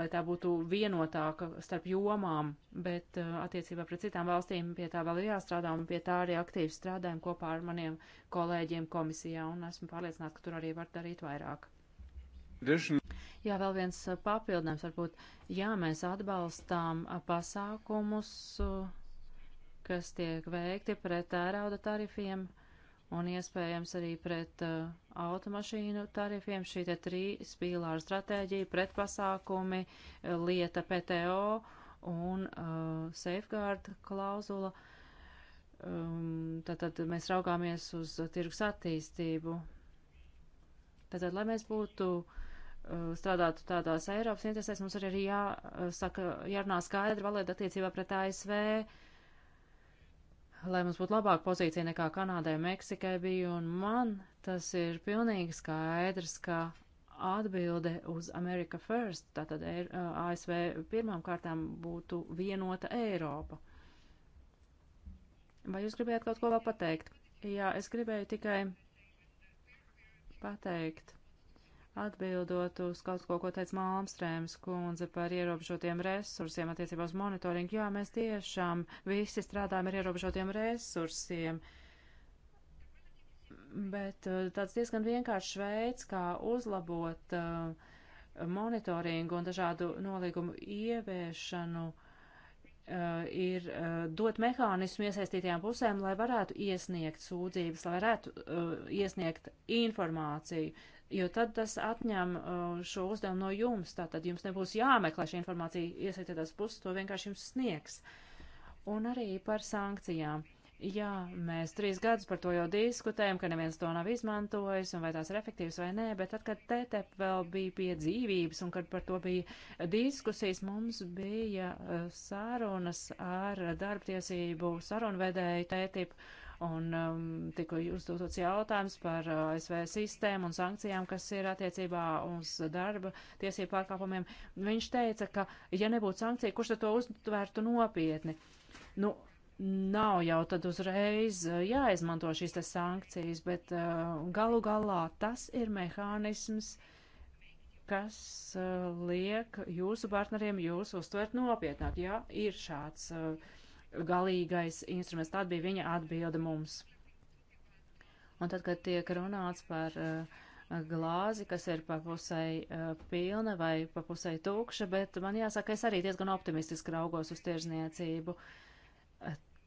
lai tā būtu vienotāka starp jomām, bet eh, attiecībā pret citām valstīm pie tā vēl ir jāstrādā un pie tā arī aktīvi strādājam kopā ar maniem kolēģiem komisijā un esmu pārliecināta, ka tur arī var darīt vairāk. Jā, vēl viens papildinājums varbūt. Jā, mēs atbalstām pasākumus. Uh, kas tiek veikti pret tērauda tarifiem un iespējams arī pret uh, automašīnu tarifiem. Šī te trīs pīlāra stratēģija, pretpasākumi, uh, lieta PTO un uh, safeguard klauzula. Um, tātad mēs raugāmies uz tirgus attīstību. Tātad, lai mēs būtu uh, strādātu tādās Eiropas interesēs, mums arī ir jā, jāsaka, uh, jārunā skaidri valēda attiecībā pret ASV. Uh, lai mums būtu labāka pozīcija nekā Kanādai, Meksikai bija, un man tas ir pilnīgi skaidrs, ka atbilde uz America First, tātad ASV pirmām kārtām būtu vienota Eiropa. Vai jūs gribējāt kaut ko vēl pateikt? Jā, es gribēju tikai pateikt Atbildot uz kaut ko, ko teica Malmstrēms kundze par ierobežotiem resursiem attiecībā uz monitoringu, jā, mēs tiešām visi strādājam ar ierobežotiem resursiem. Bet uh, tāds diezgan vienkāršs veids, kā uzlabot uh, monitoringu un dažādu nolīgumu ieviešanu, uh, ir uh, dot mehānismu iesaistītajām pusēm, lai varētu iesniegt sūdzības, lai varētu uh, iesniegt informāciju jo tad tas atņem uh, šo uzdevumu no jums. Tātad jums nebūs jāmeklē šī informācija, iesaistītās puses to vienkārši jums sniegs. Un arī par sankcijām. Jā, mēs trīs gadus par to jau diskutējam, ka neviens to nav izmantojis un vai tās ir efektīvas vai nē, bet tad, kad TTP vēl bija pie dzīvības un kad par to bija diskusijas, mums bija uh, sarunas ar darbtiesību sarunvedēju TTP Un um, tikko jūs dotots jautājums par uh, ASV sistēmu un sankcijām, kas ir attiecībā uz darba tiesību pārkāpumiem. Viņš teica, ka, ja nebūtu sankcija, kurš tad to uztvērtu nopietni? Nu, nav jau tad uzreiz uh, jāizmanto šīs te sankcijas, bet uh, galu galā tas ir mehānisms, kas uh, liek jūsu partneriem jūs uztvert nopietnāk, ja ir šāds. Uh, galīgais instruments. Tāda bija viņa atbilde mums. Un tad, kad tiek runāts par uh, glāzi, kas ir pa pusēji uh, eh, pilna vai pa pusēji tūkša, bet man jāsaka, es arī diezgan optimistiski raugos uz tirzniecību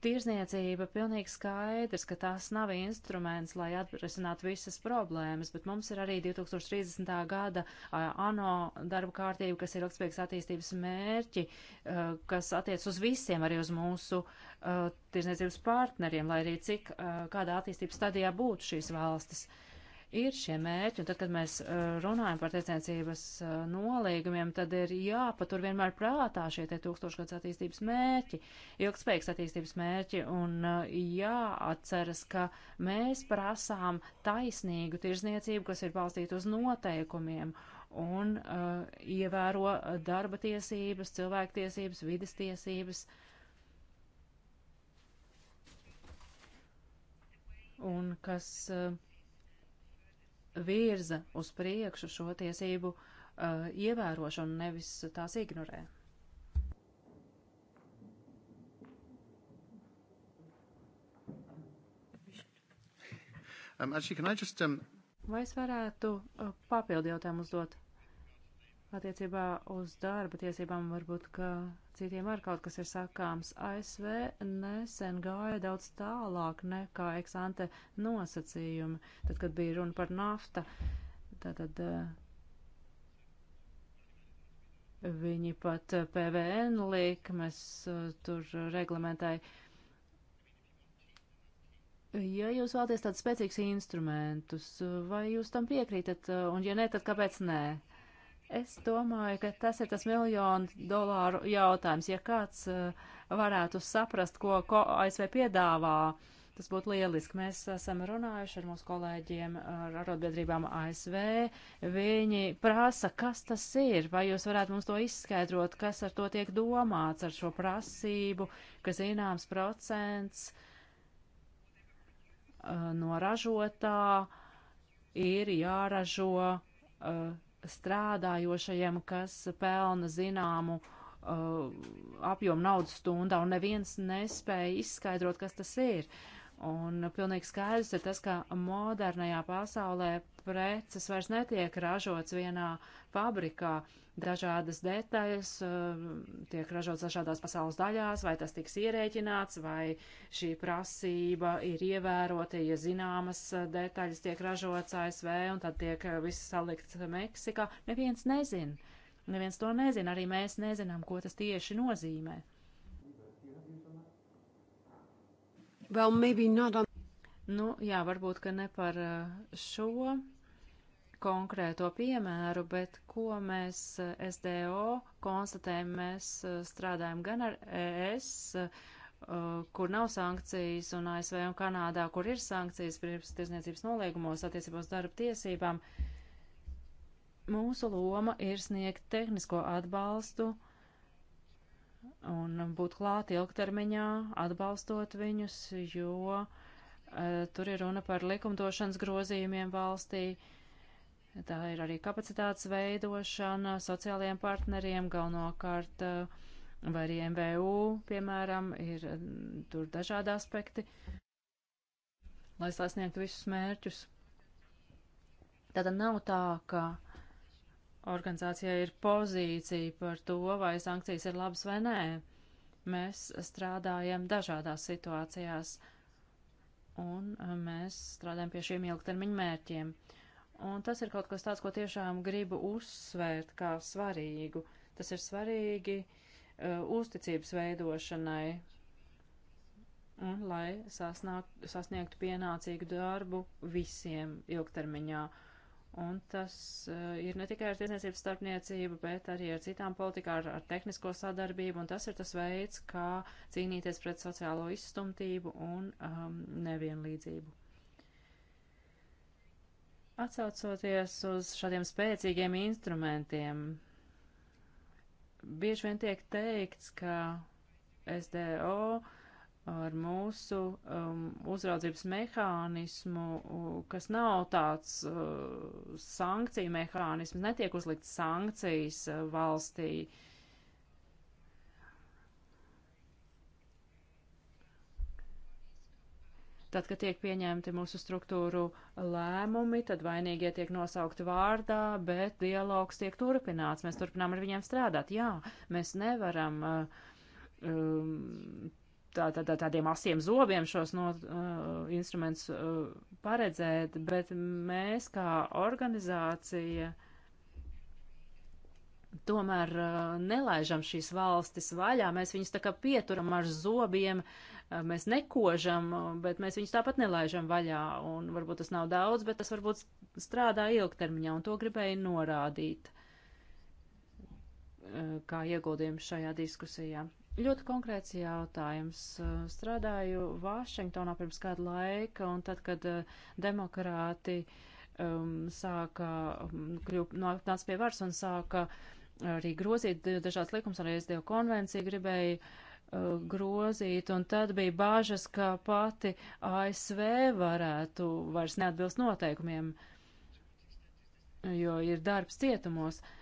tirzniecība pilnīgi skaidrs, ka tās nav instruments, lai atrisinātu visas problēmas, bet mums ir arī 2030. gada ANO darba kārtība, kas ir ilgspējīgas attīstības mērķi, kas attiec uz visiem, arī uz mūsu tirzniecības partneriem, lai arī cik kādā attīstības stadijā būtu šīs valstis. Uh, ir šie mērķi, un tad, kad mēs uh, runājam par tiecniecības uh, nolīgumiem, tad ir jāpatur vienmēr prātā šie te tūkstošgads attīstības mērķi, ilgspējīgs attīstības mērķi, un uh, jāatceras, ka mēs prasām taisnīgu tirzniecību, kas ir balstīta uz noteikumiem un uh, ievēro darba tiesības, cilvēktiesības, vidas tiesības. Un kas uh, virza uz priekšu šo tiesību uh, ievērošanu, nevis tās ignorē. Um, actually, just, um... Vai es varētu uh, papildu jautājumu uzdot? attiecībā uz darba tiesībām varbūt, ka citiem ar kaut kas ir sakāms. ASV nesen gāja daudz tālāk nekā eksante nosacījumi, tad, kad bija runa par nafta. Tātad eh, viņi pat eh, PVN likmes eh, tur reglamentēja. Ja jūs vēlaties tādus spēcīgus instrumentus, vai jūs tam piekrītat, un ja nē, tad kāpēc nē? Uh, Es domāju, ka tas ir tas miljonu dolāru jautājums. Ja kāds uh, varētu saprast, ko, ko ASV piedāvā, tas būtu lieliski. Mēs esam runājuši ar mūsu kolēģiem, ar arotbiedrībām ASV. Viņi prasa, kas tas ir, vai jūs varētu mums to izskaidrot, kas ar to tiek domāts, ar šo prasību, ka zināms procents uh, no ražotā ir jāražo. Uh, strādājošajiem, kas pelna zināmu uh, apjomu naudas stundā, un neviens nespēja izskaidrot, kas tas ir. Uh, Un pilnīgi skaidrs ir tas, ka modernajā pasaulē preces vairs netiek ražots vienā fabrikā. Dažādas detaļas eh, tiek ražotas dažādās pasaules daļās, vai tas tiks ierēķināts, vai šī prasība ir ievērota, ja zināmas eh, detaļas tiek ražotas ASV un tad tiek eh, viss salikts Meksikā. Neviens nezin. Neviens to nezin, arī mēs nezinām, ko tas tieši nozīmē. Well, maybe not on. Nu, jā, varbūt, ka ne par eh, šo konkrēto piemēru, bet ko mēs eh, SDO konstatējam, mēs eh, strādājam gan ar ES, kur nav sankcijas, un ASV un Kanādā, kur ir sankcijas pirms tirsniecības noliegumos attiecībos darba tiesībām. Mūsu loma ir sniegt tehnisko atbalstu uh, un būt klāt ilgtermiņā, atbalstot viņus, jo uh, tur ir runa par likumdošanas grozījumiem valstī. Tā ir arī kapacitātes veidošana sociālajiem partneriem, galvenokārt uh, vai arī MVU, piemēram, ir e, tur dažādi aspekti, lai sasniegtu visus mērķus. Tātad nav tā, ka organizācijai ir pozīcija par to, vai sankcijas ir labas vai nē. Mēs strādājam dažādās situācijās, un mēs strādājam pie šiem ilgtermiņa mērķiem. Un tas ir kaut kas tāds, ko tiešām gribu uzsvērt kā svarīgu. Tas ir svarīgi uh, uzticības veidošanai, un lai sasnāk, sasniegtu pienācīgu darbu visiem ilgtermiņā. Uh, Un tas uh, ir ne tikai ar tiesniecības starpniecību, bet arī ar citām politikām, ar, ar tehnisko sadarbību, un tas ir tas veids, kā cīnīties pret sociālo izstumtību un um, nevienlīdzību. Atsaucoties uz šādiem spēcīgiem instrumentiem, bieži vien tiek teikts, ka SDO uh, ar mūsu um, uzraudzības mehānismu, kas nav tāds uh, sankciju mehānisms, netiek uzlikt sankcijas uh, valstī. Tad, kad tiek pieņemti mūsu struktūru lēmumi, tad vainīgie tiek nosaukti vārdā, bet dialogs tiek turpināts. Mēs turpinām ar viņiem strādāt. Jā, mēs nevaram uh, um, tā, tā, tā, tādiem asiem zobiem šos no, uh, instrumentus uh, paredzēt, bet mēs kā organizācija tomēr uh, nelaižam šīs valstis vaļā, mēs viņus tā kā pieturam ar zobiem, uh, mēs nekožam, uh, bet mēs viņus tāpat nelaižam vaļā, un varbūt tas nav daudz, bet tas varbūt strādā ilgtermiņā, un to gribēju norādīt uh, kā ieguldījumu šajā diskusijā. Ļoti konkrēts jautājums. Eh, strādāju Vašingtonā pirms kāda laika, un tad, kad eh, demokrāti um, sāka, um, kļūt, nāc pie varas un sāka eh, arī grozīt dažādas likums, arī es Dievu konvenciju gribēju uh, grozīt, un tad bija bāžas, ka pati ASV varētu vairs neatbilst noteikumiem, jo ir darbs cietumos. Uh,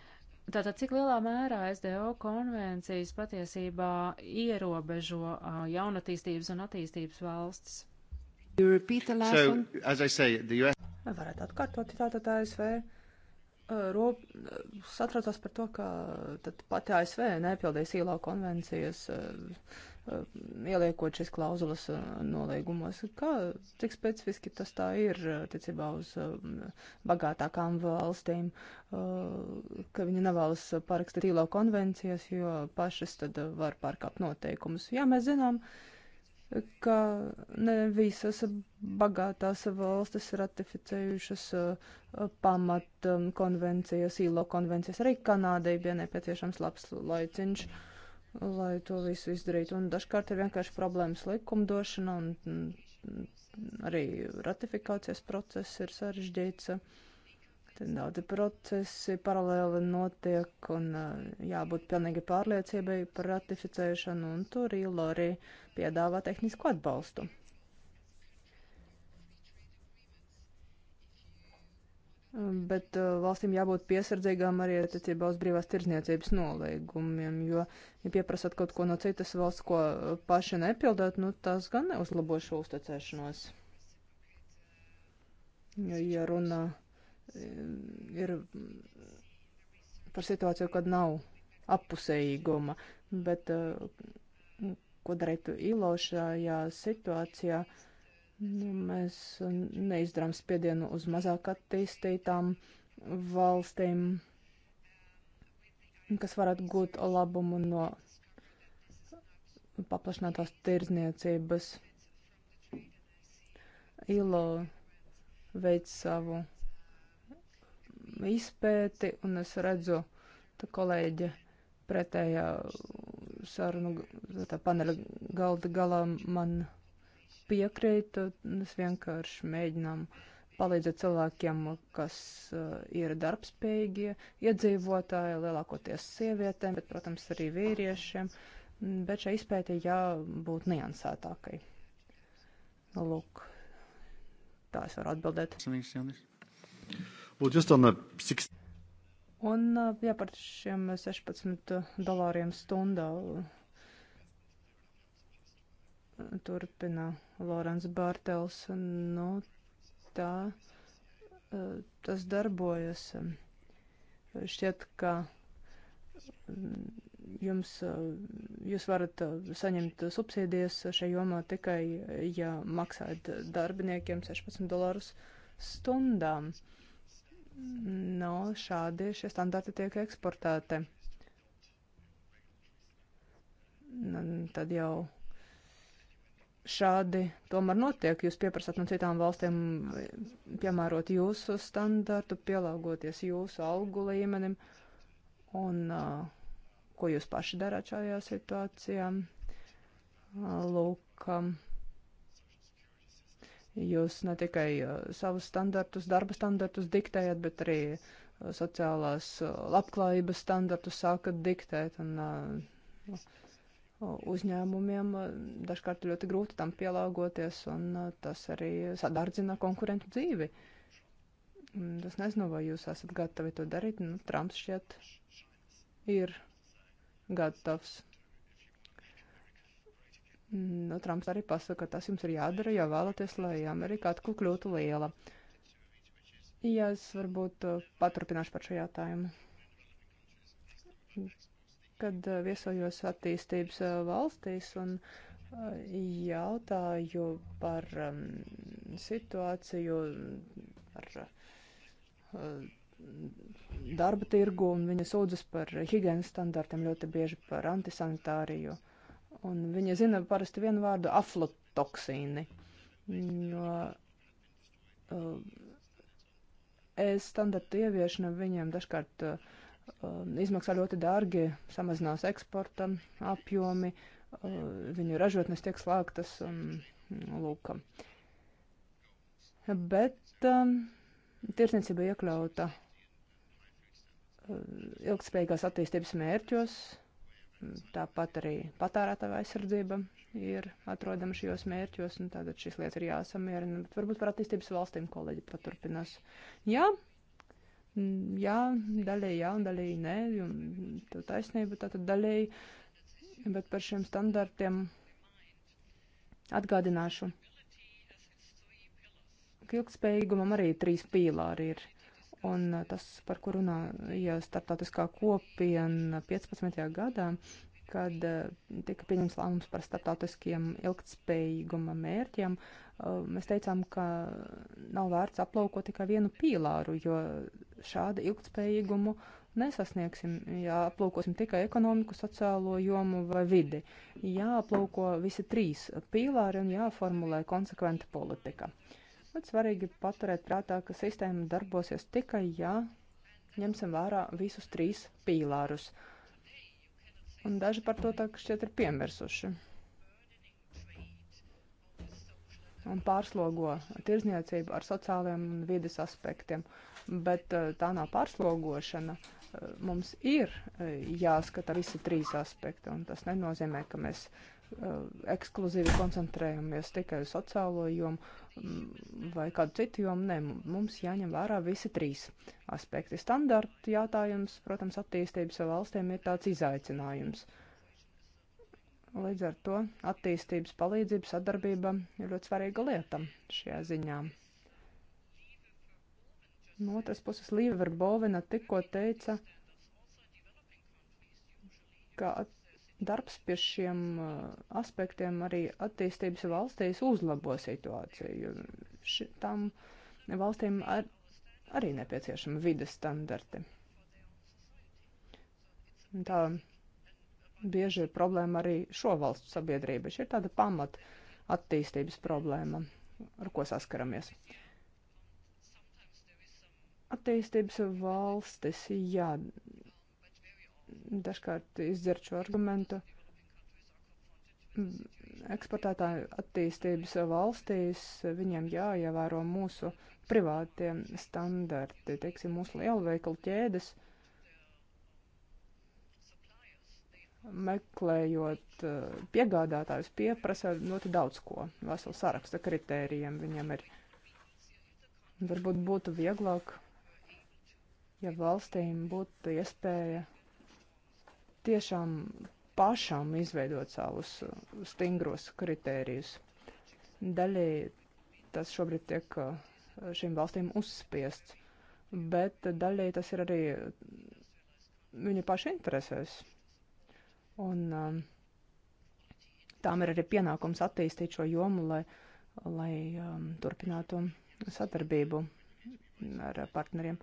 Tātad, cik lielā mērā SDO konvencijas patiesībā ierobežo uh, jaunatīstības un attīstības valstis? So, say, US... Varētu atkārtot tātad ASV. Uh, rob, satraucās par to, ka pat ASV neapildīja sīlā konvencijas uh, Eh, ieliekot šīs klauzulas eh, nolīgumos. Kā, cik specifiski tas tā ir, eh, ticībā uz bagātākām valstīm, ka viņi nevēlas parakstīt īlo konvencijas, jo pašas tad var pārkāpt noteikumus. Jā, mēs zinām, ka ne visas bagātās valstis ir ratificējušas pamat konvencijas, īlo konvencijas. Arī Kanādai bija nepieciešams labs laiciņš. Mm lai to visu izdarītu. Un dažkārt ir vienkārši problēmas likumdošana un arī ratifikācijas process ir sarežģīts. Tad daudzi procesi paralēli notiek un uh, jābūt pilnīgi pārliecībai par ratificēšanu, un tur ILO arī piedāvā tehnisku atbalstu. Um, bet uh, valstīm jābūt piesardzīgām arī attiecībā uz brīvās tirzniecības nolīgumiem, jo, ja pieprasat kaut ko no citas valsts, ko uh, paši nepildāt, nu tas gan neuzlabo šo uzticēšanos. Jo, ja runa um, ir par situāciju, kad nav appusējīguma, bet uh, ko darītu īlošajā situācijā? Uh, Nu, mēs neizdarām spiedienu uz mazāk attīstītām valstīm, kas varētu gūt labumu no paplašinātās tirzniecības. ILO veids savu izpēti, un es redzu, ka kolēģe pretējā sarunu paneļa galda galā man piekrītu. Mēs vienkārši mēģinām palīdzēt cilvēkiem, kas uh, ir darbspējīgie, iedzīvotāji, lielākoties sievietēm, bet, protams, arī vīriešiem. Bet šai izpētē jābūt niansētākai. Lūk, tā es varu atbildēt. Un eh, jā, par šiem 16 dolāriem stundā turpina Lorants Bārtels, nu, tā e, tas darbojas. Šķiet, ka mm, jums, e, jūs varat e, saņemt subsīdijas šajā jomā tikai, ja maksājat darbiniekiem 16 dolārus stundām. No šādi šie standarti tiek eksportēti. Tad jau šādi tomēr notiek. Jūs pieprasat no citām valstīm eh, piemērot jūsu standartu, pielāgoties jūsu algu līmenim. Un uh, ko jūs paši darāt šajā situācijā? Eh, lūk, jūs ne tikai savus standartus, darba standartus diktējat, bet arī sociālās labklājības standartus sākat diktēt. Un, uh, uzņēmumiem e, dažkārt ļoti grūti tam pielāgoties, un e, tas arī sadardzina konkurentu dzīvi. Mm, es nezinu, vai jūs esat gatavi to darīt. Nu, Trumps šķiet ir gatavs. Mm, nu, Trumps arī pasaka, ka tas jums ir jādara, ja vēlaties, lai Amerika atkal kļūtu liela. Jā, es varbūt e, paturpināšu par šo jautājumu kad eh, viesojos attīstības eh, valstīs un eh, jautāju par ehm, situāciju, par darba tirgu, un viņa sūdzas par higiēnas standartiem, ļoti bieži par antisanitāriju. Un viņa zina parasti vienu vārdu - aflotoksīni. Jo uh, e standarta ieviešana viņiem dažkārt uh, Um, izmaksā ļoti dārgi, samazinās eksporta apjomi, uh, viņu ražotnes tiek slēgtas un um, lūk. Bet um, tirsniecība iekļauta uh, ilgspējīgās attīstības mērķos, tāpat arī patērētāja aizsardzība ir atrodama šajos mērķos, un tātad šīs lietas ir jāsamierina, bet varbūt par attīstības valstīm kolēģi paturpinās. Jā, Mm, jā, daļēji jā un daļēji nē, un tev taisnība tātad daļēji, bet par šiem standartiem atgādināšu. Ilgspējīgumam arī trīs pīlāri ir, un tas, par kur runāja starptautiskā kopiena 15. gadā, kad eh, tika pieņems lēmums par starptautiskiem ilgspējīguma mērķiem, uh, Ehm, mēs teicām, ka nav vērts aplaukot tikai vienu pīlāru, jo šādu ilgspējīgumu nesasniegsim, ja aplaukosim tikai ekonomiku, sociālo jomu vai vidi. Jāaplauko visi trīs pīlāri un jāformulē konsekventa politika. Bet svarīgi paturēt prātā, ka sistēma darbosies tikai, ja ņemsim vērā visus trīs pīlārus. Un daži par to tā šķiet ir piemirsuši. un pārslogo tirzniecību ar sociāliem un vides aspektiem. Bet eh, tā nav pārslogošana. Eh, mums ir eh, jāskata visi trīs aspekti, un tas nenozīmē, ka mēs ekskluzīvi koncentrējamies tikai uz sociālo jomu mm, vai kādu citu jomu. Nē, mums jāņem vērā visi trīs aspekti. Standarta jautājums, protams, attīstības valstīm ir tāds izaicinājums. Uh, Līdz ar to attīstības palīdzība, sadarbība ir ļoti svarīga lieta šajā ziņā. No otras puses, Līvera Bovena tikko teica, ka darbs pie šiem uh, aspektiem arī attīstības valstīs uzlabo situāciju. Šitām valstīm ar, arī nepieciešama vides standarti. Tā Bieži ir problēma arī šo valstu sabiedrība. Šī ir tāda pamata attīstības problēma, ar ko saskaramies. Attīstības valstis, jā, dažkārt izdzer šo argumentu. Eksportētāji attīstības valstīs, viņiem jāievēro mūsu privātie standarti, teiksim, mūsu lielveikalu ķēdes. Uh, meklējot eh, piegādātājus, pieprasa ļoti daudz ko. Veselu saraksta kritērijiem viņiem ir. Varbūt būtu vieglāk, ja valstīm būtu iespēja tiešām pašām izveidot savus eh, stingros kritērijus. Daļai tas šobrīd tiek eh, šīm valstīm uzspiests, bet daļai tas ir arī viņa paša interesēs Un um, tām ir arī pienākums attīstīt šo jomu, lai, lai um, turpinātu sadarbību ar partneriem.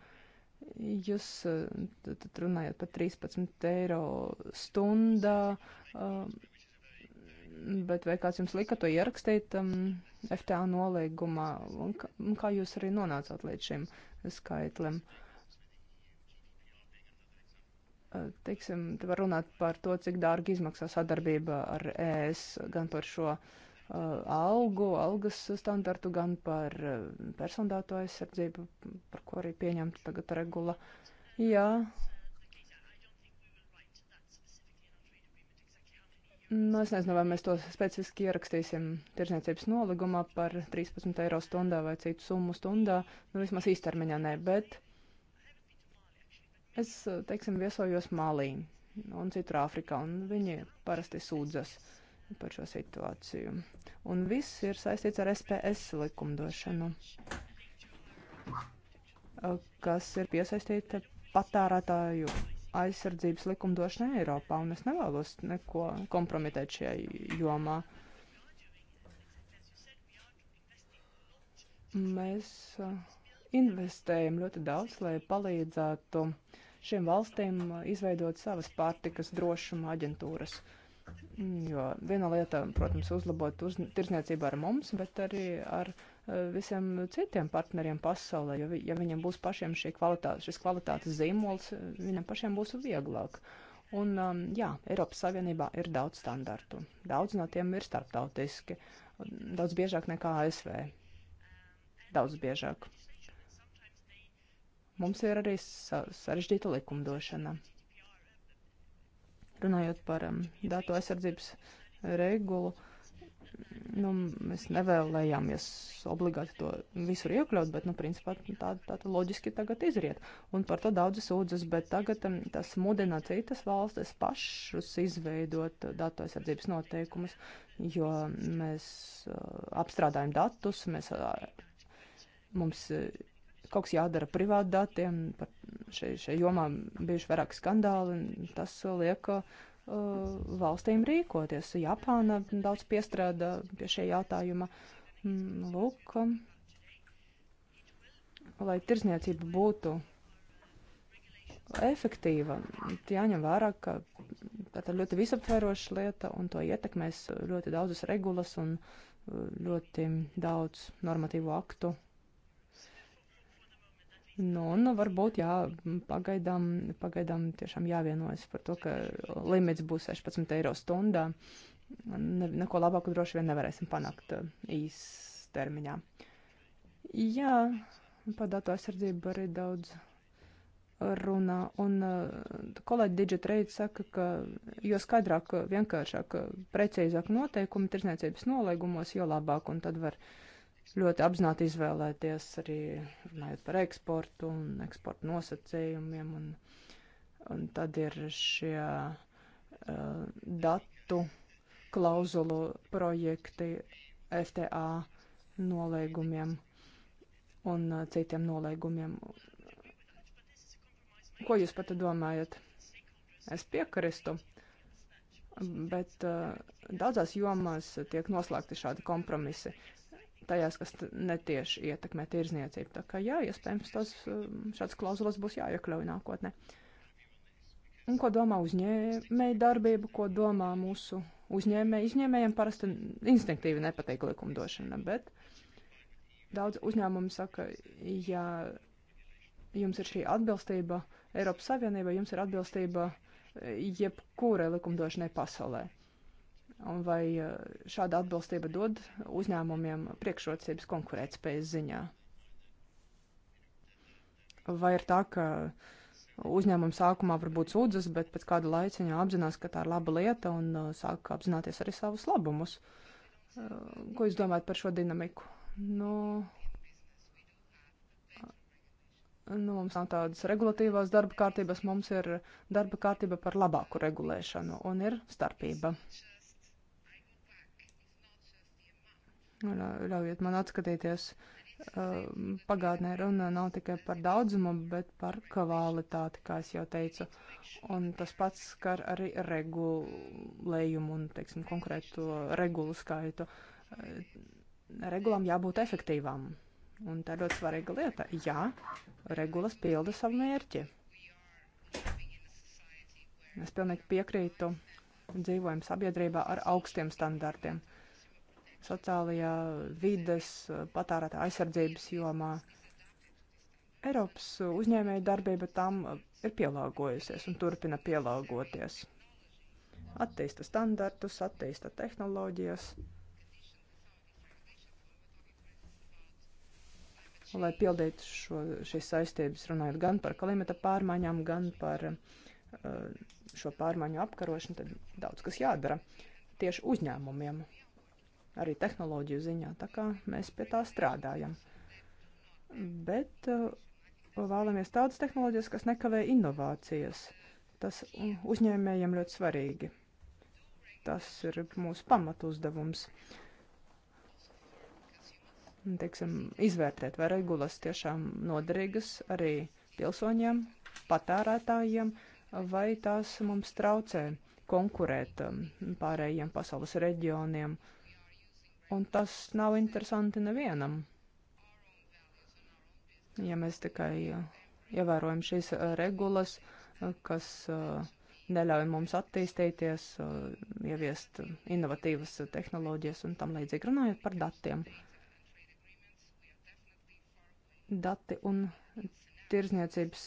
Jūs uh, tad runājat par 13 eiro stundā, um, bet vai kāds jums lika to ierakstīt um, FTA nolīgumā? Un kā jūs arī nonācāt līdz šim skaitlim? Uh, teiksim, te var runāt par to, cik dārgi izmaksā sadarbība ar ES, gan par šo uh, algu, algas standartu, gan par uh, personāto aizsardzību, par ko arī pieņemta tagad regula. Jā. Nu, es nezinu, vai mēs to specifiski ierakstīsim tirsniecības noligumā par 13 eiro stundā vai citu summu stundā. Nu, vismaz īstermiņā nē, bet uh, Es, eh, teiksim, viesojos Malī un citur Āfrikā, un viņi parasti sūdzas par šo situāciju. Un viss ir saistīts ar SPS likumdošanu, eh, kas ir piesaistīta patērētāju aizsardzības likumdošana Eiropā, un es nevēlos neko kompromitēt šajā jomā. Mēs uh, investējam ļoti daudz, lai palīdzētu šīm valstīm uh, izveidot savas pārtikas drošuma aģentūras. Mm, jo viena lieta, protams, uzlabot uz, tirzniecību ar mums, bet arī ar uh, visiem citiem partneriem pasaulē, jo, ja viņiem būs pašiem šī kvalitāte, šis kvalitātes zīmols, uh, viņiem pašiem būs vieglāk. Un, um, jā, Eiropas Savienībā ir daudz standartu. Daudz no tiem ir starptautiski, daudz biežāk nekā ASV. Daudz biežāk mums ir arī sarežģīta likumdošana. Runājot par um, datu aizsardzības regulu, nu, mēs nevēlējāmies obligāti to visur iekļaut, bet, nu, principā tā, tā, tā loģiski tagad izriet. Un par to daudzi sūdzas, bet tagad um, tas mudina citas valstis pašus izveidot datu aizsardzības noteikumus, jo mēs uh, apstrādājam datus, mēs, uh, mums uh, kaut kas jādara privāti datiem, par šai, šai jomā bijuši vairāk skandāli, un tas liek uh, valstīm rīkoties. Japāna daudz piestrādā pie šie jautājuma. Mm, lūk, lai tirzniecība būtu efektīva, jāņem vērā, ka tā ir ļoti visaptveroša lieta, un to ietekmēs ļoti daudzas regulas un uh, ļoti daudz normatīvu aktu Nu, nu, varbūt, jā, pagaidām, pagaidām tiešām jāvienojas par to, ka limits būs 16 eiro stundā. Ne, neko labāku droši vien nevarēsim panākt uh, īstermiņā. Jā, par datu aizsardzību arī daudz runā, un uh, kolēģi Digitrade saka, ka jo skaidrāk, vienkāršāk, precīzāk noteikumi tirsniecības nolaigumos, jo labāk, un tad var uh, ļoti apzināti izvēlēties arī runājot par eksportu un eksporta nosacījumiem. Un, un tad ir šie uh, datu klauzulu projekti FTA nolēgumiem un uh, citiem nolēgumiem. Ko jūs pat domājat? Es piekristu bet uh, daudzās jomās tiek noslēgti šādi kompromisi tajās, kas netieši ietekmē tirzniecību. Tā kā jā, iespējams, tas um, šāds klauzulas būs jāiekļauj nākotnē. Un ko domā uzņēmēji darbību, ko domā mūsu uzņēmēji? Izņēmējiem parasti instinktīvi nepatīk likumdošana, bet daudz uzņēmumu saka, ja jums ir šī atbilstība Eiropas Savienībai, jums ir atbilstība eh, jebkurai likumdošanai pasaulē. Uh, Un vai eh, šāda atbilstība dod uzņēmumiem priekšrocības konkurētspējas ziņā? Vai ir tā, ka uzņēmums sākumā varbūt sūdzas, bet pēc kāda laiciņa apzinās, ka tā ir laba lieta un eh, sāk apzināties arī savus labumus? Eh, ko jūs domājat par šo dinamiku? Nu, nu, mums nav tādas regulatīvās darba kārtības, mums ir darba kārtība par labāku regulēšanu un ir starpība. Uh, Ļaujiet man atskatīties pagātnē runa nav tikai par daudzumu, bet par kvalitāti, kā es jau teicu. Un tas pats skar arī regulējumu un, teiksim, konkrētu regulu skaitu. Regulām jābūt efektīvām. Un tā ir ļoti svarīga lieta. Jā, regulas pilda savu mērķi. Es pilnīgi piekrītu, dzīvojam sabiedrībā ar augstiem standartiem sociālajā vides patārētā aizsardzības jomā. Eiropas uzņēmēja darbība tam ir pielāgojusies un turpina pielāgoties. Attīsta standartus, attīsta tehnoloģijas, lai pildītu šo, šīs saistības, runājot gan par klimata pārmaiņām, gan par uh, šo pārmaiņu apkarošanu, tad daudz kas jādara tieši uzņēmumiem arī tehnoloģiju ziņā, tā kā mēs pie tā strādājam. Bet eh, vēlamies tādas tehnoloģijas, kas nekavē inovācijas. Tas uzņēmējiem ļoti svarīgi. Tas ir mūsu pamatu uzdevums. Teiksim, izvērtēt, vai regulas tiešām noderīgas arī pilsoņiem, patērētājiem, vai tās mums traucē konkurēt um, pārējiem pasaules reģioniem. Uh, Un tas nav interesanti nevienam. Ja mēs tikai uh, ievērojam šīs uh, regulas, uh, kas neļauj mums attīstīties, ieviest innovatīvas tehnoloģijas un tam līdzīgi runājot par datiem. Dati un tirzniecības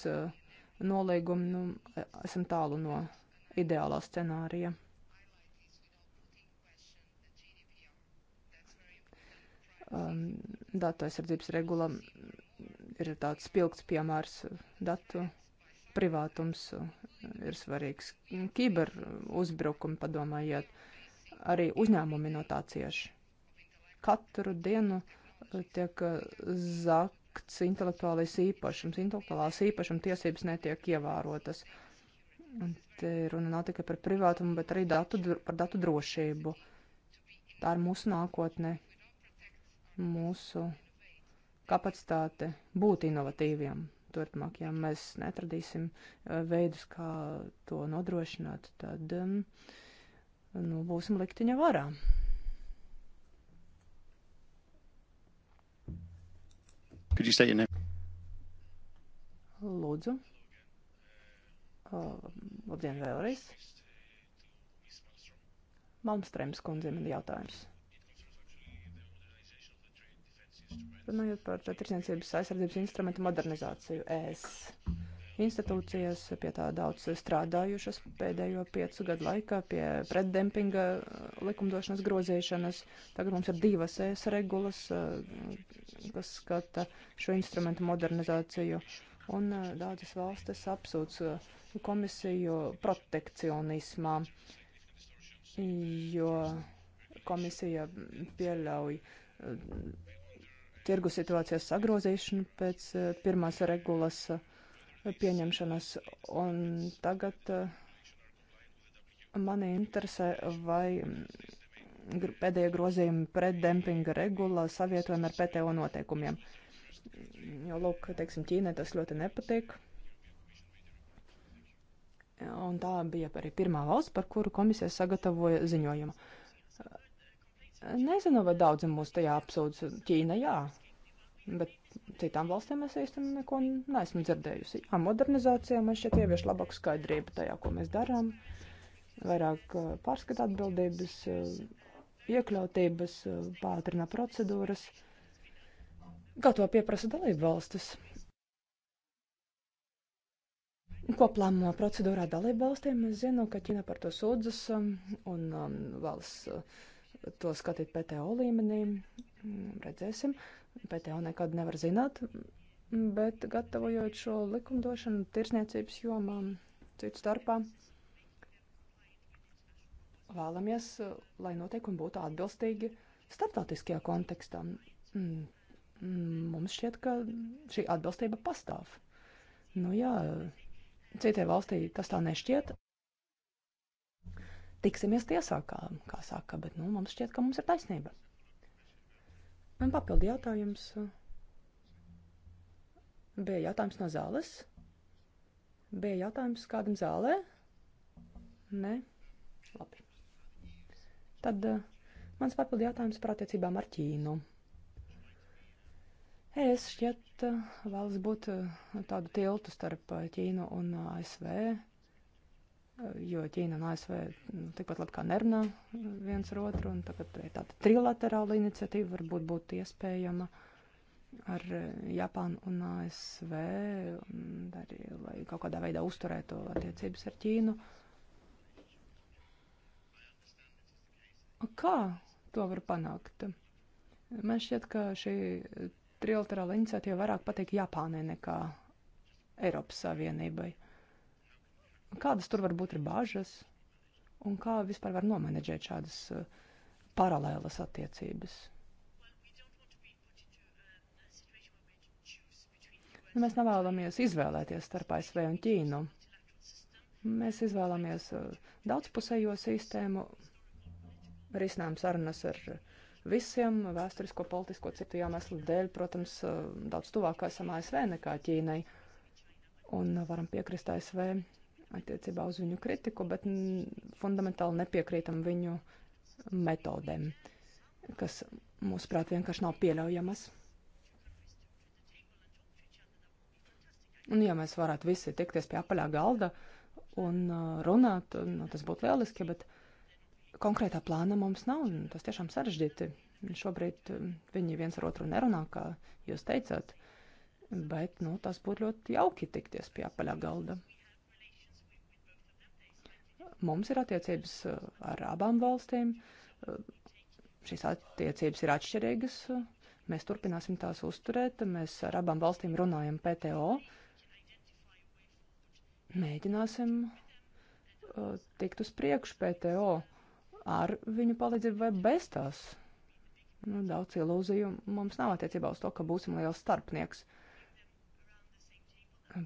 nolīgumi nu, e, esam tālu no ideālā scenārija. Um, datu aizsardzības regula ir tāds spilgts piemērs datu. Privātums ir svarīgs. Kiber uzbrukumi, padomājiet, arī uzņēmumi no tā cieši. Katru dienu tiek zakts intelektuālais īpašums, intelektuālās īpašuma tiesības netiek ievērotas. Un te runa nav tikai par privātumu, bet arī datu, par datu drošību. Tā ir mūsu nākotne mūsu kapacitāte būt inovatīviem turpmāk. Ja mēs netradīsim eh, veidus, kā to nodrošināt, tad nu, būsim liktiņa varā. Could you state your name? Lūdzu. Uh, labdien vēlreiz. Malmstrēms kundze man jautājums runājot par tirsniecības aizsardzības instrumentu modernizāciju ES. Institūcijas pie tā daudz strādājušas pēdējo piecu gadu laikā pie pretdempinga uh, likumdošanas grozīšanas. Tagad mums ir divas ES regulas, uh, kas skata šo instrumentu modernizāciju. Un uh, daudzas valstis apsūdz komisiju protekcionismā, jo komisija pieļauj tirgu situācijas sagrozīšanu pēc eh, pirmās regulas eh, pieņemšanas. Un tagad eh, mani interesē, vai mm, pēdējie grozījumi pret dempinga regula savietojami ar PTO noteikumiem. Jo, lūk, teiksim, Ķīnai tas ļoti nepatīk. Un tā bija arī pirmā valsts, par kuru komisija sagatavoja ziņojumu. Nezinu, vai daudzi mūs tajā apsūdz. Ķīna jā, bet citām valstīm es īstenībā neko neesmu dzirdējusi. Jā, modernizācijā man šķiet ievieš labāku skaidrību tajā, ko mēs darām, vairāk eh, pārskata atbildības, eh, iekļautības, eh, pātrina procedūras, kā to pieprasa dalību valstis. Koplāmo procedūrā dalību valstīm es zinu, ka Ķina par to sūdzas um, un um, valsts. Uh, to skatīt PTO līmenī. Redzēsim, PTO nekad nevar zināt, bet gatavojot šo likumdošanu tirsniecības jomā, citu starpā, vēlamies, lai noteikumi būtu atbilstīgi starptautiskajā kontekstā. Mums šķiet, ka šī atbilstība pastāv. Nu jā, citai valstī tas tā nešķiet tiksimies tiesā, kā, kā saka, bet nu, mums šķiet, ka mums ir taisnība. Man papildi jautājums. Bija jautājums no zāles? Bija jautājums kādam zālē? Nē, labi. Tad uh, mans papildi jautājums par attiecībām ar Ķīnu. Es šķiet, uh, eh, vēlas būt uh, tādu tiltu starp Ķīnu un ASV. Uh, jo Ķīna un ASV nu, tikpat labi kā nerunā viens ar otru, un tagad ir tāda trilaterāla iniciatīva varbūt būtu iespējama ar e, Japānu un ASV, un arī, lai kaut kādā veidā uzturētu attiecības ar Ķīnu. Kā to var panākt? Man šķiet, ka šī trilaterāla iniciatīva vairāk patīk Japānai nekā Eiropas Savienībai. Uh, Kādas tur var būt ir bažas? Un kā vispār var nomenedžēt šādas eh, paralēlas attiecības? Nu, mēs nevēlamies izvēlēties starp ASV un Ķīnu. Mēs izvēlamies eh, daudzpusējo sistēmu, risinām sarunas ar visiem vēsturisko, politisko, citu iemeslu dēļ. Protams, eh, daudz tuvāk esam ASV nekā Ķīnai un varam piekrist ASV attiecībā uz viņu kritiku, bet fundamentāli nepiekrītam viņu metodēm, kas, mūsuprāt, vienkārši nav pieļaujamas. Un, ja mēs varētu visi tikties pie apaļā galda un uh, runāt, nu, tas būtu lieliski, bet konkrētā plāna mums nav, un tas tiešām sarežģīti. Šobrīd um, viņi viens ar otru nerunā, kā jūs teicāt, bet, nu, tas būtu ļoti jauki tikties pie apaļā galda. Mums ir attiecības eh, ar abām valstīm. Eh, šīs attiecības ir atšķirīgas. Mēs turpināsim tās uzturēt. Mēs ar abām valstīm runājam PTO. Mēģināsim eh, tikt uz priekšu PTO ar viņu palīdzību vai bez tās. Nu, daudz ilūziju mums nav attiecībā uz to, ka būsim liels starpnieks.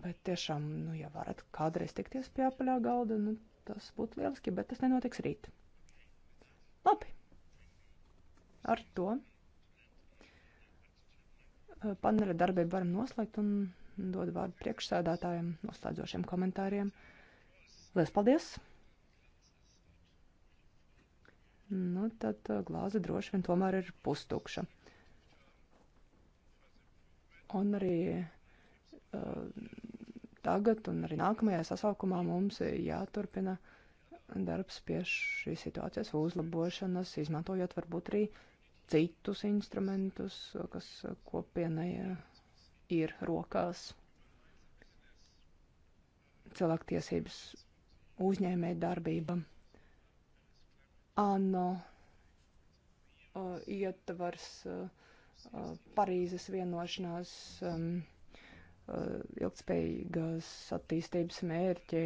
Bet tiešām, nu, ja varat kādreiz tikties pie apaļā galda, nu, Tas būtu lieliski, bet tas nenotiks rīt. Labi. Ar to eh, paneļa darbību varam noslēgt un dod vārdu priekšsēdētājiem noslēdzošiem komentāriem. Lielas paldies! Nu, tad eh, glāze droši vien tomēr ir pustukša. Un arī uh, tagad un arī nākamajā sasaukumā mums jāturpina darbs pie šīs situācijas uzlabošanas, izmantojot varbūt arī citus instrumentus, kas kopienai ir rokās. Cilvēktiesības uzņēmē darbība. ANO uh, ietvars uh, uh, Parīzes vienošanās. Um, Uh, ilgspējīgās attīstības mērķi,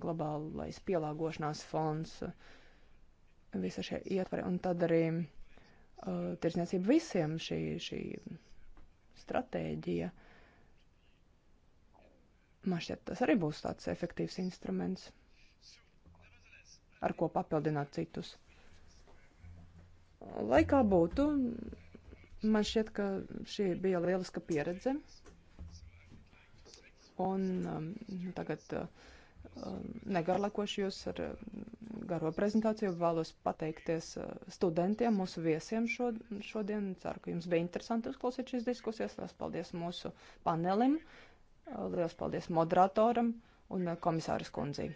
globālais pielāgošanās fonds, visa šie ietvari, un tad arī uh, tirsniecība visiem šī, šī stratēģija. Man šķiet, tas arī būs tāds efektīvs instruments, ar ko papildināt citus. Lai kā būtu, man šķiet, ka šī bija lieliska pieredze un um, nu, tagad uh, um, negarlakošu jūs ar um, garo prezentāciju. Vēlos pateikties uh, studentiem, mūsu viesiem šo, šodien. Ceru, ka jums bija interesanti uzklausīt šīs diskusijas. Lielas paldies mūsu panelim, uh, lielas paldies moderatoram un komisāras kundzī.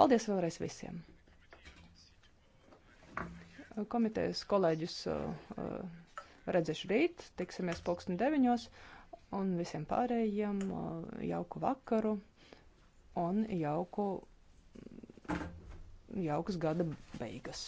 Paldies vēlreiz visiem! Komitejas kolēģis redzēšu rīt, tiksimies pulksten deviņos un visiem pārējiem jauku vakaru un jauku, jaukas gada beigas.